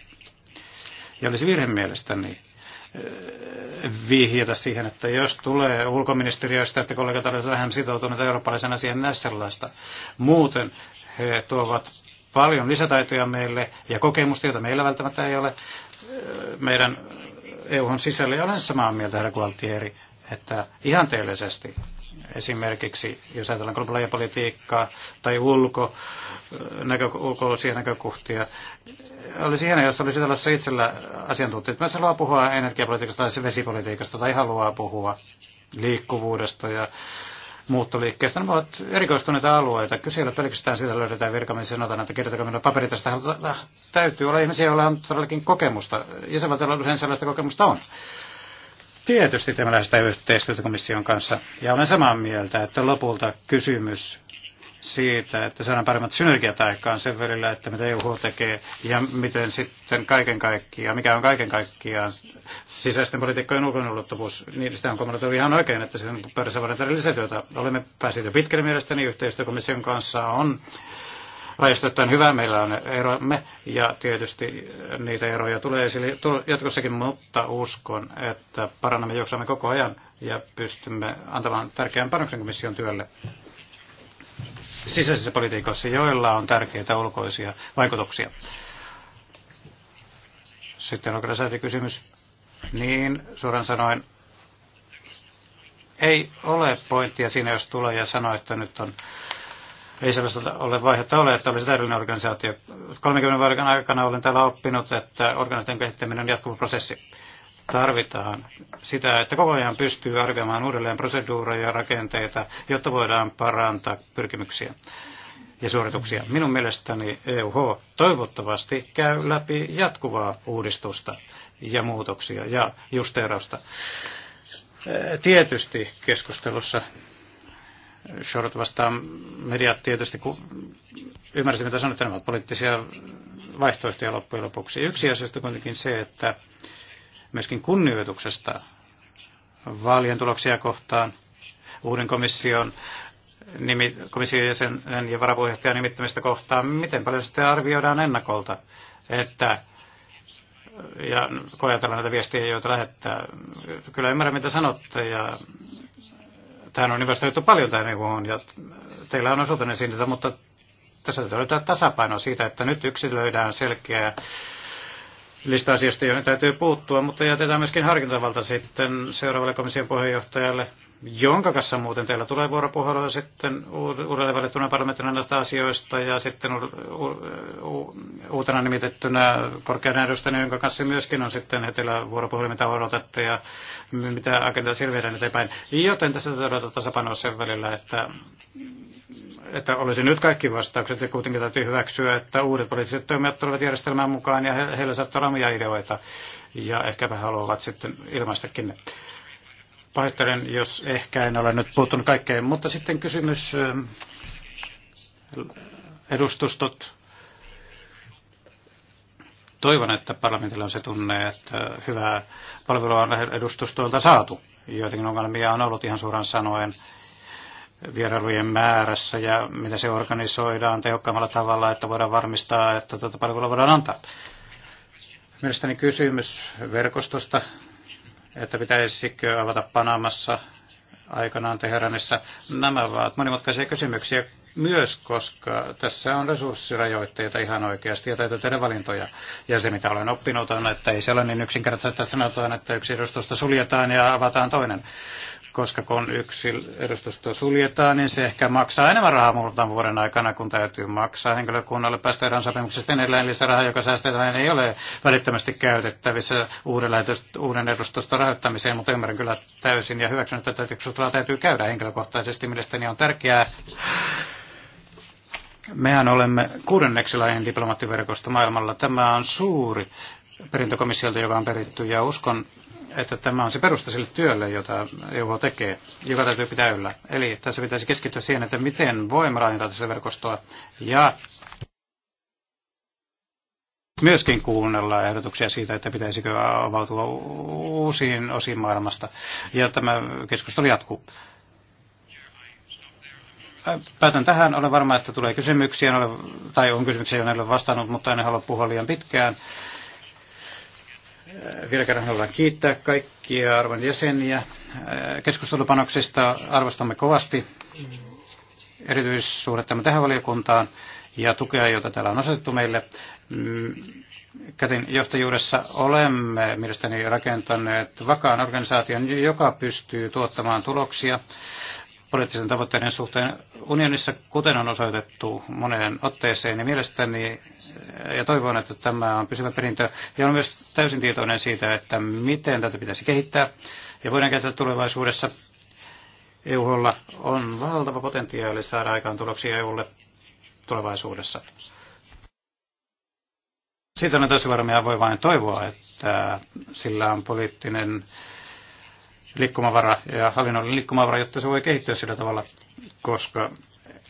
Ja olisi virhe mielestäni vihjata siihen, että jos tulee ulkoministeriöstä, että kollegat ovat vähän sitoutuneita eurooppalaisen asian sellaista. Muuten he tuovat paljon lisätaitoja meille ja kokemusta, joita meillä välttämättä ei ole meidän EU: sisällä. Ja olen samaa mieltä, herra Gualtieri, että ihanteellisesti Esimerkiksi jos ajatellaan globaalia politiikkaa tai ulko, näkö, ulkoisia näkökohtia. Olisi hienoa, jos olisi tällaisessa itsellä asiantuntijat. Myös haluaa puhua energiapolitiikasta tai vesipolitiikasta tai haluaa puhua liikkuvuudesta ja muuttoliikkeestä. Nämä ovat erikoistuneita alueita. Kyse pelkästään sitä löydetään virkamies sanotaan, että kirjoitako minulle paperi tästä. Täytyy olla ihmisiä, joilla on todellakin kokemusta. Jäsenvaltioilla usein sellaista kokemusta on. Tietysti tämmöistä yhteistyötä komission kanssa. Ja olen samaa mieltä, että lopulta kysymys siitä, että saadaan paremmat synergiat aikaan sen välillä, että mitä EU tekee ja miten sitten kaiken kaikkiaan, mikä on kaiken kaikkiaan sisäisten politiikkojen ulkoinen ulottuvuus, niin sitä on kommentoitu ihan oikein, että sen perässä voidaan tehdä lisätyötä. Olemme päässeet jo pitkälle mielestäni yhteistyökomission kanssa on laajasti ottaen hyvä meillä on eromme ja tietysti niitä eroja tulee esille jatkossakin, mutta uskon, että parannamme juoksamme koko ajan ja pystymme antamaan tärkeän panoksen komission työlle sisäisessä politiikassa, joilla on tärkeitä ulkoisia vaikutuksia. Sitten on kysymys, Niin, suoraan sanoen, ei ole pointtia siinä, jos tulee ja sanoo, että nyt on ei sellaista ole vaihetta ole, että olisi täydellinen organisaatio. 30 vuoden aikana olen täällä oppinut, että organisaation kehittäminen on jatkuva prosessi. Tarvitaan sitä, että koko ajan pystyy arvioimaan uudelleen proseduureja ja rakenteita, jotta voidaan parantaa pyrkimyksiä ja suorituksia. Minun mielestäni EUH toivottavasti käy läpi jatkuvaa uudistusta ja muutoksia ja justeerausta. Tietysti keskustelussa Short vastaan mediat tietysti, kun ymmärsin mitä sanoitte, nämä poliittisia vaihtoehtoja loppujen lopuksi. Yksi asioista kuitenkin se, että myöskin kunnioituksesta vaalien tuloksia kohtaan uuden komission nimi, komission jäsenen ja varapuheenjohtajan nimittämistä kohtaan, miten paljon sitten arvioidaan ennakolta, että ja kun ajatellaan näitä viestejä, joita lähettää. Kyllä ymmärrän, mitä sanotte, ja Tähän on investoitu paljon tähän niin EUhun ja teillä on osuutenne siitä, mutta tässä täytyy löytää tasapaino siitä, että nyt yksilöidään selkeä lista asioista, joihin täytyy puuttua, mutta jätetään myöskin harkintavalta sitten seuraavalle komission puheenjohtajalle, jonka kanssa muuten teillä tulee vuoropuhelua sitten uudelleen valittuna parlamenttina näistä asioista ja sitten uutena nimitettynä korkean edustajana, jonka kanssa myöskin on sitten heillä vuoropuhelu, mitä odotatte ja mitä agendaa siellä viedään eteenpäin. Joten tässä todella tasapaino sen välillä, että että olisi nyt kaikki vastaukset ja kuitenkin täytyy hyväksyä, että uudet poliittiset toimijat tulevat järjestelmään mukaan ja he, heillä saattaa olla omia ideoita ja ehkäpä haluavat sitten ilmaistakin ne. Pahoittelen, jos ehkä en ole nyt puuttunut kaikkeen, mutta sitten kysymys eh, edustustot. Toivon, että parlamentilla on se tunne, että hyvää palvelua on edustustoilta saatu. Joitakin ongelmia on ollut ihan suoraan sanoen vierailujen määrässä ja miten se organisoidaan tehokkaammalla tavalla, että voidaan varmistaa, että tuota palvelua voidaan antaa. Mielestäni kysymys verkostosta, että pitäisikö avata Panamassa aikanaan Teheranissa. Nämä ovat monimutkaisia kysymyksiä myös, koska tässä on resurssirajoitteita ihan oikeasti ja täytyy tehdä valintoja. Ja se, mitä olen oppinut, on, että ei se ole niin yksinkertaista, että sanotaan, että yksi edustusta suljetaan ja avataan toinen koska kun yksi edustusto suljetaan, niin se ehkä maksaa enemmän rahaa muutaman vuoden aikana, kun täytyy maksaa henkilökunnalle päästöerän sopimuksesta edelleen lisärahaa, joka säästetään ei ole välittömästi käytettävissä uuden, uuden edustuston rahoittamiseen, mutta ymmärrän kyllä täysin ja hyväksyn, että tätä täytyy käydä henkilökohtaisesti. Mielestäni on tärkeää Mehän olemme kuudenneksi laajen diplomaattiverkosto maailmalla. Tämä on suuri perintökomissiolta, joka on peritty, ja uskon, että tämä on se perusta sille työlle, jota EU tekee, joka täytyy pitää yllä. Eli tässä pitäisi keskittyä siihen, että miten voimme rakentaa tässä verkostoa ja myöskin kuunnella ehdotuksia siitä, että pitäisikö avautua uusiin osiin maailmasta. Ja tämä keskustelu jatkuu. Päätän tähän. Olen varma, että tulee kysymyksiä, tai on kysymyksiä, joihin en ole vastannut, mutta en halua puhua liian pitkään. Äh, vielä kerran haluan kiittää kaikkia arvon jäseniä äh, keskustelupanoksista. Arvostamme kovasti erityissuhdettamme tähän valiokuntaan ja tukea, jota täällä on osoitettu meille. Mm, kätin johtajuudessa olemme mielestäni rakentaneet vakaan organisaation, joka pystyy tuottamaan tuloksia poliittisten tavoitteiden suhteen unionissa, kuten on osoitettu moneen otteeseen, ja mielestäni ja toivon, että tämä on pysyvä perintö, ja olen myös täysin tietoinen siitä, että miten tätä pitäisi kehittää, ja voidaan käyttää tulevaisuudessa. EUlla on valtava potentiaali saada aikaan tuloksia EUlle tulevaisuudessa. Siitä on tosi varmia voi vain toivoa, että sillä on poliittinen liikkumavara ja hallinnollinen liikkumavara, jotta se voi kehittyä sillä tavalla, koska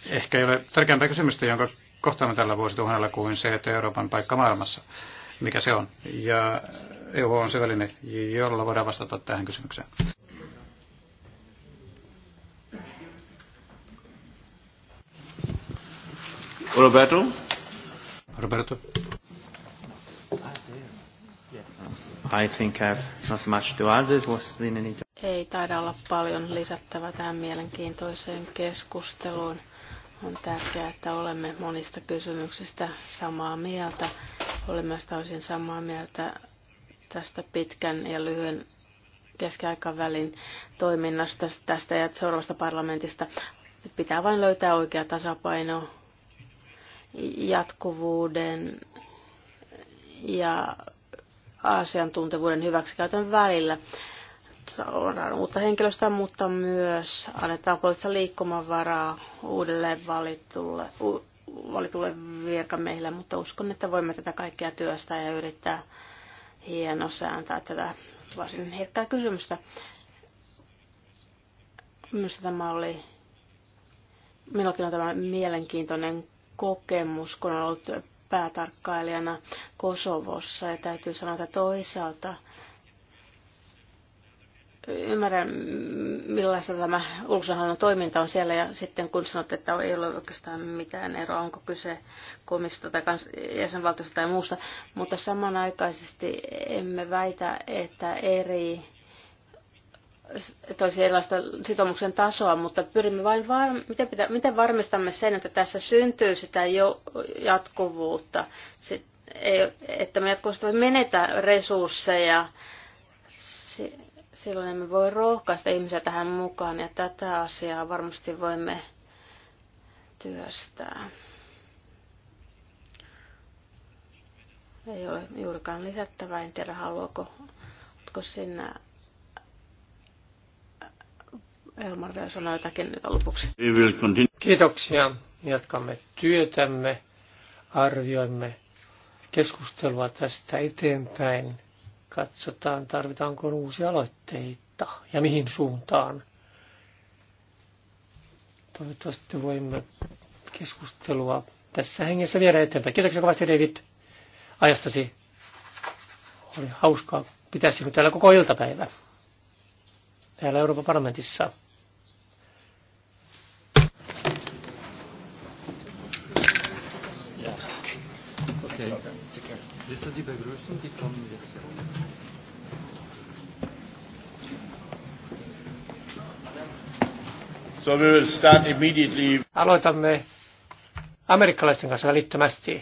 ehkä ei ole tärkeämpää kysymystä, jonka kohtaamme tällä vuosituhannella kuin se, että Euroopan paikka maailmassa, mikä se on. Ja EU on se väline, jolla voidaan vastata tähän kysymykseen. Roberto. Roberto. I think I've not much to add. It was any... Ei taida olla paljon lisättävää tähän mielenkiintoiseen keskusteluun. On tärkeää, että olemme monista kysymyksistä samaa mieltä. Olemme myös täysin samaa mieltä tästä pitkän ja lyhyen keskiaikavälin toiminnasta tästä ja seuraavasta parlamentista. Pitää vain löytää oikea tasapaino jatkuvuuden ja asiantuntevuuden hyväksikäytön välillä. Saadaan uutta henkilöstöä, mutta myös annetaan poliittista liikkumavaraa uudelleen valitulle, u, valitulle virkamiehille, mutta uskon, että voimme tätä kaikkea työstää ja yrittää hienosääntää tätä varsin herkkää kysymystä. Minusta tämä oli, minullakin on tämä mielenkiintoinen kokemus, kun on ollut päätarkkailijana Kosovossa ja täytyy sanoa, että toisaalta ymmärrän, millaista tämä ulkosuhdehallinnon toiminta on siellä, ja sitten kun sanot, että ei ole oikeastaan mitään eroa, onko kyse komista tai kans- jäsenvaltiosta tai muusta, mutta samanaikaisesti emme väitä, että eri olisi erilaista sitoumuksen tasoa, mutta pyrimme vain, var- miten, pitä- miten varmistamme sen, että tässä syntyy sitä jo jatkuvuutta, sit, ei, että me jatkuvasti menetä resursseja, si- silloin emme voi rohkaista ihmisiä tähän mukaan, ja tätä asiaa varmasti voimme työstää. Ei ole juurikaan lisättävää, en tiedä haluako, sinä Elmar vielä sanoa jotakin nyt lopuksi. Kiitoksia. Jatkamme työtämme, arvioimme keskustelua tästä eteenpäin. Katsotaan, tarvitaanko uusia aloitteita ja mihin suuntaan. Toivottavasti voimme keskustelua tässä hengessä viedä eteenpäin. Kiitoksia kovasti David ajastasi. Oli hauskaa pitää sinut täällä koko iltapäivä täällä Euroopan parlamentissa. Liste, die begrüßen, die kommen jetzt. So we will start immediately. Aloitamme amerikkalaisten kanssa välittömästi.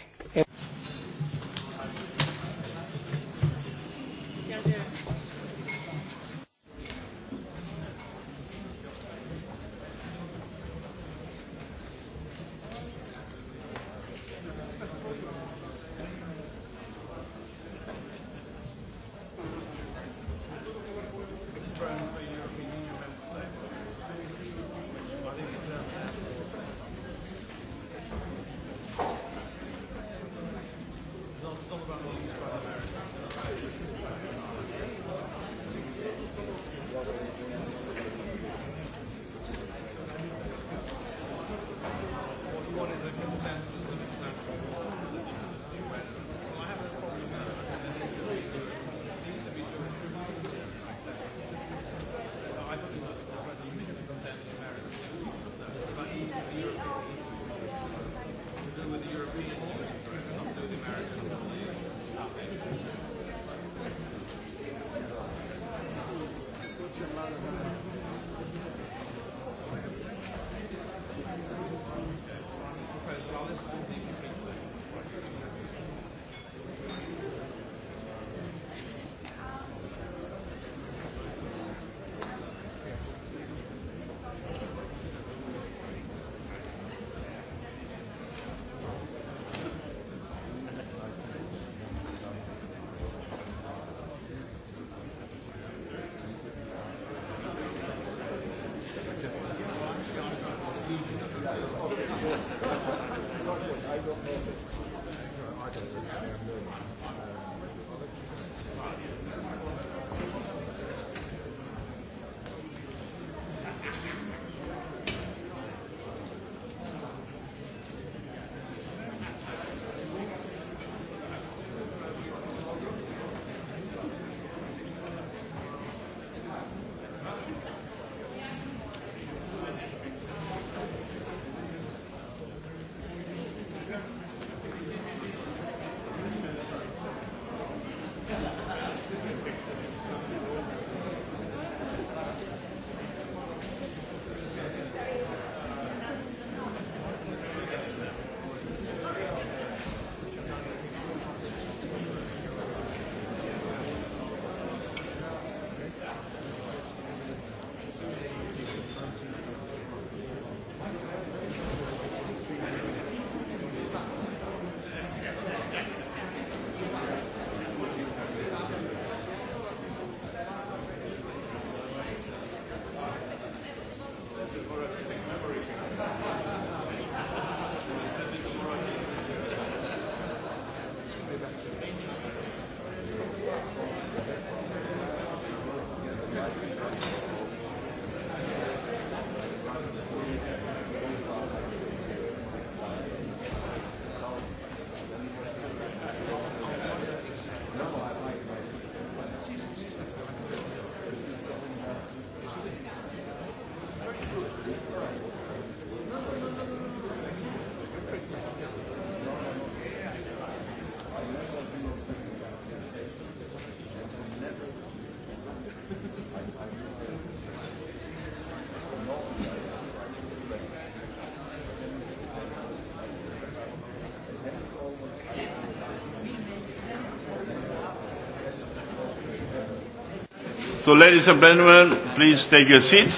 So, ladies and gentlemen, please take your seat.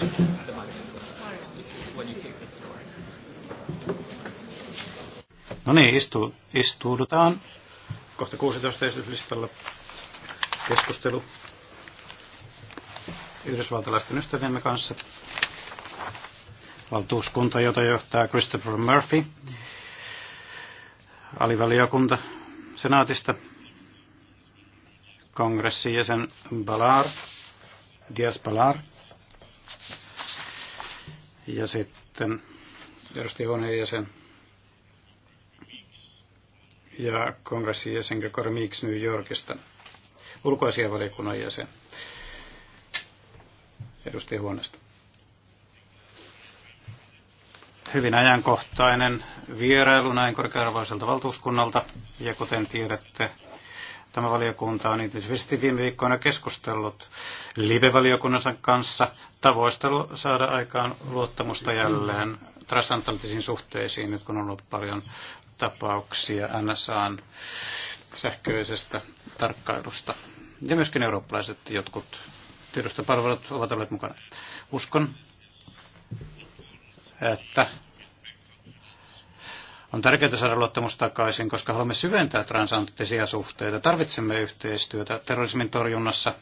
No niin, istu, istuudutaan. Kohta 16 esityslistalla keskustelu yhdysvaltalaisten ystäviemme kanssa. Valtuuskunta, jota johtaa Christopher Murphy, alivaliokunta senaatista, kongressin jäsen Ballard. Diaspalar ja sitten edustaja huoneen jäsen ja kongressin jäsen Gregor Mix New Yorkista, ulkoasianvaliokunnan jäsen edustajahuoneesta. Hyvin ajankohtainen vierailu näin korkearvoiselta valtuuskunnalta, ja kuten tiedätte, Tämä valiokunta on intensiivisesti viime viikkoina keskustellut live-valiokunnansa kanssa tavoista saada aikaan luottamusta jälleen transatlanttisiin suhteisiin, nyt kun on ollut paljon tapauksia NSAn sähköisestä tarkkailusta. Ja myöskin eurooppalaiset jotkut tiedostopalvelut ovat olleet mukana. Uskon, että on tärkeää saada luottamus takaisin, koska haluamme syventää transatlanttisia suhteita. Tarvitsemme yhteistyötä terrorismin torjunnassa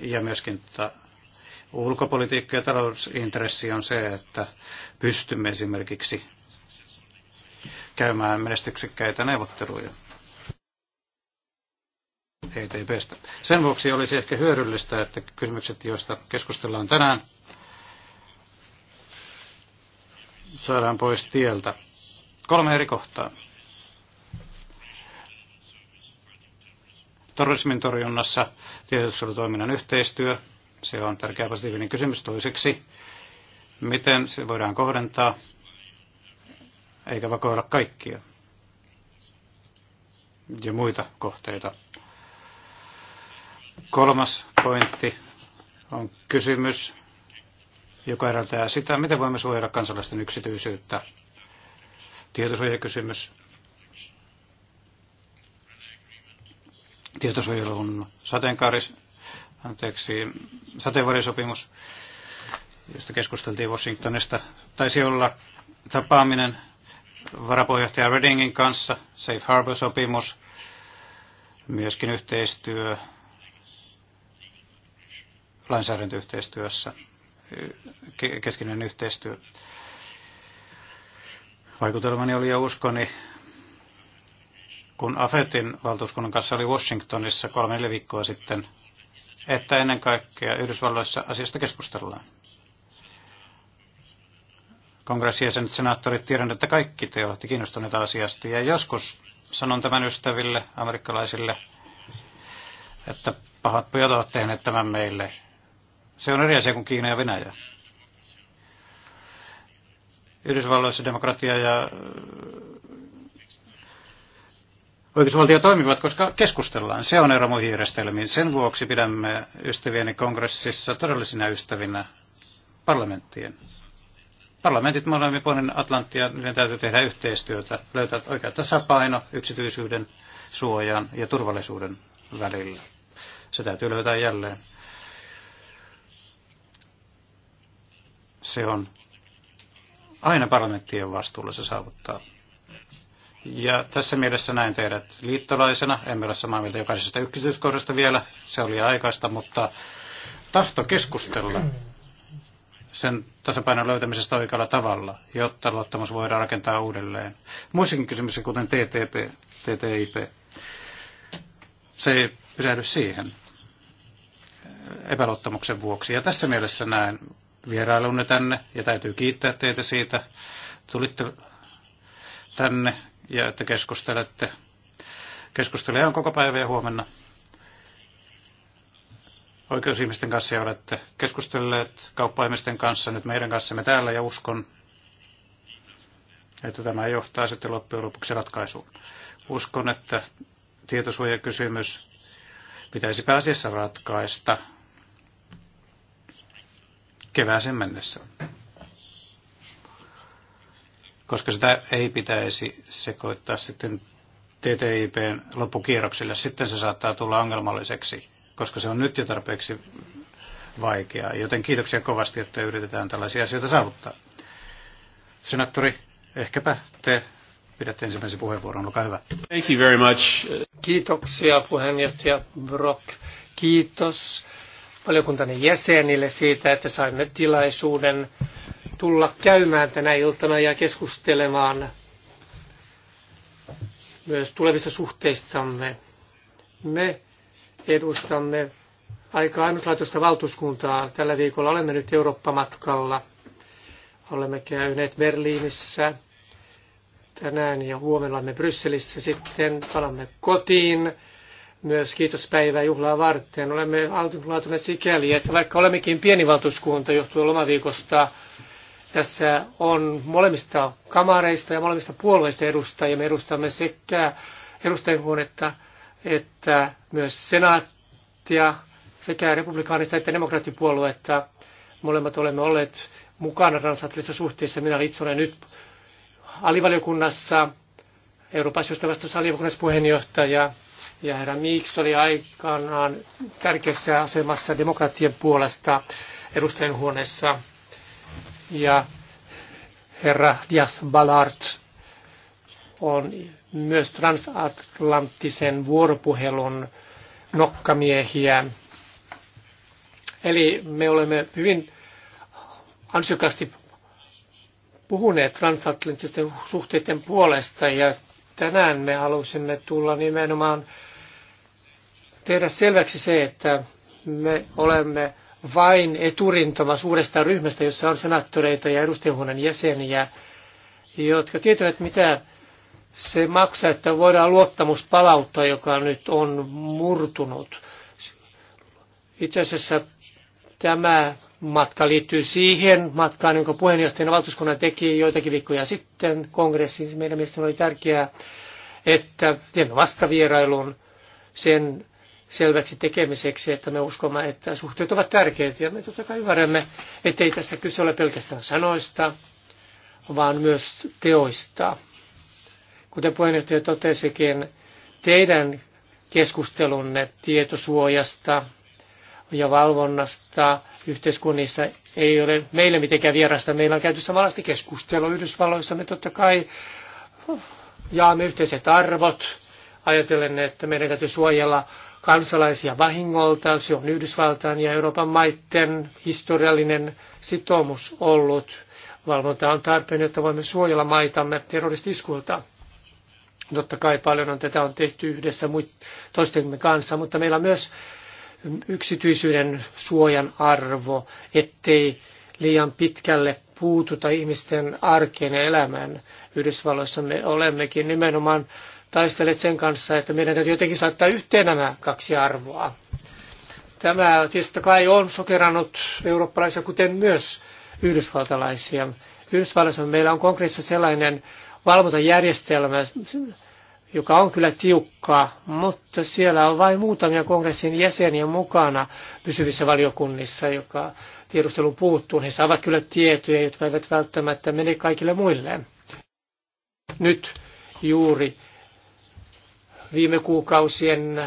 ja myöskin ulkopolitiikka ja talousintressi on se, että pystymme esimerkiksi käymään menestyksekkäitä neuvotteluja. ETPstä. Sen vuoksi olisi ehkä hyödyllistä, että kysymykset, joista keskustellaan tänään, saadaan pois tieltä. Kolme eri kohtaa. Terrorismin torjunnassa tiedotustoiminnan yhteistyö, se on tärkeä positiivinen kysymys. Toiseksi, miten se voidaan kohdentaa, eikä vakoilla kaikkia ja muita kohteita. Kolmas pointti on kysymys, joka edeltää sitä, miten voimme suojella kansalaisten yksityisyyttä Tietosuojakysymys. Tietosuojelun sateenkaaris, anteeksi, sateenvarjosopimus, josta keskusteltiin Washingtonista. Taisi olla tapaaminen varapuheenjohtaja Reddingin kanssa, Safe Harbor-sopimus, myöskin yhteistyö lainsäädäntöyhteistyössä, keskinen yhteistyö. Vaikutelmani oli ja uskoni, kun AFETin valtuuskunnan kanssa oli Washingtonissa kolme neljä viikkoa sitten, että ennen kaikkea Yhdysvalloissa asiasta keskustellaan. Kongressijäsenet, senaattorit, tiedän, että kaikki te olette kiinnostuneita asiasta. Ja joskus sanon tämän ystäville, amerikkalaisille, että pahat pojat ovat tehneet tämän meille. Se on eri asia kuin Kiina ja Venäjä. Yhdysvalloissa demokratia ja äh, oikeusvaltio toimivat, koska keskustellaan. Se on ero muihin järjestelmiin. Sen vuoksi pidämme ystävieni kongressissa todellisina ystävinä parlamenttien. Parlamentit molemmin puolin Atlanttia, niiden täytyy tehdä yhteistyötä, löytää oikea tasapaino yksityisyyden, suojan ja turvallisuuden välillä. Se täytyy löytää jälleen. Se on Aina parlamenttien vastuulla se saavuttaa. Ja tässä mielessä näin teidät liittolaisena. Emme ole samaa mieltä jokaisesta yksityiskohdasta vielä. Se oli aikaista, mutta tahto keskustella sen tasapainon löytämisestä oikealla tavalla, jotta luottamus voidaan rakentaa uudelleen. Muissakin kysymyksissä, kuten TTP, TTIP, se ei pysähdy siihen epäluottamuksen vuoksi. Ja tässä mielessä näen vierailunne tänne ja täytyy kiittää teitä siitä. Tulitte tänne ja että keskustelette. Keskustelija on koko päivä ja huomenna oikeusihmisten kanssa ja olette keskustelleet kauppaimisten kanssa, nyt meidän kanssamme täällä ja uskon, että tämä johtaa sitten loppujen lopuksi ratkaisuun. Uskon, että tietosuojakysymys pitäisi pääasiassa ratkaista kevääseen mennessä. Koska sitä ei pitäisi sekoittaa sitten TTIPn loppukierroksille, sitten se saattaa tulla ongelmalliseksi, koska se on nyt jo tarpeeksi vaikeaa. Joten kiitoksia kovasti, että yritetään tällaisia asioita saavuttaa. Senaattori, ehkäpä te pidätte ensimmäisen puheenvuoron. Olkaa hyvä. Thank you very much. Kiitoksia puheenjohtaja Brock. Kiitos valiokuntani jäsenille siitä, että saimme tilaisuuden tulla käymään tänä iltana ja keskustelemaan myös tulevista suhteistamme. Me edustamme aika ainutlaatuista valtuuskuntaa. Tällä viikolla olemme nyt Eurooppa-matkalla. Olemme käyneet Berliinissä tänään ja huomenna olemme Brysselissä. Sitten palamme kotiin myös kiitospäivää juhlaa varten. Olemme altitulaatuneet sikäli, että vaikka olemmekin pieni valtuuskunta johtuen lomaviikosta, tässä on molemmista kamareista ja molemmista puolueista edustajia. Me edustamme sekä edustajainhuonetta että myös senaattia sekä republikaanista että demokraattipuoluetta. Molemmat olemme olleet mukana transatlanttisissa suhteessa. Minä itse olen nyt alivaliokunnassa, Euroopan ystävästä alivaliokunnassa puheenjohtaja ja herra Miiks oli aikanaan tärkeässä asemassa demokratian puolesta edustajanhuoneessa. Ja herra Dias Balart on myös transatlanttisen vuoropuhelun nokkamiehiä. Eli me olemme hyvin ansiokkaasti puhuneet transatlanttisten suhteiden puolesta ja tänään me halusimme tulla nimenomaan tehdä selväksi se, että me olemme vain eturintoma suuresta ryhmästä, jossa on senaattoreita ja edustajahuoneen jäseniä, jotka tietävät, mitä se maksaa, että voidaan luottamus palauttaa, joka nyt on murtunut. Itse asiassa tämä matka liittyy siihen matkaan, jonka puheenjohtajana valtuuskunnan teki joitakin viikkoja sitten kongressiin. Meidän mielestäni oli tärkeää, että teemme vastavierailun sen selväksi tekemiseksi, että me uskomme, että suhteet ovat tärkeitä. Ja me totta kai ymmärrämme, ettei tässä kyse ole pelkästään sanoista, vaan myös teoista. Kuten puheenjohtaja totesikin, teidän keskustelunne tietosuojasta ja valvonnasta yhteiskunnissa ei ole meille mitenkään vierasta. Meillä on käyty samanlaista keskustelua Yhdysvalloissa. Me totta kai jaamme yhteiset arvot, ajatellen, että meidän täytyy suojella kansalaisia vahingolta. Se on Yhdysvaltain ja Euroopan maiden historiallinen sitoumus ollut. Valvonta on tarpeen, jotta voimme suojella maitamme terroristiskuilta. Totta kai paljon on tätä on tehty yhdessä toistemme kanssa, mutta meillä on myös yksityisyyden suojan arvo, ettei liian pitkälle puututa ihmisten arkeen ja elämään. Yhdysvalloissa me olemmekin nimenomaan taistelet sen kanssa, että meidän täytyy jotenkin saattaa yhteen nämä kaksi arvoa. Tämä tietysti kai on sokerannut eurooppalaisia, kuten myös yhdysvaltalaisia. Yhdysvallassa meillä on konkreettisesti sellainen valvontajärjestelmä, joka on kyllä tiukka, mutta siellä on vain muutamia kongressin jäseniä mukana pysyvissä valiokunnissa, joka tiedustelun puuttuu. He saavat kyllä tietoja, jotka eivät välttämättä mene kaikille muille. Nyt juuri viime kuukausien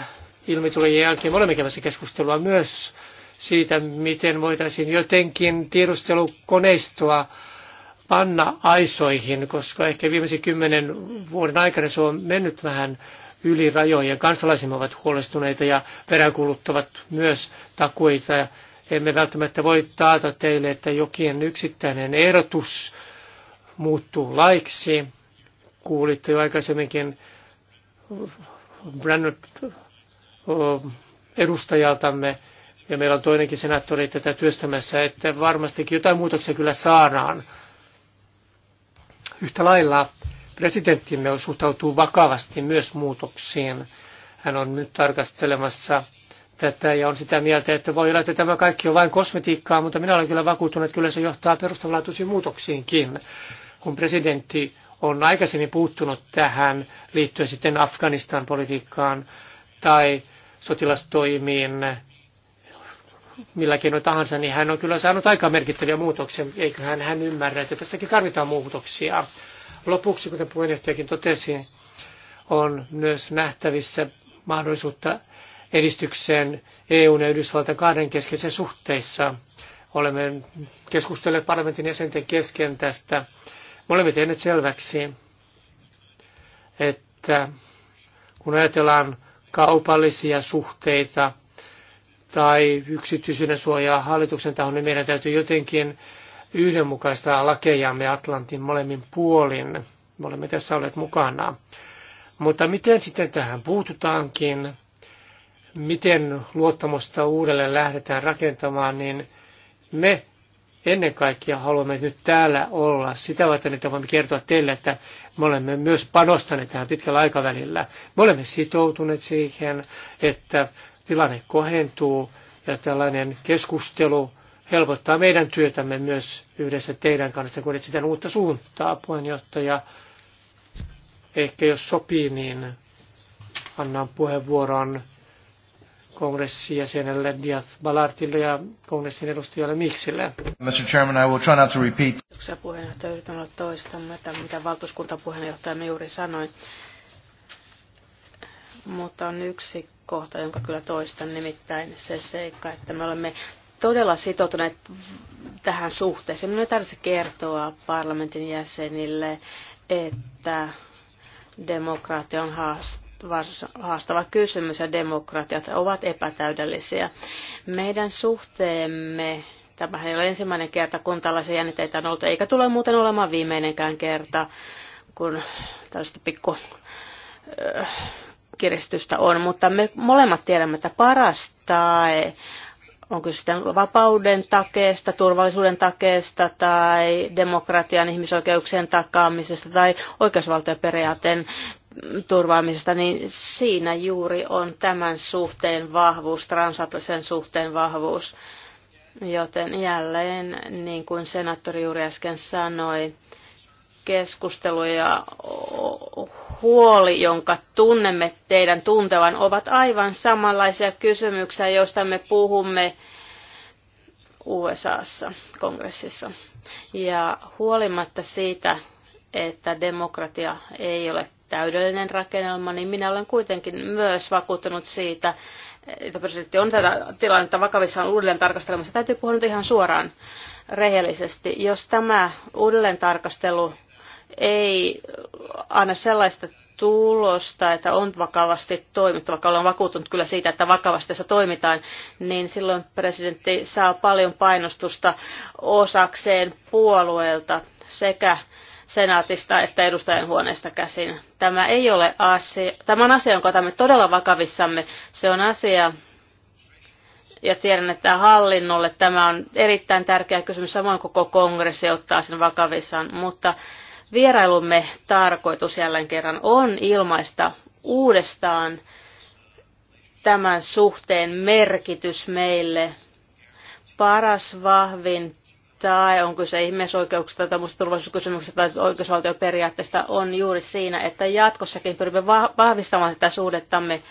ilmitulojen jälkeen me olemme käymässä keskustelua myös siitä, miten voitaisiin jotenkin tiedustelukoneistoa panna aisoihin, koska ehkä viimeisen kymmenen vuoden aikana se on mennyt vähän yli rajojen. Kansalaisimme ovat huolestuneita ja peräänkuluttavat myös takuita. Emme välttämättä voi taata teille, että jokin yksittäinen ehdotus muuttuu laiksi. Kuulitte jo aikaisemminkin Brannot edustajaltamme, ja meillä on toinenkin senaattori tätä työstämässä, että varmastikin jotain muutoksia kyllä saadaan. Yhtä lailla presidenttimme suhtautuu vakavasti myös muutoksiin. Hän on nyt tarkastelemassa tätä ja on sitä mieltä, että voi olla, että tämä kaikki on vain kosmetiikkaa, mutta minä olen kyllä vakuuttunut, että kyllä se johtaa perustavanlaatuisiin muutoksiinkin. Kun presidentti on aikaisemmin puuttunut tähän liittyen sitten Afganistan-politiikkaan tai sotilastoimiin millä keinoin tahansa, niin hän on kyllä saanut aika merkittäviä muutoksia. Eiköhän hän ymmärrä, että tässäkin tarvitaan muutoksia. Lopuksi, kuten puheenjohtajakin totesi, on myös nähtävissä mahdollisuutta edistykseen EUn ja Yhdysvaltain kahdenkeskeisissä suhteissa. Olemme keskustelleet parlamentin jäsenten kesken tästä me olemme tehneet selväksi, että kun ajatellaan kaupallisia suhteita tai yksityisyyden suojaa hallituksen tahon, niin meidän täytyy jotenkin yhdenmukaistaa lakejamme Atlantin molemmin puolin. Me olemme tässä olleet mukana. Mutta miten sitten tähän puututaankin, miten luottamusta uudelleen lähdetään rakentamaan, niin me ennen kaikkea haluamme nyt täällä olla sitä varten, että voimme kertoa teille, että me olemme myös panostaneet tähän pitkällä aikavälillä. Me olemme sitoutuneet siihen, että tilanne kohentuu ja tällainen keskustelu helpottaa meidän työtämme myös yhdessä teidän kanssa, kun etsitään uutta suuntaa, puheenjohtaja. Ehkä jos sopii, niin annan puheenvuoron kongressijäsenelle Diaz Balartille ja kongressin edustajalle Miksille. Mr. Chairman, I will try not to repeat. Kiitoksia puheenjohtaja, yritän olla toistamatta, mitä me juuri sanoi. Mutta on yksi kohta, jonka kyllä toistan, nimittäin se seikka, että me olemme todella sitoutuneet tähän suhteeseen. Minun ei tarvitse kertoa parlamentin jäsenille, että demokraatia on haaste haastava kysymys ja demokratiat ovat epätäydellisiä. Meidän suhteemme tämähän ei ole ensimmäinen kerta, kun tällaisia jännitteitä on ollut, eikä tule muuten olemaan viimeinenkään kerta, kun tällaista pikku äh, kiristystä on, mutta me molemmat tiedämme, että parasta onko sitten vapauden takeesta, turvallisuuden takeesta tai demokratian ihmisoikeuksien takaamisesta tai oikeusvaltioperiaatteen turvaamisesta, niin siinä juuri on tämän suhteen vahvuus, transatlisen suhteen vahvuus. Joten jälleen, niin kuin senaattori juuri äsken sanoi, keskustelu ja huoli, jonka tunnemme teidän tuntevan, ovat aivan samanlaisia kysymyksiä, joista me puhumme USAssa kongressissa. Ja huolimatta siitä, että demokratia ei ole täydellinen rakennelma, niin minä olen kuitenkin myös vakuuttunut siitä, että presidentti on tätä tilannetta vakavissaan uudelleen tarkastelemassa. Täytyy puhua nyt ihan suoraan rehellisesti. Jos tämä uudelleen tarkastelu ei anna sellaista tulosta, että on vakavasti toimittu, vaikka olen vakuuttunut kyllä siitä, että vakavasti tässä toimitaan, niin silloin presidentti saa paljon painostusta osakseen puolueelta sekä senaatista että edustajan huoneesta käsin. Tämä ei ole asia, tämä on asia, jonka otamme todella vakavissamme. Se on asia, ja tiedän, että hallinnolle tämä on erittäin tärkeä kysymys, samoin koko kongressi ottaa sen vakavissaan, mutta vierailumme tarkoitus jälleen kerran on ilmaista uudestaan tämän suhteen merkitys meille. Paras vahvin tai onko se ihmisoikeuksista tai muista turvallisuuskysymyksistä tai oikeusvaltioperiaatteista, on juuri siinä, että jatkossakin pyrimme vahvistamaan tätä suhdettamme.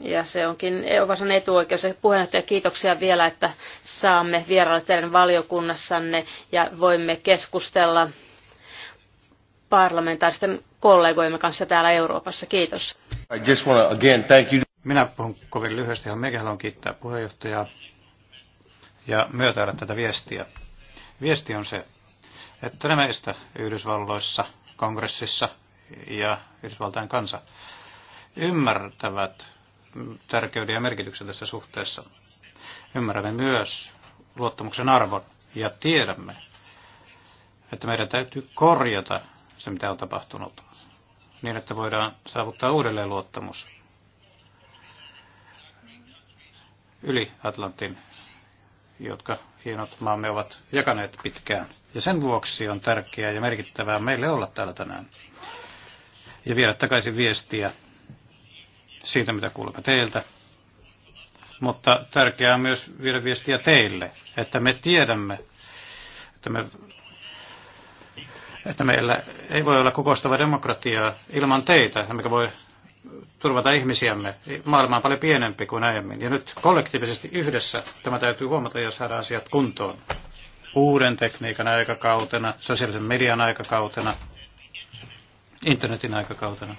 Ja se onkin Euroopan etuoikeus. Ja puheenjohtaja, kiitoksia vielä, että saamme vierailla teidän valiokunnassanne ja voimme keskustella parlamentaaristen kollegoimme kanssa täällä Euroopassa. Kiitos. Minä puhun kovin lyhyesti ja minäkin haluan kiittää puheenjohtajaa ja myötäillä tätä viestiä. Viesti on se, että meistä Yhdysvalloissa, kongressissa ja Yhdysvaltain kansa ymmärtävät tärkeyden ja merkityksen tässä suhteessa. Ymmärrämme myös luottamuksen arvon ja tiedämme, että meidän täytyy korjata se, mitä on tapahtunut, niin että voidaan saavuttaa uudelleen luottamus yli Atlantin jotka hienot maamme ovat jakaneet pitkään. Ja sen vuoksi on tärkeää ja merkittävää meille olla täällä tänään. Ja viedä takaisin viestiä siitä, mitä kuulemme teiltä. Mutta tärkeää on myös viedä viestiä teille, että me tiedämme, että, me, että meillä ei voi olla kokoistava demokratiaa ilman teitä, emmekä voi turvata ihmisiämme. Maailma on paljon pienempi kuin aiemmin. Ja nyt kollektiivisesti yhdessä tämä täytyy huomata ja saada asiat kuntoon. Uuden tekniikan aikakautena, sosiaalisen median aikakautena, internetin aikakautena.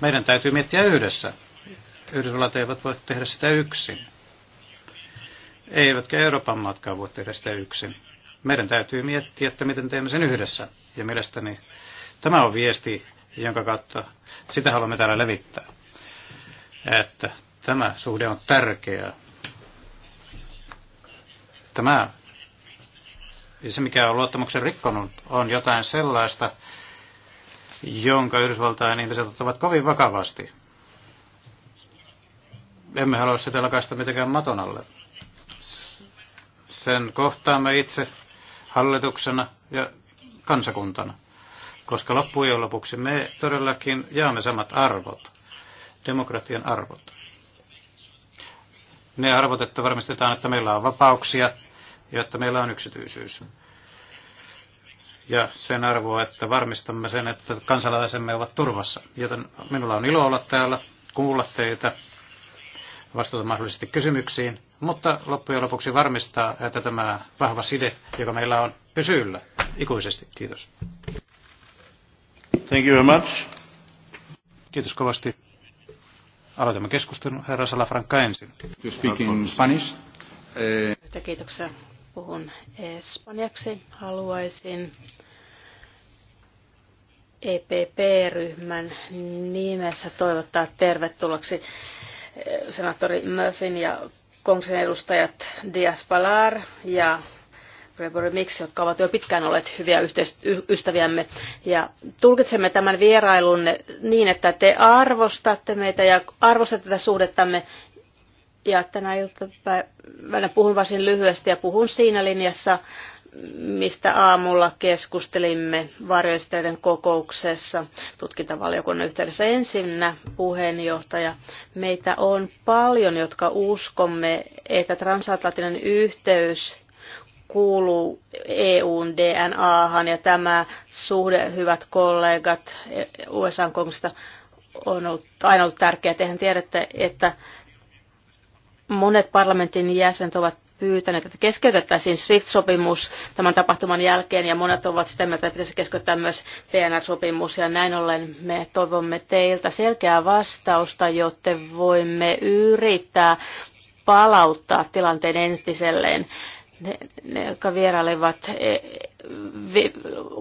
Meidän täytyy miettiä yhdessä. Yhdysvallat eivät voi tehdä sitä yksin. Eivätkä Euroopan matkaa voi tehdä sitä yksin. Meidän täytyy miettiä, että miten teemme sen yhdessä. Ja mielestäni tämä on viesti jonka kautta sitä haluamme täällä levittää. Että tämä suhde on tärkeä. Tämä ja se, mikä on luottamuksen rikkonut, on jotain sellaista, jonka Yhdysvaltain ihmiset ottavat kovin vakavasti. Emme halua sitä lakaista mitenkään matonalle Sen kohtaamme itse hallituksena ja kansakuntana koska loppujen lopuksi me todellakin jaamme samat arvot, demokratian arvot. Ne arvot, että varmistetaan, että meillä on vapauksia ja että meillä on yksityisyys. Ja sen arvoa, että varmistamme sen, että kansalaisemme ovat turvassa. Joten minulla on ilo olla täällä, kuulla teitä, vastata mahdollisesti kysymyksiin, mutta loppujen lopuksi varmistaa, että tämä vahva side, joka meillä on, pysyy yllä ikuisesti. Kiitos. Thank you very much. Kiitos kovasti. Aloitamme keskustelun. Herra Salafranca ensin. You speak in Spanish. Eh... Kiitoksia. Puhun espanjaksi. Haluaisin EPP-ryhmän nimessä toivottaa tervetulleeksi eh, senaattori Murphyn ja kongsen edustajat Dias Palar ja Gregory Mix, jotka ovat jo pitkään olleet hyviä ystäviämme. Ja tulkitsemme tämän vierailun niin, että te arvostatte meitä ja arvostatte tätä suhdettamme. Ja tänä iltapäivänä puhun varsin lyhyesti ja puhun siinä linjassa, mistä aamulla keskustelimme varjoisteiden kokouksessa tutkintavaliokunnan yhteydessä. Ensinnä puheenjohtaja, meitä on paljon, jotka uskomme, että transatlanttinen yhteys – kuuluu EUn DNAhan ja tämä suhde, hyvät kollegat usa on ollut aina ollut tärkeää. Tehän tiedätte, että monet parlamentin jäsenet ovat pyytäneet, että keskeytettäisiin SWIFT-sopimus tämän tapahtuman jälkeen, ja monet ovat sitä mieltä, että pitäisi keskeyttää myös PNR-sopimus, ja näin ollen me toivomme teiltä selkeää vastausta, jotta voimme yrittää palauttaa tilanteen entiselleen ne, ne jotka vierailivat e, vi,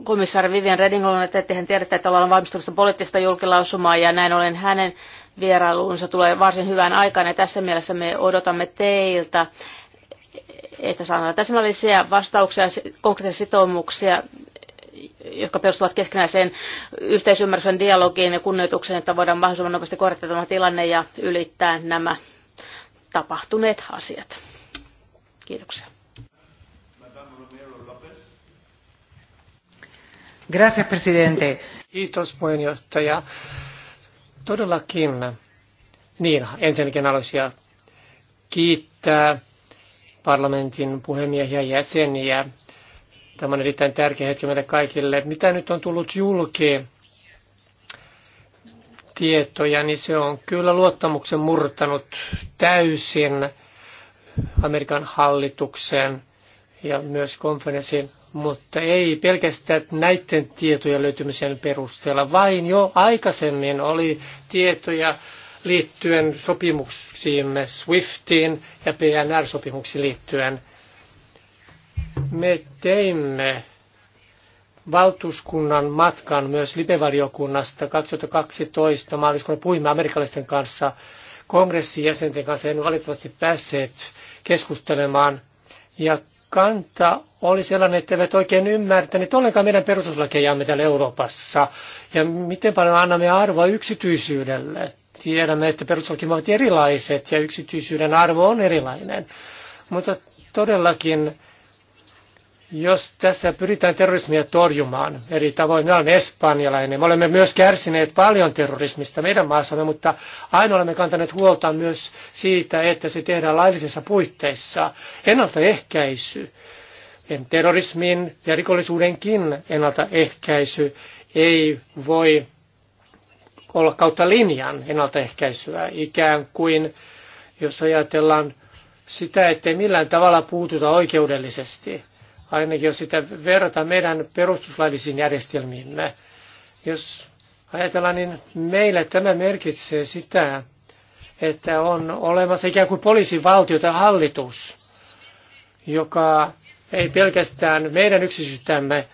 komissaari Vivian Redding on, että hän tiedä, että ollaan valmistelussa poliittista julkilausumaa ja näin ollen hänen vierailuunsa tulee varsin hyvään aikaan ja tässä mielessä me odotamme teiltä että saadaan täsmällisiä vastauksia, konkreettisia sitoumuksia, jotka perustuvat keskinäiseen yhteisymmärryksen dialogiin ja kunnioitukseen, että voidaan mahdollisimman nopeasti korjata tämä tilanne ja ylittää nämä tapahtuneet asiat. Kiitoksia. Gracias, presidente. Kiitos, puheenjohtaja. Todellakin, niin, ensinnäkin haluaisin kiittää parlamentin puhemiehiä ja jäseniä. Tämä on erittäin tärkeä hetki meille kaikille. Mitä nyt on tullut julki tietoja, niin se on kyllä luottamuksen murtanut täysin Amerikan hallituksen ja myös konferenssin mutta ei pelkästään näiden tietojen löytymisen perusteella, vain jo aikaisemmin oli tietoja liittyen sopimuksiimme SWIFTiin ja PNR-sopimuksiin liittyen. Me teimme valtuuskunnan matkan myös lipevaliokunnasta 2012 maaliskuun puhuimme amerikkalaisten kanssa kongressin jäsenten kanssa. En valitettavasti päässeet keskustelemaan ja kanta oli sellainen, että eivät oikein ymmärtäneet ollenkaan meidän perustuslakejamme täällä Euroopassa ja miten paljon annamme arvoa yksityisyydelle. Tiedämme, että perustuslakimme ovat erilaiset ja yksityisyyden arvo on erilainen. Mutta todellakin jos tässä pyritään terrorismia torjumaan eri tavoin, me olemme espanjalainen, me olemme myös kärsineet paljon terrorismista meidän maassamme, mutta aina olemme kantaneet huolta myös siitä, että se tehdään laillisissa puitteissa. Ennaltaehkäisy, terrorismin ja rikollisuudenkin ennaltaehkäisy ei voi olla kautta linjan ennaltaehkäisyä, ikään kuin jos ajatellaan sitä, ettei millään tavalla puututa oikeudellisesti – ainakin jos sitä verrataan meidän perustuslaillisiin järjestelmiimme. Jos ajatellaan, niin meille tämä merkitsee sitä, että on olemassa ikään kuin poliisivaltio tai hallitus, joka ei pelkästään meidän yksityisyyttämme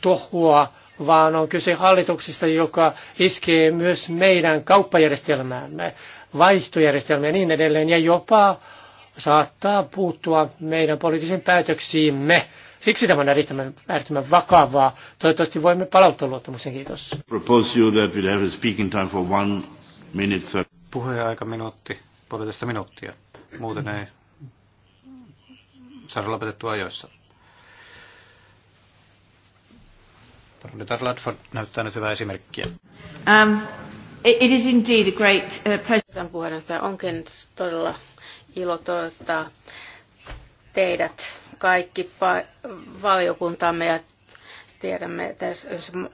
tohua, vaan on kyse hallituksista, joka iskee myös meidän kauppajärjestelmäämme, vaihtojärjestelmää ja niin edelleen, ja jopa saattaa puuttua meidän poliittisiin päätöksiimme. Siksi tämä on äärettömän, äärettömän vakavaa. Toivottavasti voimme palauttaa luottamuksen. Kiitos. Puheaika minuutti, puolitoista minuuttia. Muuten ei saada lopetettua ajoissa. Professor Ladford näyttää nyt hyvää esimerkkiä. Um, it is indeed a great uh, pleasure. Puheenjohtaja, onkin todella ilo toivottaa teidät kaikki valiokuntamme ja tiedämme,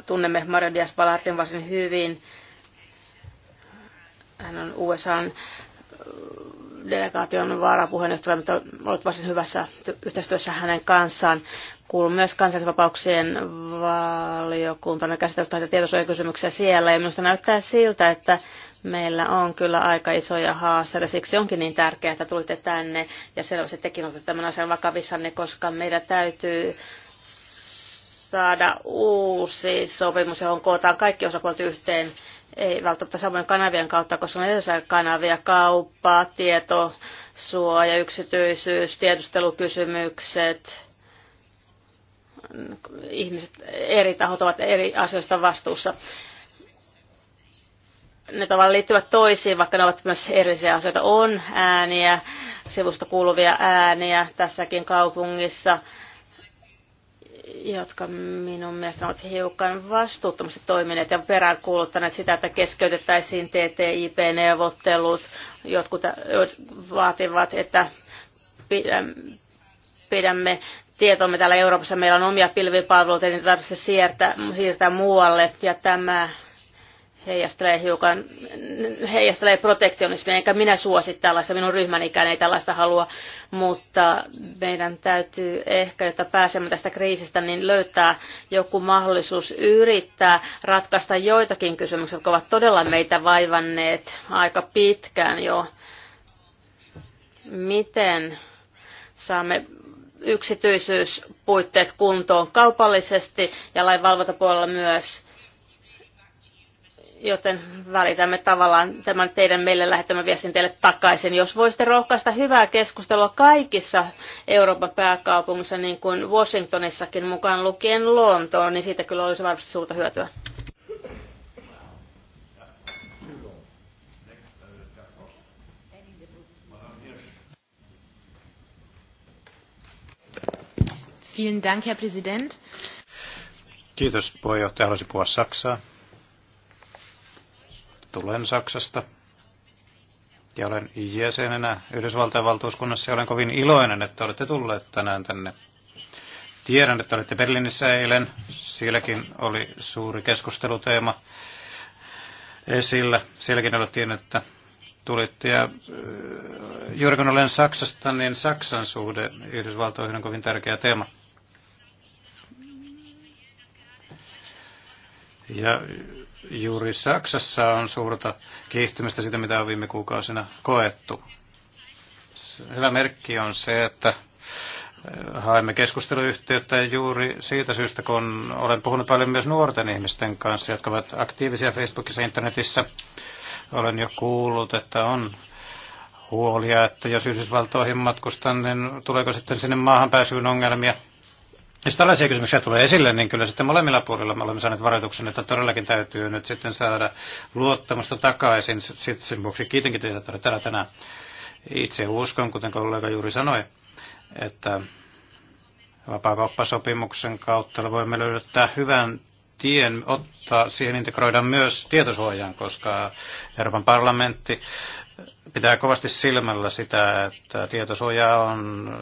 tunnemme Mario Dias Balartin varsin hyvin. Hän on USA delegaation varapuheenjohtaja, mutta olet varsin hyvässä yhteistyössä hänen kanssaan. kuulun myös kansallisvapauksien valiokuntana käsitellä tietosuojakysymyksiä siellä, ja minusta näyttää siltä, että Meillä on kyllä aika isoja haasteita, siksi onkin niin tärkeää, että tulitte tänne ja selvästi tekin olette tämän asian vakavissanne, koska meidän täytyy saada uusi sopimus, johon kootaan kaikki osapuolet yhteen, ei välttämättä samojen kanavien kautta, koska on edessä kanavia, kauppa, tieto, suoja, yksityisyys, tiedustelukysymykset, ihmiset, eri tahot ovat eri asioista vastuussa ne tavallaan liittyvät toisiin, vaikka ne ovat myös erillisiä asioita. On ääniä, sivusta kuuluvia ääniä tässäkin kaupungissa, jotka minun mielestäni ovat hiukan vastuuttomasti toimineet ja peräänkuuluttaneet sitä, että keskeytettäisiin TTIP-neuvottelut. Jotkut vaativat, että pidämme tietomme täällä Euroopassa. Meillä on omia pilvipalveluita, niin niitä tarvitse siirtää, siirtää muualle. Ja tämä heijastelee hiukan, heijastelee protektionismia, enkä minä suosi tällaista, minun ikään ei tällaista halua, mutta meidän täytyy ehkä, jotta pääsemme tästä kriisistä, niin löytää joku mahdollisuus yrittää ratkaista joitakin kysymyksiä, jotka ovat todella meitä vaivanneet aika pitkään jo. Miten saamme yksityisyyspuitteet kuntoon kaupallisesti ja lainvalvontapuolella myös joten välitämme tavallaan tämän teidän meille lähettämän viestin teille takaisin. Jos voisitte rohkaista hyvää keskustelua kaikissa Euroopan pääkaupungissa, niin kuin Washingtonissakin mukaan lukien Lontoon, niin siitä kyllä olisi varmasti suurta hyötyä. Vielen Dank, Herr Präsident. Kiitos puheenjohtaja. Haluaisin puhua Saksaa. Tulen Saksasta ja olen jäsenenä Yhdysvaltain valtuuskunnassa ja olen kovin iloinen, että olette tulleet tänään tänne. Tiedän, että olette Berliinissä eilen. Sielläkin oli suuri keskusteluteema esillä. Sielläkin oltiin, että tulitte. Ja äh, juuri kun olen Saksasta, niin Saksan suhde Yhdysvaltoihin on kovin tärkeä teema. Ja Juuri Saksassa on suurta kiihtymistä siitä, mitä on viime kuukausina koettu. Hyvä merkki on se, että eh, haemme keskusteluyhteyttä juuri siitä syystä, kun olen puhunut paljon myös nuorten ihmisten kanssa, jotka ovat aktiivisia Facebookissa ja internetissä. Olen jo kuullut, että on huolia, että jos Yhdysvaltoihin matkustan, niin tuleeko sitten sinne maahan pääsyyn ongelmia. Jos tällaisia kysymyksiä tulee esille, niin kyllä sitten molemmilla puolilla me olemme saaneet varoituksen, että todellakin täytyy nyt sitten saada luottamusta takaisin. Sitten sen vuoksi kiitänkin teitä täällä tänään. Itse uskon, kuten kollega juuri sanoi, että vapaakauppasopimuksen kautta voimme löydättää hyvän tien ottaa, siihen integroida myös tietosuojaan, koska Euroopan parlamentti pitää kovasti silmällä sitä, että tietosuoja on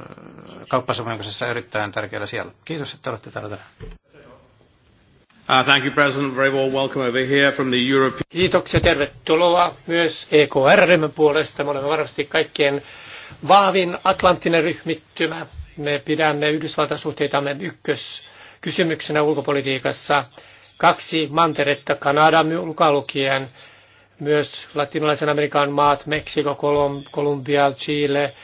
kauppasopimuksessa erittäin tärkeällä siellä. Kiitos, että olette täällä tänään. Uh, thank you, President. Very well welcome over here from the European... Kiitoksia, tervetuloa myös EKRM puolesta. Me olemme varmasti kaikkien vahvin atlanttinen ryhmittymä. Me pidämme Yhdysvaltasuhteitamme ykköskysymyksenä ulkopolitiikassa. Kaksi manteretta, Kanada mukaan myös latinalaisen Amerikan maat, Meksiko, Kolumbia, Chile,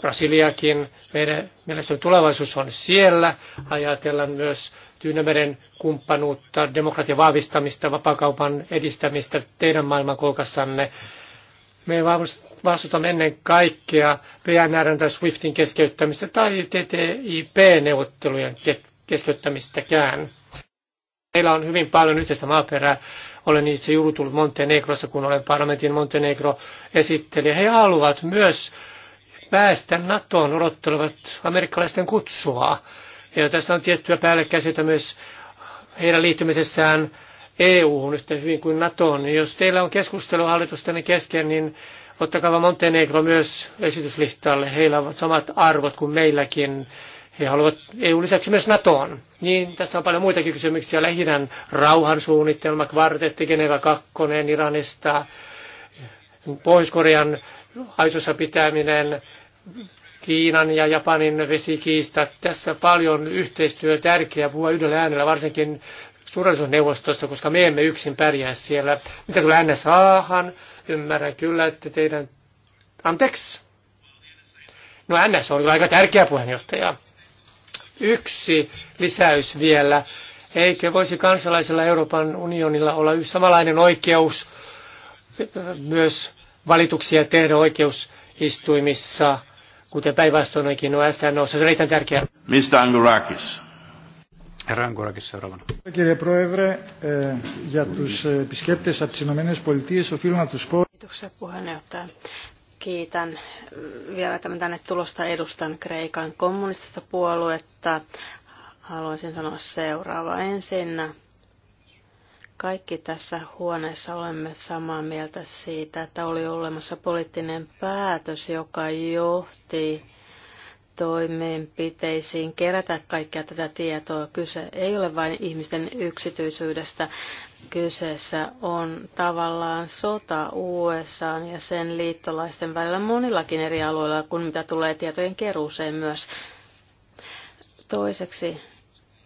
Brasiliakin. Meidän mielestäni tulevaisuus on siellä. Ajatellaan myös Tyynämeren kumppanuutta, demokratian vahvistamista, vapakaupan edistämistä teidän maailmankolkassanne. Me vastustamme ennen kaikkea PNR tai SWIFTin keskeyttämistä tai TTIP-neuvottelujen keskeyttämistäkään. Meillä on hyvin paljon yhteistä maaperää. Olen itse juuri tullut Montenegrossa, kun olen parlamentin Montenegro esittelijä. He haluavat myös päästä NATOon, odottelevat amerikkalaisten kutsua. Ja tässä on tiettyä päällekkäisyyttä myös heidän liittymisessään EU-hun yhtä hyvin kuin NATOon. Jos teillä on keskustelu hallitusten kesken, niin ottakaa Montenegro myös esityslistalle. Heillä ovat samat arvot kuin meilläkin he haluavat EU lisäksi myös NATOon. Niin, tässä on paljon muitakin kysymyksiä. lähi rauhansuunnitelma, kvartetti, Geneva 2, Iranista, Pohjois-Korean aisossa pitäminen, Kiinan ja Japanin vesikiista. Tässä paljon yhteistyö tärkeää puhua yhdellä äänellä, varsinkin turvallisuusneuvostossa, koska me emme yksin pärjää siellä. Mitä tulee saahan? ymmärrän kyllä, että teidän... Anteeksi? No NS on aika tärkeä puheenjohtaja yksi lisäys vielä. Eikö voisi kansalaisilla Euroopan unionilla olla samanlainen oikeus myös valituksia tehdä oikeusistuimissa, kuten päinvastoinkin on SNO. Se on erittäin tärkeää. Mr. Angurakis. Herra Angurakis seuraavana. Κύριε Πρόεδρε, για τους επισκέπτες από τις Ηνωμένες Πολιτείες οφείλω να τους πω... Kiitoksia puheenjohtaja. Kiitän vielä tämän tänne tulosta edustan Kreikan kommunistista puoluetta. Haluaisin sanoa seuraava ensinnä. Kaikki tässä huoneessa olemme samaa mieltä siitä, että oli olemassa poliittinen päätös, joka johti toimenpiteisiin kerätä kaikkea tätä tietoa. Kyse ei ole vain ihmisten yksityisyydestä, Kyseessä on tavallaan sota USA ja sen liittolaisten välillä monillakin eri alueilla kuin mitä tulee tietojen keruuseen myös. Toiseksi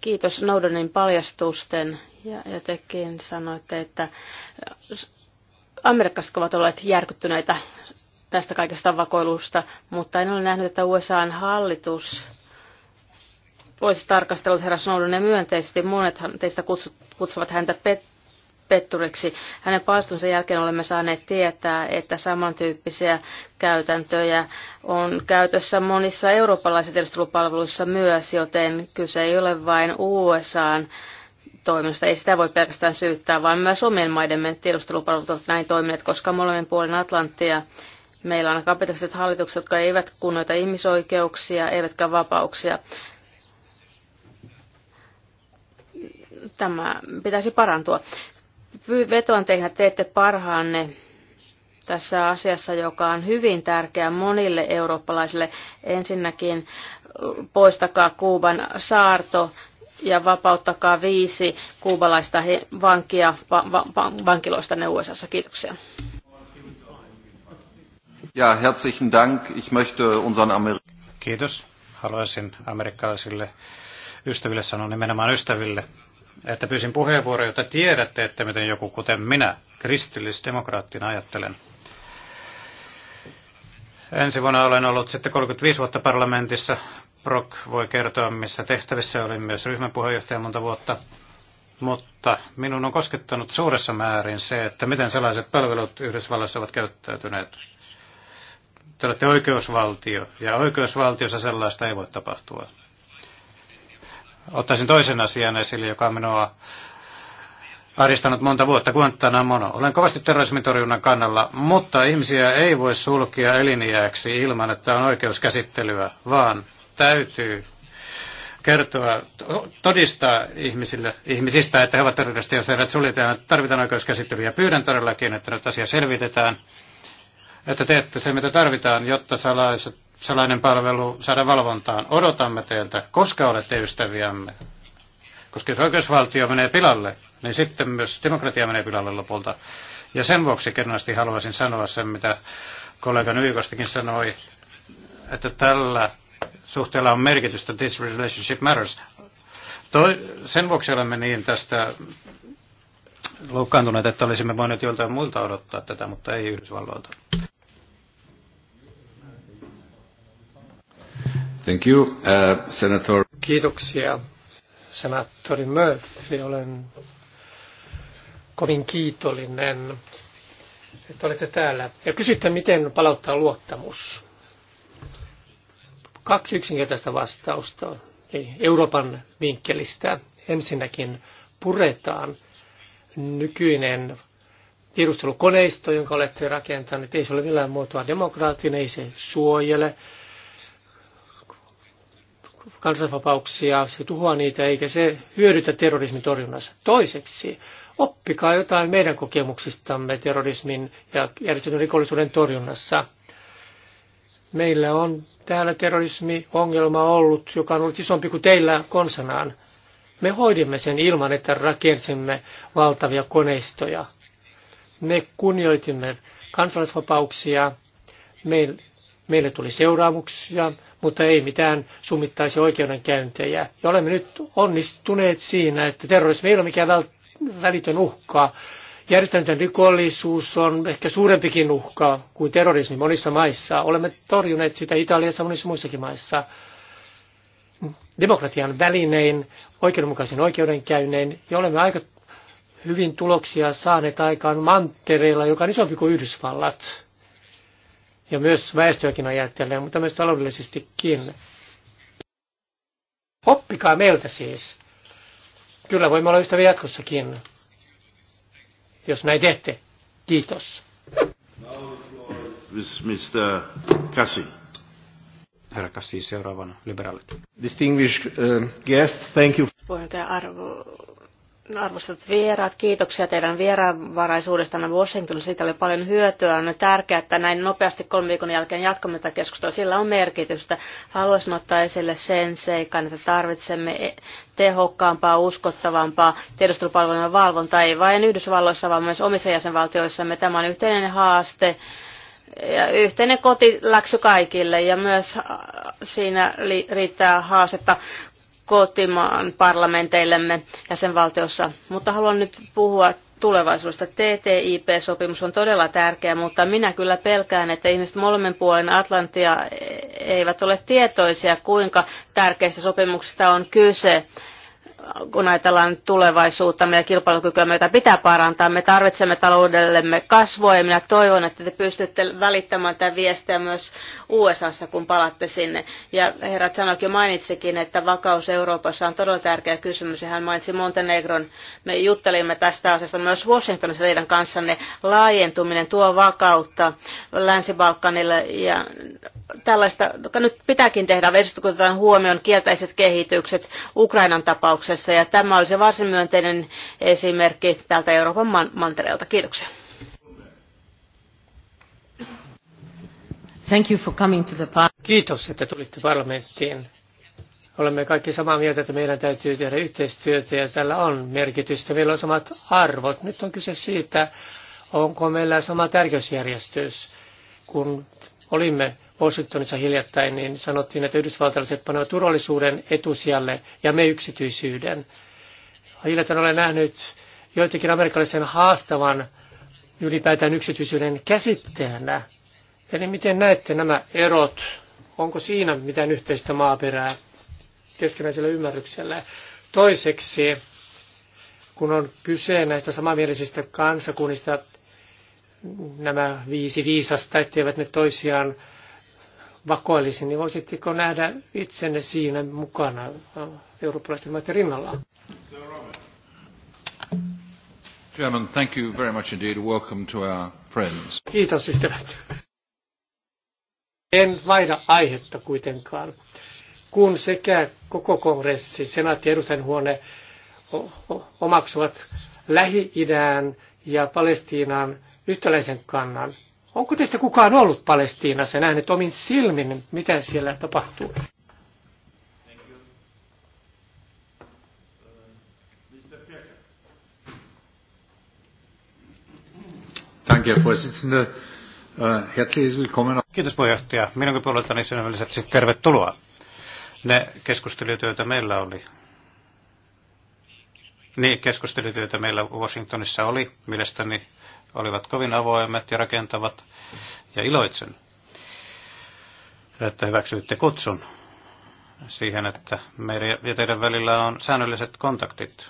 kiitos Noudonin paljastusten ja tekin sanoitte, että amerikkalaiset ovat olleet järkyttyneitä tästä kaikesta vakoilusta, mutta en ole nähnyt, että USAn hallitus olisi tarkastellut herra Snowdenia myönteisesti. monet teistä kutsuvat häntä pet- petturiksi. Hänen paastonsa jälkeen olemme saaneet tietää, että samantyyppisiä käytäntöjä on käytössä monissa eurooppalaisissa tiedustelupalveluissa myös, joten kyse ei ole vain USAan toiminnasta. Ei sitä voi pelkästään syyttää, vaan myös omien maidemme tiedustelupalvelut ovat näin toimineet, koska molemmin puolin Atlanttia meillä on kapitalistiset hallitukset, jotka eivät kunnioita ihmisoikeuksia, eivätkä vapauksia. Tämä pitäisi parantua vetoan teihin, että teette parhaanne tässä asiassa, joka on hyvin tärkeä monille eurooppalaisille. Ensinnäkin poistakaa Kuuban saarto ja vapauttakaa viisi kuubalaista vankia vankiloista ne Kiitoksia. Ja, herzlichen Dank. Ich möchte unseren Ameri- Kiitos. Haluaisin amerikkalaisille ystäville sanoa nimenomaan ystäville, että pyysin puheenvuoroa, jota tiedätte, että miten joku kuten minä kristillisdemokraattina ajattelen. Ensi vuonna olen ollut sitten 35 vuotta parlamentissa. Brock voi kertoa, missä tehtävissä olin myös ryhmän puheenjohtaja monta vuotta. Mutta minun on koskettanut suuressa määrin se, että miten sellaiset palvelut Yhdysvalloissa ovat käyttäytyneet. Te olette oikeusvaltio, ja oikeusvaltiossa sellaista ei voi tapahtua. Ottaisin toisen asian esille, joka on minua aristanut monta vuotta, Guantanamo. Olen kovasti terrorismitorjunnan kannalla, mutta ihmisiä ei voi sulkia eliniäksi ilman, että on oikeuskäsittelyä, vaan täytyy kertoa, todistaa ihmisille, ihmisistä, että he ovat terroristeja, jos heidät suljetaan, tarvitaan oikeuskäsittelyä. Pyydän todellakin, että nyt asia selvitetään, että teette se, mitä tarvitaan, jotta salaiset salainen palvelu saada valvontaan. Odotamme teiltä, koska olette ystäviämme. Koska jos oikeusvaltio menee pilalle, niin sitten myös demokratia menee pilalle lopulta. Ja sen vuoksi kernaasti haluaisin sanoa sen, mitä kollega Nyykostakin sanoi, että tällä suhteella on merkitystä, this relationship matters. Toi, sen vuoksi olemme niin tästä loukkaantuneet, että olisimme voineet joiltain muilta odottaa tätä, mutta ei Yhdysvalloilta. Thank you, uh, Senator. Kiitoksia, senaattori Murphy. Olen kovin kiitollinen, että olette täällä. Ja kysytte, miten palauttaa luottamus. Kaksi yksinkertaista vastausta eli niin, Euroopan vinkkelistä. Ensinnäkin puretaan nykyinen tiedustelukoneisto, jonka olette rakentaneet. Ei se ole millään muotoa demokraattinen, ei se suojele kansanvapauksia, se tuhoaa niitä eikä se hyödytä terrorismin torjunnassa. Toiseksi, oppikaa jotain meidän kokemuksistamme terrorismin ja järjestetyn rikollisuuden torjunnassa. Meillä on täällä terrorismiongelma ollut, joka on ollut isompi kuin teillä konsanaan. Me hoidimme sen ilman, että rakensimme valtavia koneistoja. Me kunnioitimme kansalaisvapauksia. meillä meille tuli seuraamuksia, mutta ei mitään summittaisia oikeudenkäyntejä. Ja olemme nyt onnistuneet siinä, että terrorismi ei ole mikään välitön uhka. Järjestäytynyt rikollisuus on ehkä suurempikin uhka kuin terrorismi monissa maissa. Olemme torjuneet sitä Italiassa ja monissa muissakin maissa. Demokratian välinein, oikeudenmukaisen oikeudenkäynnein, ja olemme aika hyvin tuloksia saaneet aikaan mantereilla, joka on isompi kuin Yhdysvallat ja myös väestöäkin ajatellen, mutta myös taloudellisestikin. Oppikaa meiltä siis. Kyllä voimme olla ystäviä jatkossakin, jos näin teette. Kiitos. Mr. Kasi. Herra Kasi, seuraavana liberaalit. Distinguished uh, guest, thank you. Puheenjohtaja Arvo, Arvostat vieraat, kiitoksia teidän vieraanvaraisuudestanne Washingtonissa. Siitä oli paljon hyötyä. On tärkeää, että näin nopeasti kolmen viikon jälkeen jatkamme tätä keskustelua. Sillä on merkitystä. Haluaisin ottaa esille sen seikan, että tarvitsemme e- tehokkaampaa, uskottavampaa tiedustelupalvelujen valvontaa, ei vain Yhdysvalloissa, vaan myös omissa jäsenvaltioissamme. Tämä on yhteinen haaste ja yhteinen koti läksy kaikille ja myös äh, siinä riittää haastetta kotimaan parlamenteillemme jäsenvaltiossa. Mutta haluan nyt puhua tulevaisuudesta. TTIP-sopimus on todella tärkeä, mutta minä kyllä pelkään, että ihmiset molemmin puolen Atlantia e- eivät ole tietoisia, kuinka tärkeistä sopimuksista on kyse kun ajatellaan tulevaisuutta ja kilpailukykyä, meitä pitää parantaa. Me tarvitsemme taloudellemme kasvua ja minä toivon, että te pystytte välittämään tämän viestiä myös USAssa, kun palatte sinne. Ja herrat sanoikin mainitsikin, että vakaus Euroopassa on todella tärkeä kysymys ja hän mainitsi Montenegron. Me juttelimme tästä asiasta myös Washingtonissa teidän kanssanne. Laajentuminen tuo vakautta Länsi-Balkanille ja tällaista, nyt pitääkin tehdä, kun huomioon kielteiset kehitykset Ukrainan tapauksessa kehityksessä ja tämä olisi varsin myönteinen esimerkki täältä Euroopan man- mantereelta. Kiitoksia. Thank you for coming to the Kiitos, että tulitte parlamenttiin. Olemme kaikki samaa mieltä, että meidän täytyy tehdä yhteistyötä ja tällä on merkitystä. Meillä on samat arvot. Nyt on kyse siitä, onko meillä sama tärkeysjärjestys, kun olimme Washingtonissa hiljattain, niin sanottiin, että yhdysvaltalaiset panevat turvallisuuden etusijalle ja me yksityisyyden. Hiljattain olen nähnyt joitakin amerikkalaisen haastavan ylipäätään yksityisyyden käsitteenä. Eli miten näette nämä erot? Onko siinä mitään yhteistä maaperää keskenäisellä ymmärryksellä? Toiseksi, kun on kyse näistä samanmielisistä kansakunnista, nämä viisi viisasta, etteivät ne toisiaan vakoilisi, niin voisitteko nähdä itsenne siinä mukana eurooppalaisten maiden rinnalla? Chairman, thank you very much indeed. Welcome to our friends. Kiitos ystävät. En vaida aihetta kuitenkaan. Kun sekä koko kongressi, senaatti ja huone omaksuvat lähi idään ja Palestiinan yhtäläisen kannan, Onko teistä kukaan ollut Palestiinassa ja nähnyt omin silmin, mitä siellä tapahtuu? Äh, Kiitos puheenjohtaja. Minunkin puoleltani sydämellisesti siis tervetuloa. Ne keskustelut, joita meillä oli, niin keskustelut, joita meillä Washingtonissa oli, mielestäni olivat kovin avoimet ja rakentavat, ja iloitsen, että hyväksyitte kutsun siihen, että meidän ja teidän välillä on säännölliset kontaktit,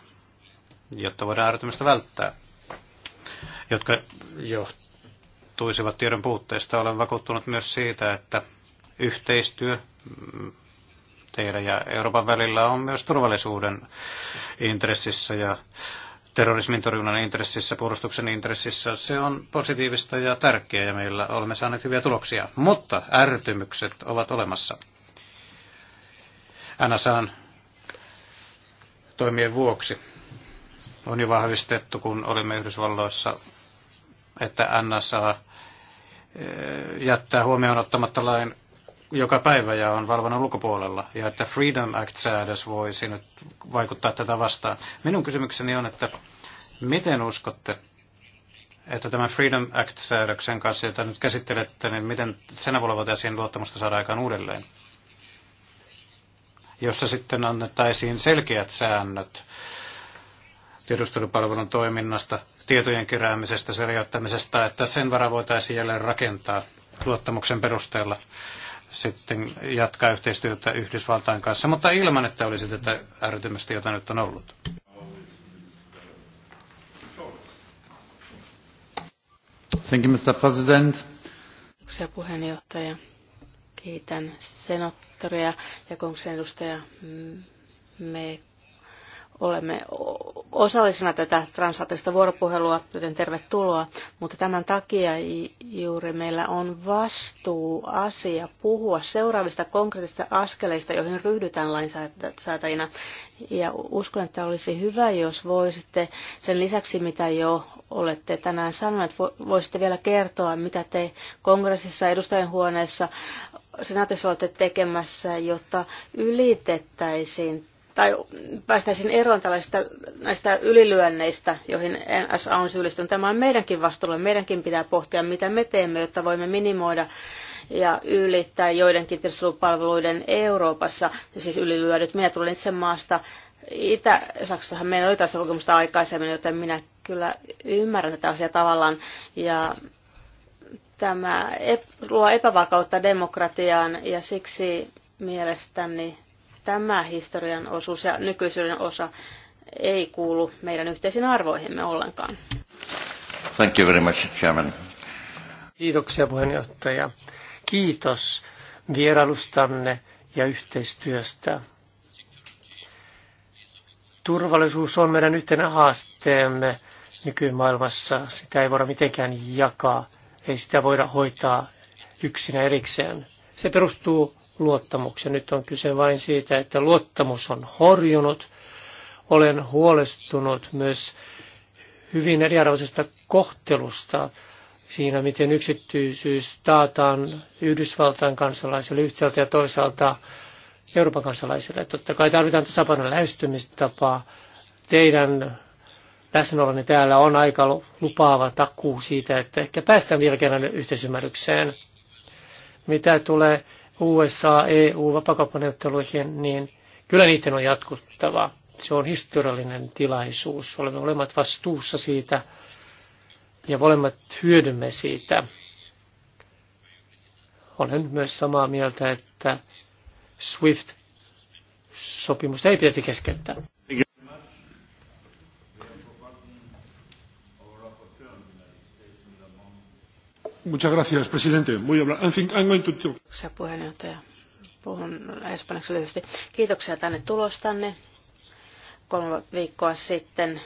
jotta voidaan äärettömistä välttää, jotka johtuisivat tiedon puutteesta. Olen vakuuttunut myös siitä, että yhteistyö teidän ja Euroopan välillä on myös turvallisuuden intressissä ja terrorismin torjunnan intressissä, puolustuksen intressissä. Se on positiivista ja tärkeää ja meillä olemme saaneet hyviä tuloksia. Mutta ärtymykset ovat olemassa. NSAn toimien vuoksi on jo vahvistettu, kun olimme Yhdysvalloissa, että NSA eh, jättää huomioon ottamatta lain joka päivä ja on valvonnan ulkopuolella, ja että Freedom Act-säädös voisi nyt vaikuttaa tätä vastaan. Minun kysymykseni on, että miten uskotte, että tämän Freedom Act-säädöksen kanssa, jota nyt käsittelette, niin miten sen avulla voitaisiin luottamusta saada aikaan uudelleen? Jossa sitten annettaisiin selkeät säännöt tiedustelupalvelun toiminnasta, tietojen keräämisestä, seljoittamisesta, että sen varaa voitaisiin jälleen rakentaa luottamuksen perusteella sitten jatkaa yhteistyötä Yhdysvaltain kanssa, mutta ilman, että olisi tätä ärtymystä, jota nyt on ollut. Thank you, Mr. President. Kiitoksia puheenjohtaja. Kiitän senottoria ja kongressin edustaja me olemme osallisena tätä transatlanttista vuoropuhelua, joten tervetuloa. Mutta tämän takia juuri meillä on vastuu asia puhua seuraavista konkreettisista askeleista, joihin ryhdytään lainsäätäjinä. Ja uskon, että olisi hyvä, jos voisitte sen lisäksi, mitä jo olette tänään sanoneet, voisitte vielä kertoa, mitä te kongressissa, edustajien huoneessa, senaatissa olette tekemässä, jotta ylitettäisiin tai päästäisiin eroon tällaista, näistä ylilyönneistä, joihin NSA on syyllistynyt. Tämä on meidänkin vastuulla. Meidänkin pitää pohtia, mitä me teemme, jotta voimme minimoida ja ylittää joidenkin tiedustelupalveluiden Euroopassa, siis ylilyödyt. Minä tulin itse maasta itä saksassahan meillä oli tästä kokemusta aikaisemmin, joten minä kyllä ymmärrän tätä asiaa tavallaan. Ja tämä ep- luo epävakautta demokratiaan ja siksi mielestäni Tämä historian osuus ja nykyisyyden osa ei kuulu meidän yhteisiin arvoihimme ollenkaan. Thank you very much, Chairman. Kiitoksia puheenjohtaja. Kiitos vierailustanne ja yhteistyöstä. Turvallisuus on meidän yhtenä haasteemme nykymaailmassa. Sitä ei voida mitenkään jakaa. Ei sitä voida hoitaa yksinä erikseen. Se perustuu luottamuksen. Nyt on kyse vain siitä, että luottamus on horjunut. Olen huolestunut myös hyvin eriarvoisesta kohtelusta siinä, miten yksityisyys taataan Yhdysvaltain kansalaisille yhtäältä ja toisaalta Euroopan kansalaisille. Totta kai tarvitaan tasapainon lähestymistapaa. Teidän läsnäoloni täällä on aika lupaava takuu siitä, että ehkä päästään vielä kerran yhteisymmärrykseen. Mitä tulee USA, EU, vapakauppaneuvotteluihin, niin kyllä niiden on jatkuttava. Se on historiallinen tilaisuus. Olemme molemmat vastuussa siitä ja molemmat hyödymme siitä. Olen myös samaa mieltä, että SWIFT-sopimusta ei pitäisi keskeyttää. Muchas presidente. En fin, Se puheenjohtaja. Puhun espanjaksi lyhyesti. Kiitoksia tänne tulostanne. Kolme viikkoa sitten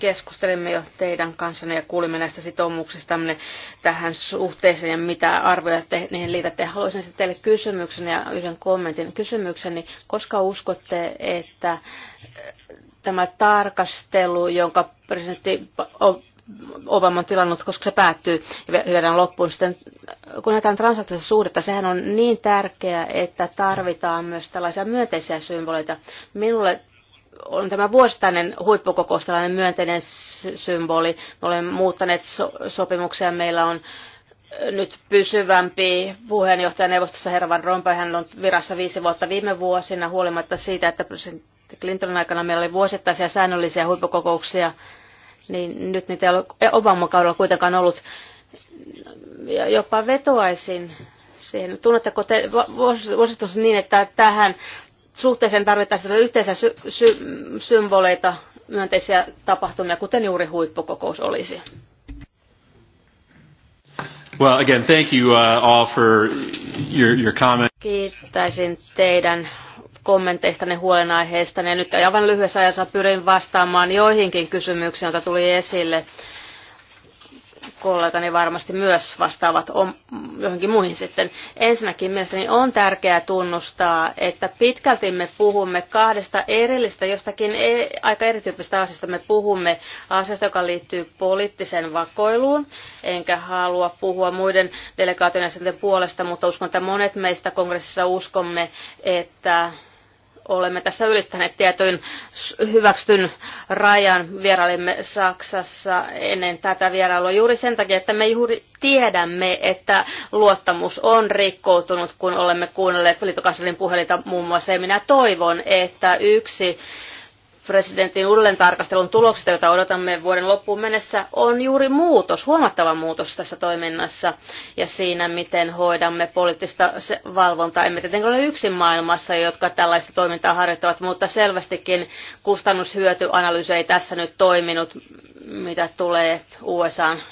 keskustelimme jo teidän kanssanne ja kuulimme näistä sitoumuksistanne tähän suhteeseen ja mitä arvoja te niihin liitätte. Haluaisin sitten teille kysymyksen ja yhden kommentin. Kysymykseni, koska uskotte, että tämä tarkastelu, jonka presidentti on tilannut, koska se päättyy ja viedään loppuun. Sitten, äh, kun näitä transaktiota suhdetta, sehän on niin tärkeää, että tarvitaan myös tällaisia myönteisiä symboleita. Minulle on tämä vuosittainen huippukokous, tällainen myönteinen symboli. Me olemme muuttaneet so- sopimuksia, meillä on äh, nyt pysyvämpi neuvostossa herra Van Rompuy, hän on virassa viisi vuotta viime vuosina, huolimatta siitä, että Clintonin aikana meillä oli vuosittaisia säännöllisiä huippukokouksia niin nyt niitä ei ole Obaman kaudella kuitenkaan ollut. Ja jopa vetoaisin siihen. Tunnetteko te vuositus niin, että tähän suhteeseen tarvittaisiin yhteisiä sy- sy- symboleita, myönteisiä tapahtumia, kuten juuri huippukokous olisi? Well, again, thank you uh, all for your, your Kiittäisin teidän kommenteistanne, huolenaiheista. Ja nyt aivan lyhyessä ajassa pyrin vastaamaan joihinkin kysymyksiin, joita tuli esille. Kollegani varmasti myös vastaavat johonkin muihin sitten. Ensinnäkin mielestäni on tärkeää tunnustaa, että pitkälti me puhumme kahdesta erillistä, jostakin e- aika erityyppistä asiasta. Me puhumme asiasta, joka liittyy poliittiseen vakoiluun, enkä halua puhua muiden delegaatioiden puolesta, mutta uskon, että monet meistä kongressissa uskomme, että olemme tässä ylittäneet tietyn hyväksytyn rajan. Vierailimme Saksassa ennen tätä vierailua juuri sen takia, että me juuri tiedämme, että luottamus on rikkoutunut, kun olemme kuunnelleet liitokansallin puhelinta muun muassa. Ja minä toivon, että yksi presidentin uudelleentarkastelun tuloksista, joita odotamme vuoden loppuun mennessä, on juuri muutos, huomattava muutos tässä toiminnassa ja siinä, miten hoidamme poliittista valvontaa. Emme tietenkään ole yksin maailmassa, jotka tällaista toimintaa harjoittavat, mutta selvästikin kustannushyötyanalyysi ei tässä nyt toiminut, mitä tulee USAn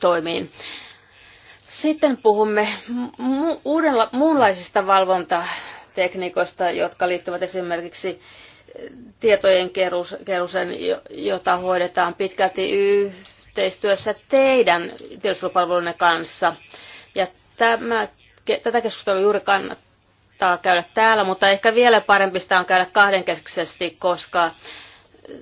toimiin. Sitten puhumme mu- uudella, muunlaisista valvontaa tekniikoista, jotka liittyvät esimerkiksi eh, tietojen keruuseen, jota hoidetaan pitkälti yhteistyössä teidän tiedustelupalvelunne kanssa. Ja tämä, tätä keskustelua juuri kannattaa käydä täällä, mutta ehkä vielä parempi sitä on käydä kahdenkeskisesti, koska eh,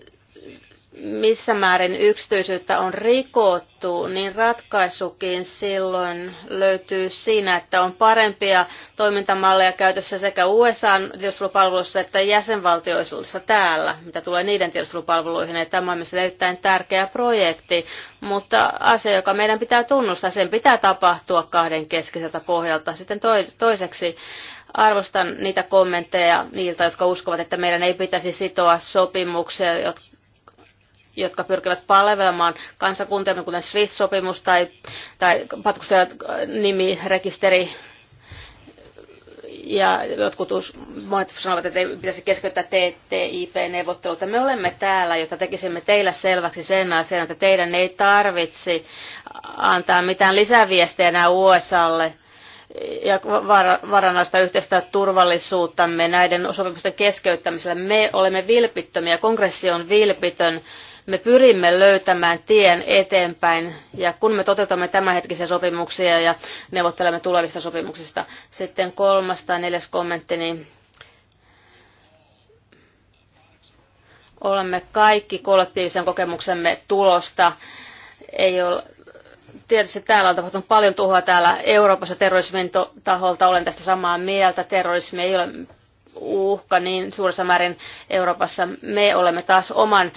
missä määrin yksityisyyttä on rikottu, niin ratkaisukin silloin löytyy siinä, että on parempia toimintamalleja käytössä sekä USA-tiedustelupalvelussa että jäsenvaltioissa täällä, mitä tulee niiden tiedustelupalveluihin. Ja tämä on myös erittäin tärkeä projekti, mutta asia, joka meidän pitää tunnustaa, sen pitää tapahtua kahden keskiseltä pohjalta. Sitten toiseksi arvostan niitä kommentteja niiltä, jotka uskovat, että meidän ei pitäisi sitoa sopimuksia, jotka jotka pyrkivät palvelemaan kansakuntiamme, kuten SWIFT-sopimus tai, tai patkustajat äh, nimirekisteri. Ja jotkut us, monet sanovat, että ei pitäisi keskeyttää TTIP-neuvotteluita. Me olemme täällä, jotta tekisimme teillä selväksi sen asian, että teidän ei tarvitsi antaa mitään lisäviestejä enää USAlle ja varannaista yhteistä turvallisuuttamme näiden sopimusten keskeyttämisellä. Me olemme vilpittömiä, kongressi on vilpitön me pyrimme löytämään tien eteenpäin ja kun me toteutamme tämänhetkisiä sopimuksia ja neuvottelemme tulevista sopimuksista. Sitten kolmas tai neljäs kommentti, niin olemme kaikki kollektiivisen kokemuksemme tulosta. Ei ole, tietysti täällä on tapahtunut paljon tuhoa täällä Euroopassa terrorismin taholta. Olen tästä samaa mieltä. Terrorismi ei ole uhka niin suuressa määrin Euroopassa. Me olemme taas oman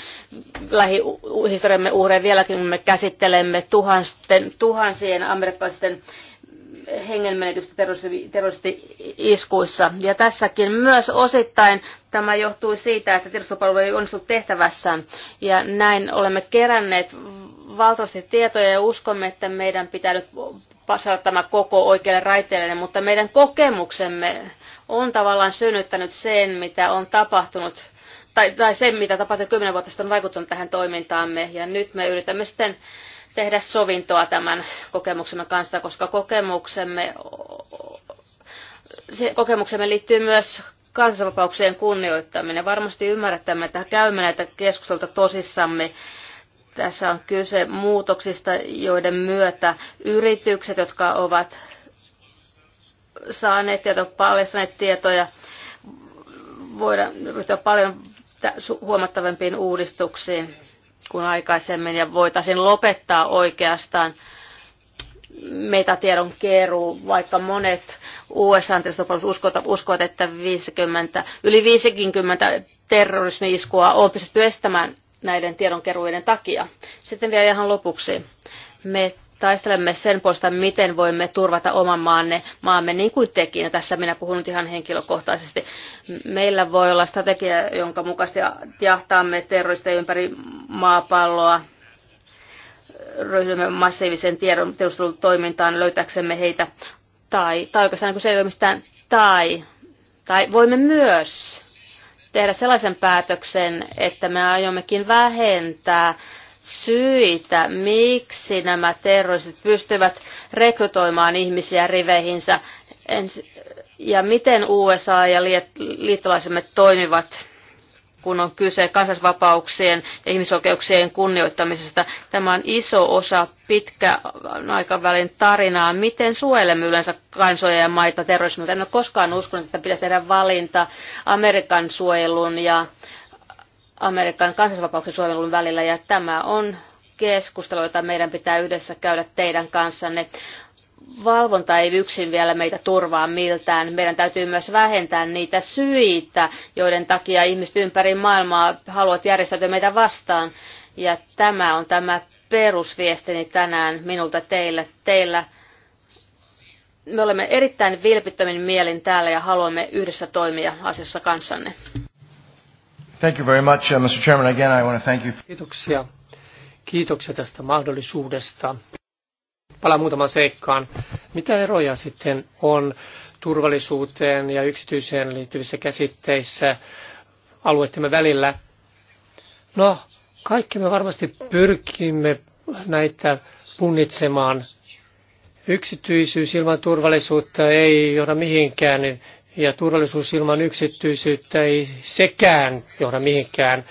lähihistoriamme uhreja vieläkin, kun me käsittelemme tuhansien, tuhansien amerikkalaisten hengenmenetystä terroristi-iskuissa. Ja tässäkin myös osittain tämä johtui siitä, että tiedustelupalvelu ei onnistunut tehtävässään. Ja näin olemme keränneet valtavasti tietoja ja uskomme, että meidän pitää nyt saada tämä koko oikealle raiteelle, mutta meidän kokemuksemme on tavallaan synnyttänyt sen, mitä on tapahtunut, tai, tai sen, mitä tapahtui kymmenen vuotta sitten, on vaikuttanut tähän toimintaamme, ja nyt me yritämme sitten tehdä sovintoa tämän kokemuksemme kanssa, koska kokemuksemme, se kokemuksemme liittyy myös kansanvapauksien kunnioittaminen. Varmasti ymmärrämme, että käymme näitä keskustelta tosissamme tässä on kyse muutoksista, joiden myötä yritykset, jotka ovat saaneet tietoja, paljastaneet tietoja, voidaan ryhtyä paljon huomattavampiin uudistuksiin kuin aikaisemmin ja voitaisiin lopettaa oikeastaan metatiedon keruu, vaikka monet usa uskovat, uskovat, että 50, yli 50 terrorismi-iskua on pystytty estämään näiden tiedonkeruiden takia. Sitten vielä ihan lopuksi. Me taistelemme sen puolesta, miten voimme turvata oman maanne, maamme niin kuin tekin. Ja tässä minä puhun nyt ihan henkilökohtaisesti. Meillä voi olla strategia, jonka mukaisesti jahtaamme terroristeja ympäri maapalloa, ryhdymme massiivisen tiedon tiedustelutoimintaan löytäksemme heitä. Tai, tai oikeastaan niin kun se ei ole mistään tai, tai voimme myös tehdä sellaisen päätöksen, että me aiommekin vähentää syitä, miksi nämä terroristit pystyvät rekrytoimaan ihmisiä riveihinsä ja miten USA ja liittolaisemme toimivat kun on kyse kansallisvapauksien ja ihmisoikeuksien kunnioittamisesta. Tämä on iso osa pitkä aikavälin tarinaa. Miten suojelemme yleensä kansoja ja maita terrorismilta? En ole koskaan uskonut, että pitäisi tehdä valinta Amerikan suojelun ja Amerikan kansallisvapauksen suojelun välillä. Ja tämä on keskustelu, jota meidän pitää yhdessä käydä teidän kanssanne valvonta ei yksin vielä meitä turvaa miltään. Meidän täytyy myös vähentää niitä syitä, joiden takia ihmiset ympäri maailmaa haluavat järjestäytyä meitä vastaan. Ja tämä on tämä perusviestini tänään minulta teille. Teillä me olemme erittäin vilpittömin mielin täällä ja haluamme yhdessä toimia asiassa kanssanne. Thank you very much, uh, Mr. Chairman. Again, I want to thank you. Kiitoksia. Kiitoksia tästä mahdollisuudesta. Palaan muutaman seikkaan. Mitä eroja sitten on turvallisuuteen ja yksityiseen liittyvissä käsitteissä alueittemme välillä? No, kaikki me varmasti pyrkimme näitä punnitsemaan. Yksityisyys ilman turvallisuutta ei johda mihinkään, ja turvallisuus ilman yksityisyyttä ei sekään johda mihinkään.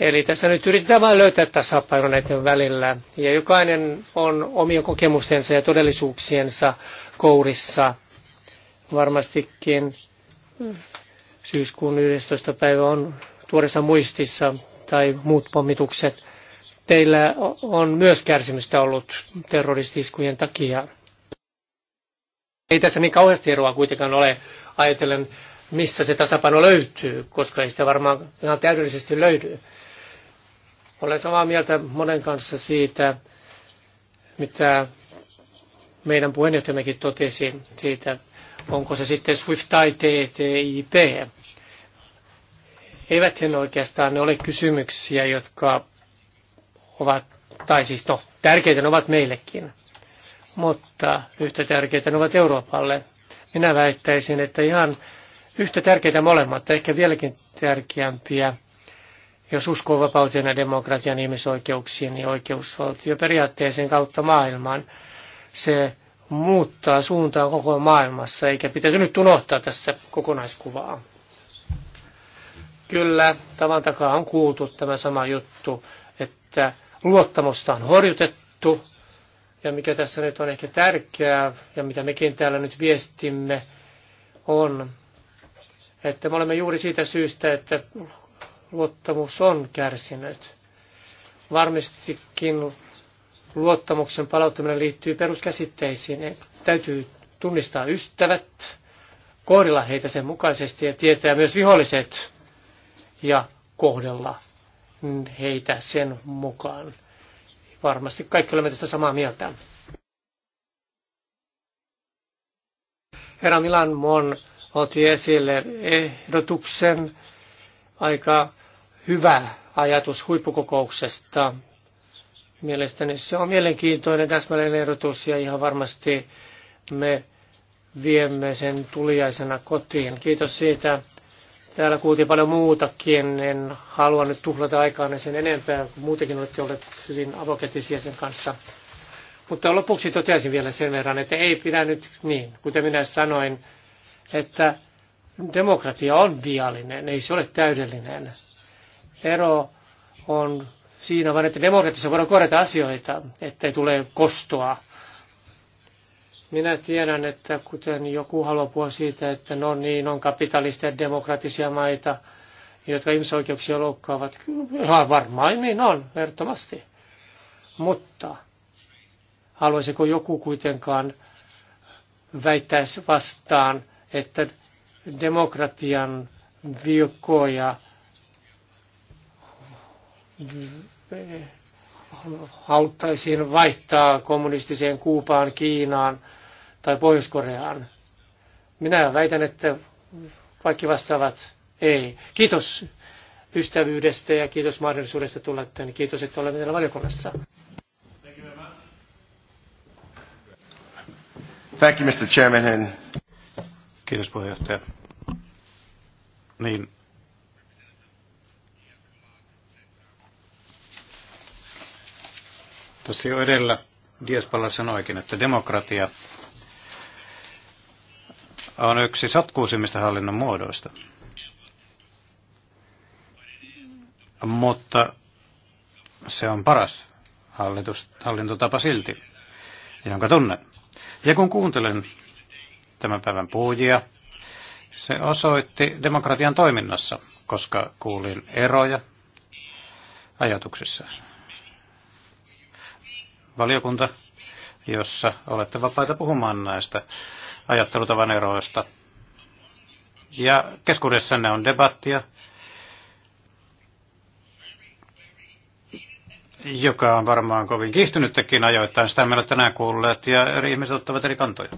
Eli tässä nyt yritetään vain löytää tasapaino näiden välillä. Ja jokainen on omien kokemustensa ja todellisuuksiensa kourissa. Varmastikin syyskuun 11. päivä on tuoreessa muistissa tai muut pommitukset. Teillä on myös kärsimystä ollut terroristiskujen takia. Ei tässä niin kauheasti eroa kuitenkaan ole ajatellen, mistä se tasapaino löytyy, koska ei sitä varmaan ihan täydellisesti löydy. Olen samaa mieltä monen kanssa siitä, mitä meidän puheenjohtajammekin totesi siitä, onko se sitten SWIFT tai TTIP. Eivät he oikeastaan ne ole kysymyksiä, jotka ovat, tai siis no, tärkeitä ne ovat meillekin, mutta yhtä tärkeitä ne ovat Euroopalle. Minä väittäisin, että ihan yhtä tärkeitä molemmat, ehkä vieläkin tärkeämpiä – jos uskoo vapauteen ja demokratian ihmisoikeuksiin ja oikeusvaltioperiaatteeseen kautta maailmaan, se muuttaa suuntaa koko maailmassa, eikä pitäisi nyt unohtaa tässä kokonaiskuvaa. Kyllä, tavan takaa on kuultu tämä sama juttu, että luottamusta on horjutettu, ja mikä tässä nyt on ehkä tärkeää, ja mitä mekin täällä nyt viestimme, on, että me olemme juuri siitä syystä, että luottamus on kärsinyt. Varmastikin luottamuksen palauttaminen liittyy peruskäsitteisiin. Ne täytyy tunnistaa ystävät, kohdella heitä sen mukaisesti ja tietää myös viholliset ja kohdella heitä sen mukaan. Varmasti kaikki olemme tästä samaa mieltä. Herra Milan Mon otti esille ehdotuksen aika hyvä ajatus huippukokouksesta. Mielestäni se on mielenkiintoinen täsmällinen ehdotus ja ihan varmasti me viemme sen tuliaisena kotiin. Kiitos siitä. Täällä kuultiin paljon muutakin. En halua nyt tuhlata aikaa sen enempää, kun muutenkin olette olleet hyvin avoketisia sen kanssa. Mutta lopuksi toteaisin vielä sen verran, että ei pidä nyt niin, kuten minä sanoin, että demokratia on viallinen, ei se ole täydellinen. Ero on siinä vain, että demokratiassa voidaan korjata asioita, ettei tule kostoa. Minä tiedän, että kuten joku haluaa puhua siitä, että no niin, on kapitalistia demokratisia maita, jotka ihmisoikeuksia loukkaavat. Kyllä, varmaan niin on, ehdottomasti. Mutta haluaisiko joku kuitenkaan väittäisi vastaan, että demokratian vilkkoja haluttaisiin vaihtaa kommunistiseen Kuupaan, Kiinaan tai Pohjois-Koreaan. Minä väitän, että kaikki vastaavat ei. Kiitos ystävyydestä ja kiitos mahdollisuudesta tulla tänne. Kiitos, että olemme täällä valiokunnassa. Thank you, Mr. Chairman. Kiitos puheenjohtaja. Niin, Tässä jo edellä Diaspalla sanoikin, että demokratia on yksi satkuusimmista hallinnon muodoista. Mutta se on paras hallitus, hallintotapa silti, jonka tunnen. Ja kun kuuntelen tämän päivän puhujia. Se osoitti demokratian toiminnassa, koska kuulin eroja ajatuksissa. Valiokunta, jossa olette vapaita puhumaan näistä ajattelutavan eroista. Ja keskuudessanne on debattia, joka on varmaan kovin kiihtynyttäkin ajoittain. Sitä meillä tänään kuulleet ja eri ihmiset ottavat eri kantoja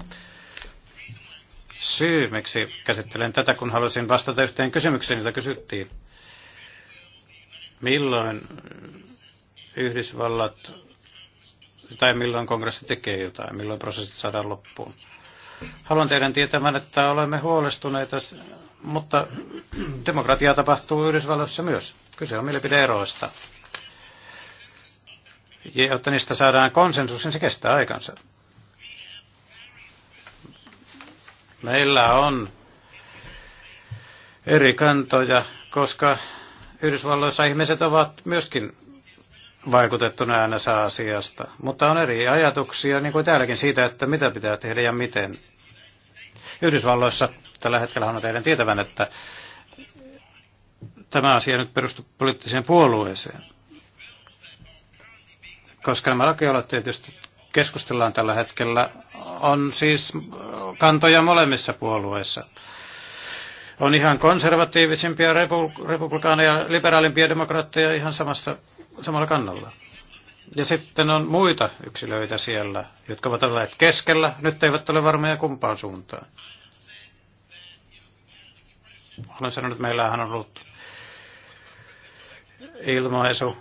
syy, miksi käsittelen tätä, kun halusin vastata yhteen kysymykseen, jota kysyttiin. Milloin Yhdysvallat tai milloin kongressi tekee jotain, milloin prosessit saadaan loppuun. Haluan teidän tietämään, että olemme huolestuneita, mutta demokratia tapahtuu Yhdysvalloissa myös. Kyse on mielipideeroista. Ja jotta niistä saadaan konsensus, niin se kestää aikansa. Meillä on eri kantoja, koska Yhdysvalloissa ihmiset ovat myöskin vaikutettuna NSA-asiasta, mutta on eri ajatuksia, niin kuin täälläkin, siitä, että mitä pitää tehdä ja miten. Yhdysvalloissa tällä hetkellä on teidän tietävän, että tämä asia nyt perustuu poliittiseen puolueeseen. Koska nämä lakialoitteet, keskustellaan tällä hetkellä, on siis kantoja molemmissa puolueissa. On ihan konservatiivisimpia republikaaneja, liberaalimpia demokraatteja ihan samassa, samalla kannalla. Ja sitten on muita yksilöitä siellä, jotka ovat olleet keskellä, nyt eivät ole varmoja kumpaan suuntaan. Olen sanonut, että meillähän on ollut ilmaisu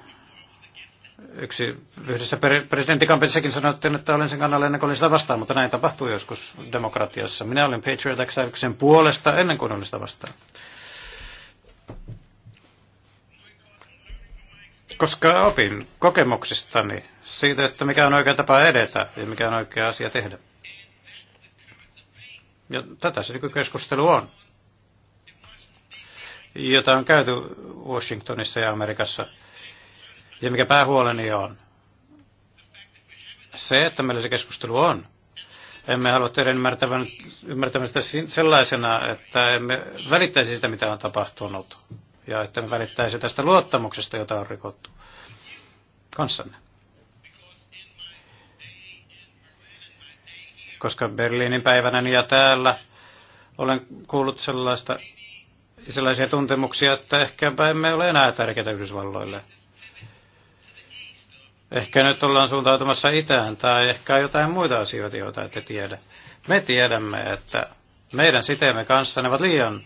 Yksi yhdessä presidenttikampanjassakin sanottiin, että olen sen kannalla ennen kuin olin sitä vastaan, mutta näin tapahtuu joskus demokratiassa. Minä olin Patriot Act-säädöksen puolesta ennen kuin olin sitä vastaan. Koska opin kokemuksistani siitä, että mikä on oikea tapa edetä ja mikä on oikea asia tehdä. Ja tätä se nykykeskustelu on, jota on käyty Washingtonissa ja Amerikassa. Ja mikä päähuoleni on, se, että meillä se keskustelu on. Emme halua teidän ymmärtävän, ymmärtävän sitä sellaisena, että emme välittäisi sitä, mitä on tapahtunut. Ja että me välittäisi tästä luottamuksesta, jota on rikottu kanssanne. Koska Berliinin päivänä ja täällä olen kuullut sellaista, sellaisia tuntemuksia, että ehkäpä emme ole enää tärkeitä Yhdysvalloille. Ehkä nyt ollaan suuntautumassa itään tai ehkä jotain muita asioita, joita ette tiedä. Me tiedämme, että meidän siteemme kanssa ne ovat liian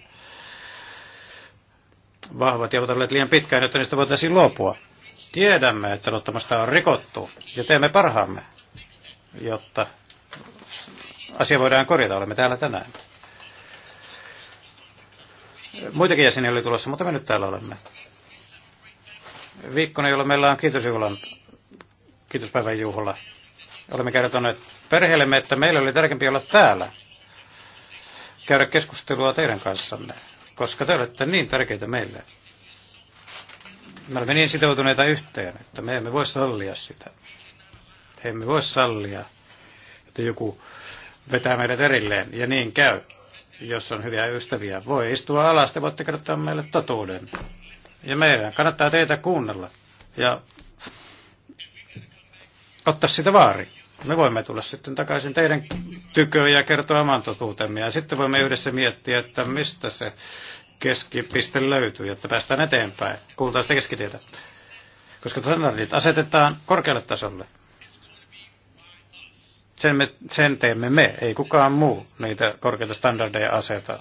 vahvat ja ovat olleet liian pitkään, jotta niistä voitaisiin luopua. Tiedämme, että luottamusta on rikottu ja teemme parhaamme, jotta asia voidaan korjata. Olemme täällä tänään. Muitakin jäseniä oli tulossa, mutta me nyt täällä olemme. Viikkona, jolloin meillä on kiitosjuhlan kiitospäivän juhla. Olemme kertoneet perheellemme, että meillä oli tärkeämpi olla täällä, käydä keskustelua teidän kanssanne, koska te olette niin tärkeitä meille. Me olemme niin sitoutuneita yhteen, että me emme voi sallia sitä. Emme voi sallia, että joku vetää meidät erilleen, ja niin käy jos on hyviä ystäviä. Voi istua alas, te voitte kertoa meille totuuden. Ja meidän kannattaa teitä kuunnella ja ottaa sitä vaari. Me voimme tulla sitten takaisin teidän tyköön ja kertoa oman totuutemme. Ja sitten voimme yhdessä miettiä, että mistä se keskipiste löytyy, jotta päästään eteenpäin. Kuultaa sitä keskitietä. Koska standardit asetetaan korkealle tasolle. Sen, me, sen teemme me, ei kukaan muu niitä korkeita standardeja aseta.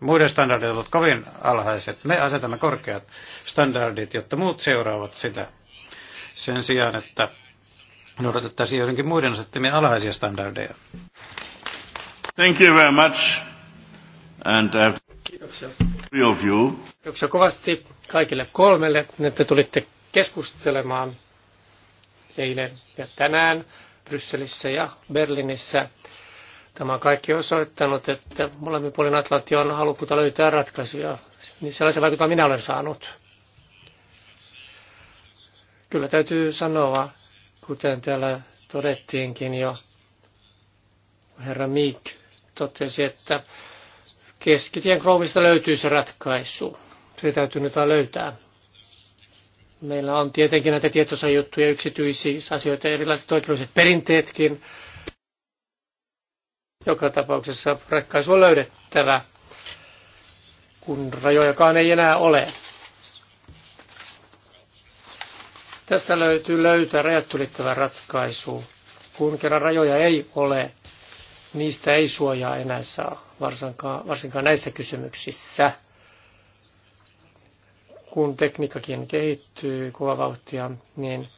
Muiden standardit ovat kovin alhaiset. Me asetamme korkeat standardit, jotta muut seuraavat sitä. Sen sijaan, että noudatettaisiin joidenkin muiden asettamia alhaisia standardeja. Thank you very much. And, uh, Kiitoksia. Three of you. Kiitoksia kovasti kaikille kolmelle, että tulitte keskustelemaan eilen ja tänään Brysselissä ja Berliinissä. Tämä on kaikki osoittanut, että molemmin puolin Atlantti on halukkuutta löytää ratkaisuja. Niin sellaisen vaikutuksen minä olen saanut. Kyllä täytyy sanoa, Kuten täällä todettiinkin jo, herra Miik totesi, että keskitien kroomista löytyy se ratkaisu. Se täytyy nyt vaan löytää. Meillä on tietenkin näitä tietoisia juttuja, yksityisiä asioita, erilaiset oikeudelliset perinteetkin. Joka tapauksessa ratkaisu on löydettävä, kun rajojakaan ei enää ole. Tässä löytyy löytää rajattulittava ratkaisu. Kun kerran rajoja ei ole, niistä ei suojaa enää saa, varsinkaan, varsinkaan näissä kysymyksissä. Kun tekniikkakin kehittyy kovaa vauhtia, niin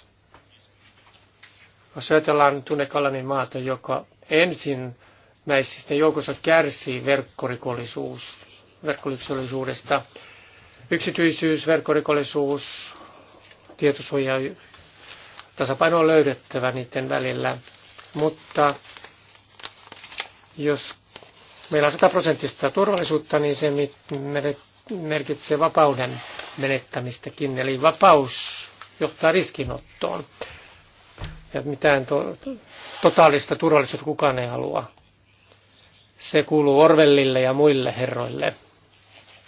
jos ajatellaan Tunekalanin maata, joka ensin näissä joukossa kärsii verkkorikollisuus, verkkorikollisuudesta, yksityisyys, verkkorikollisuus, tietosuoja tasapaino on löydettävä niiden välillä. Mutta jos meillä on sataprosenttista turvallisuutta, niin se merkitsee vapauden menettämistäkin. Eli vapaus johtaa riskinottoon. Ja mitään to- totaalista turvallisuutta kukaan ei halua. Se kuuluu Orvellille ja muille herroille.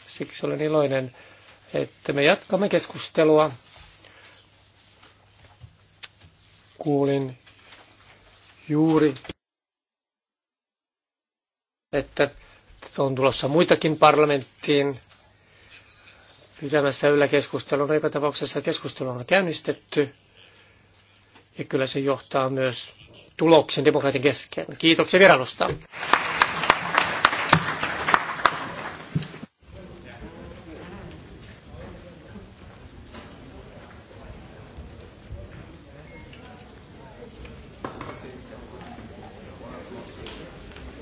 Siksi olen iloinen, että me jatkamme keskustelua kuulin juuri, että on tulossa muitakin parlamenttiin pitämässä yllä keskustelun. No, Eipä tapauksessa keskustelu on käynnistetty ja kyllä se johtaa myös tuloksen demokraatin kesken. Kiitoksia vierailusta.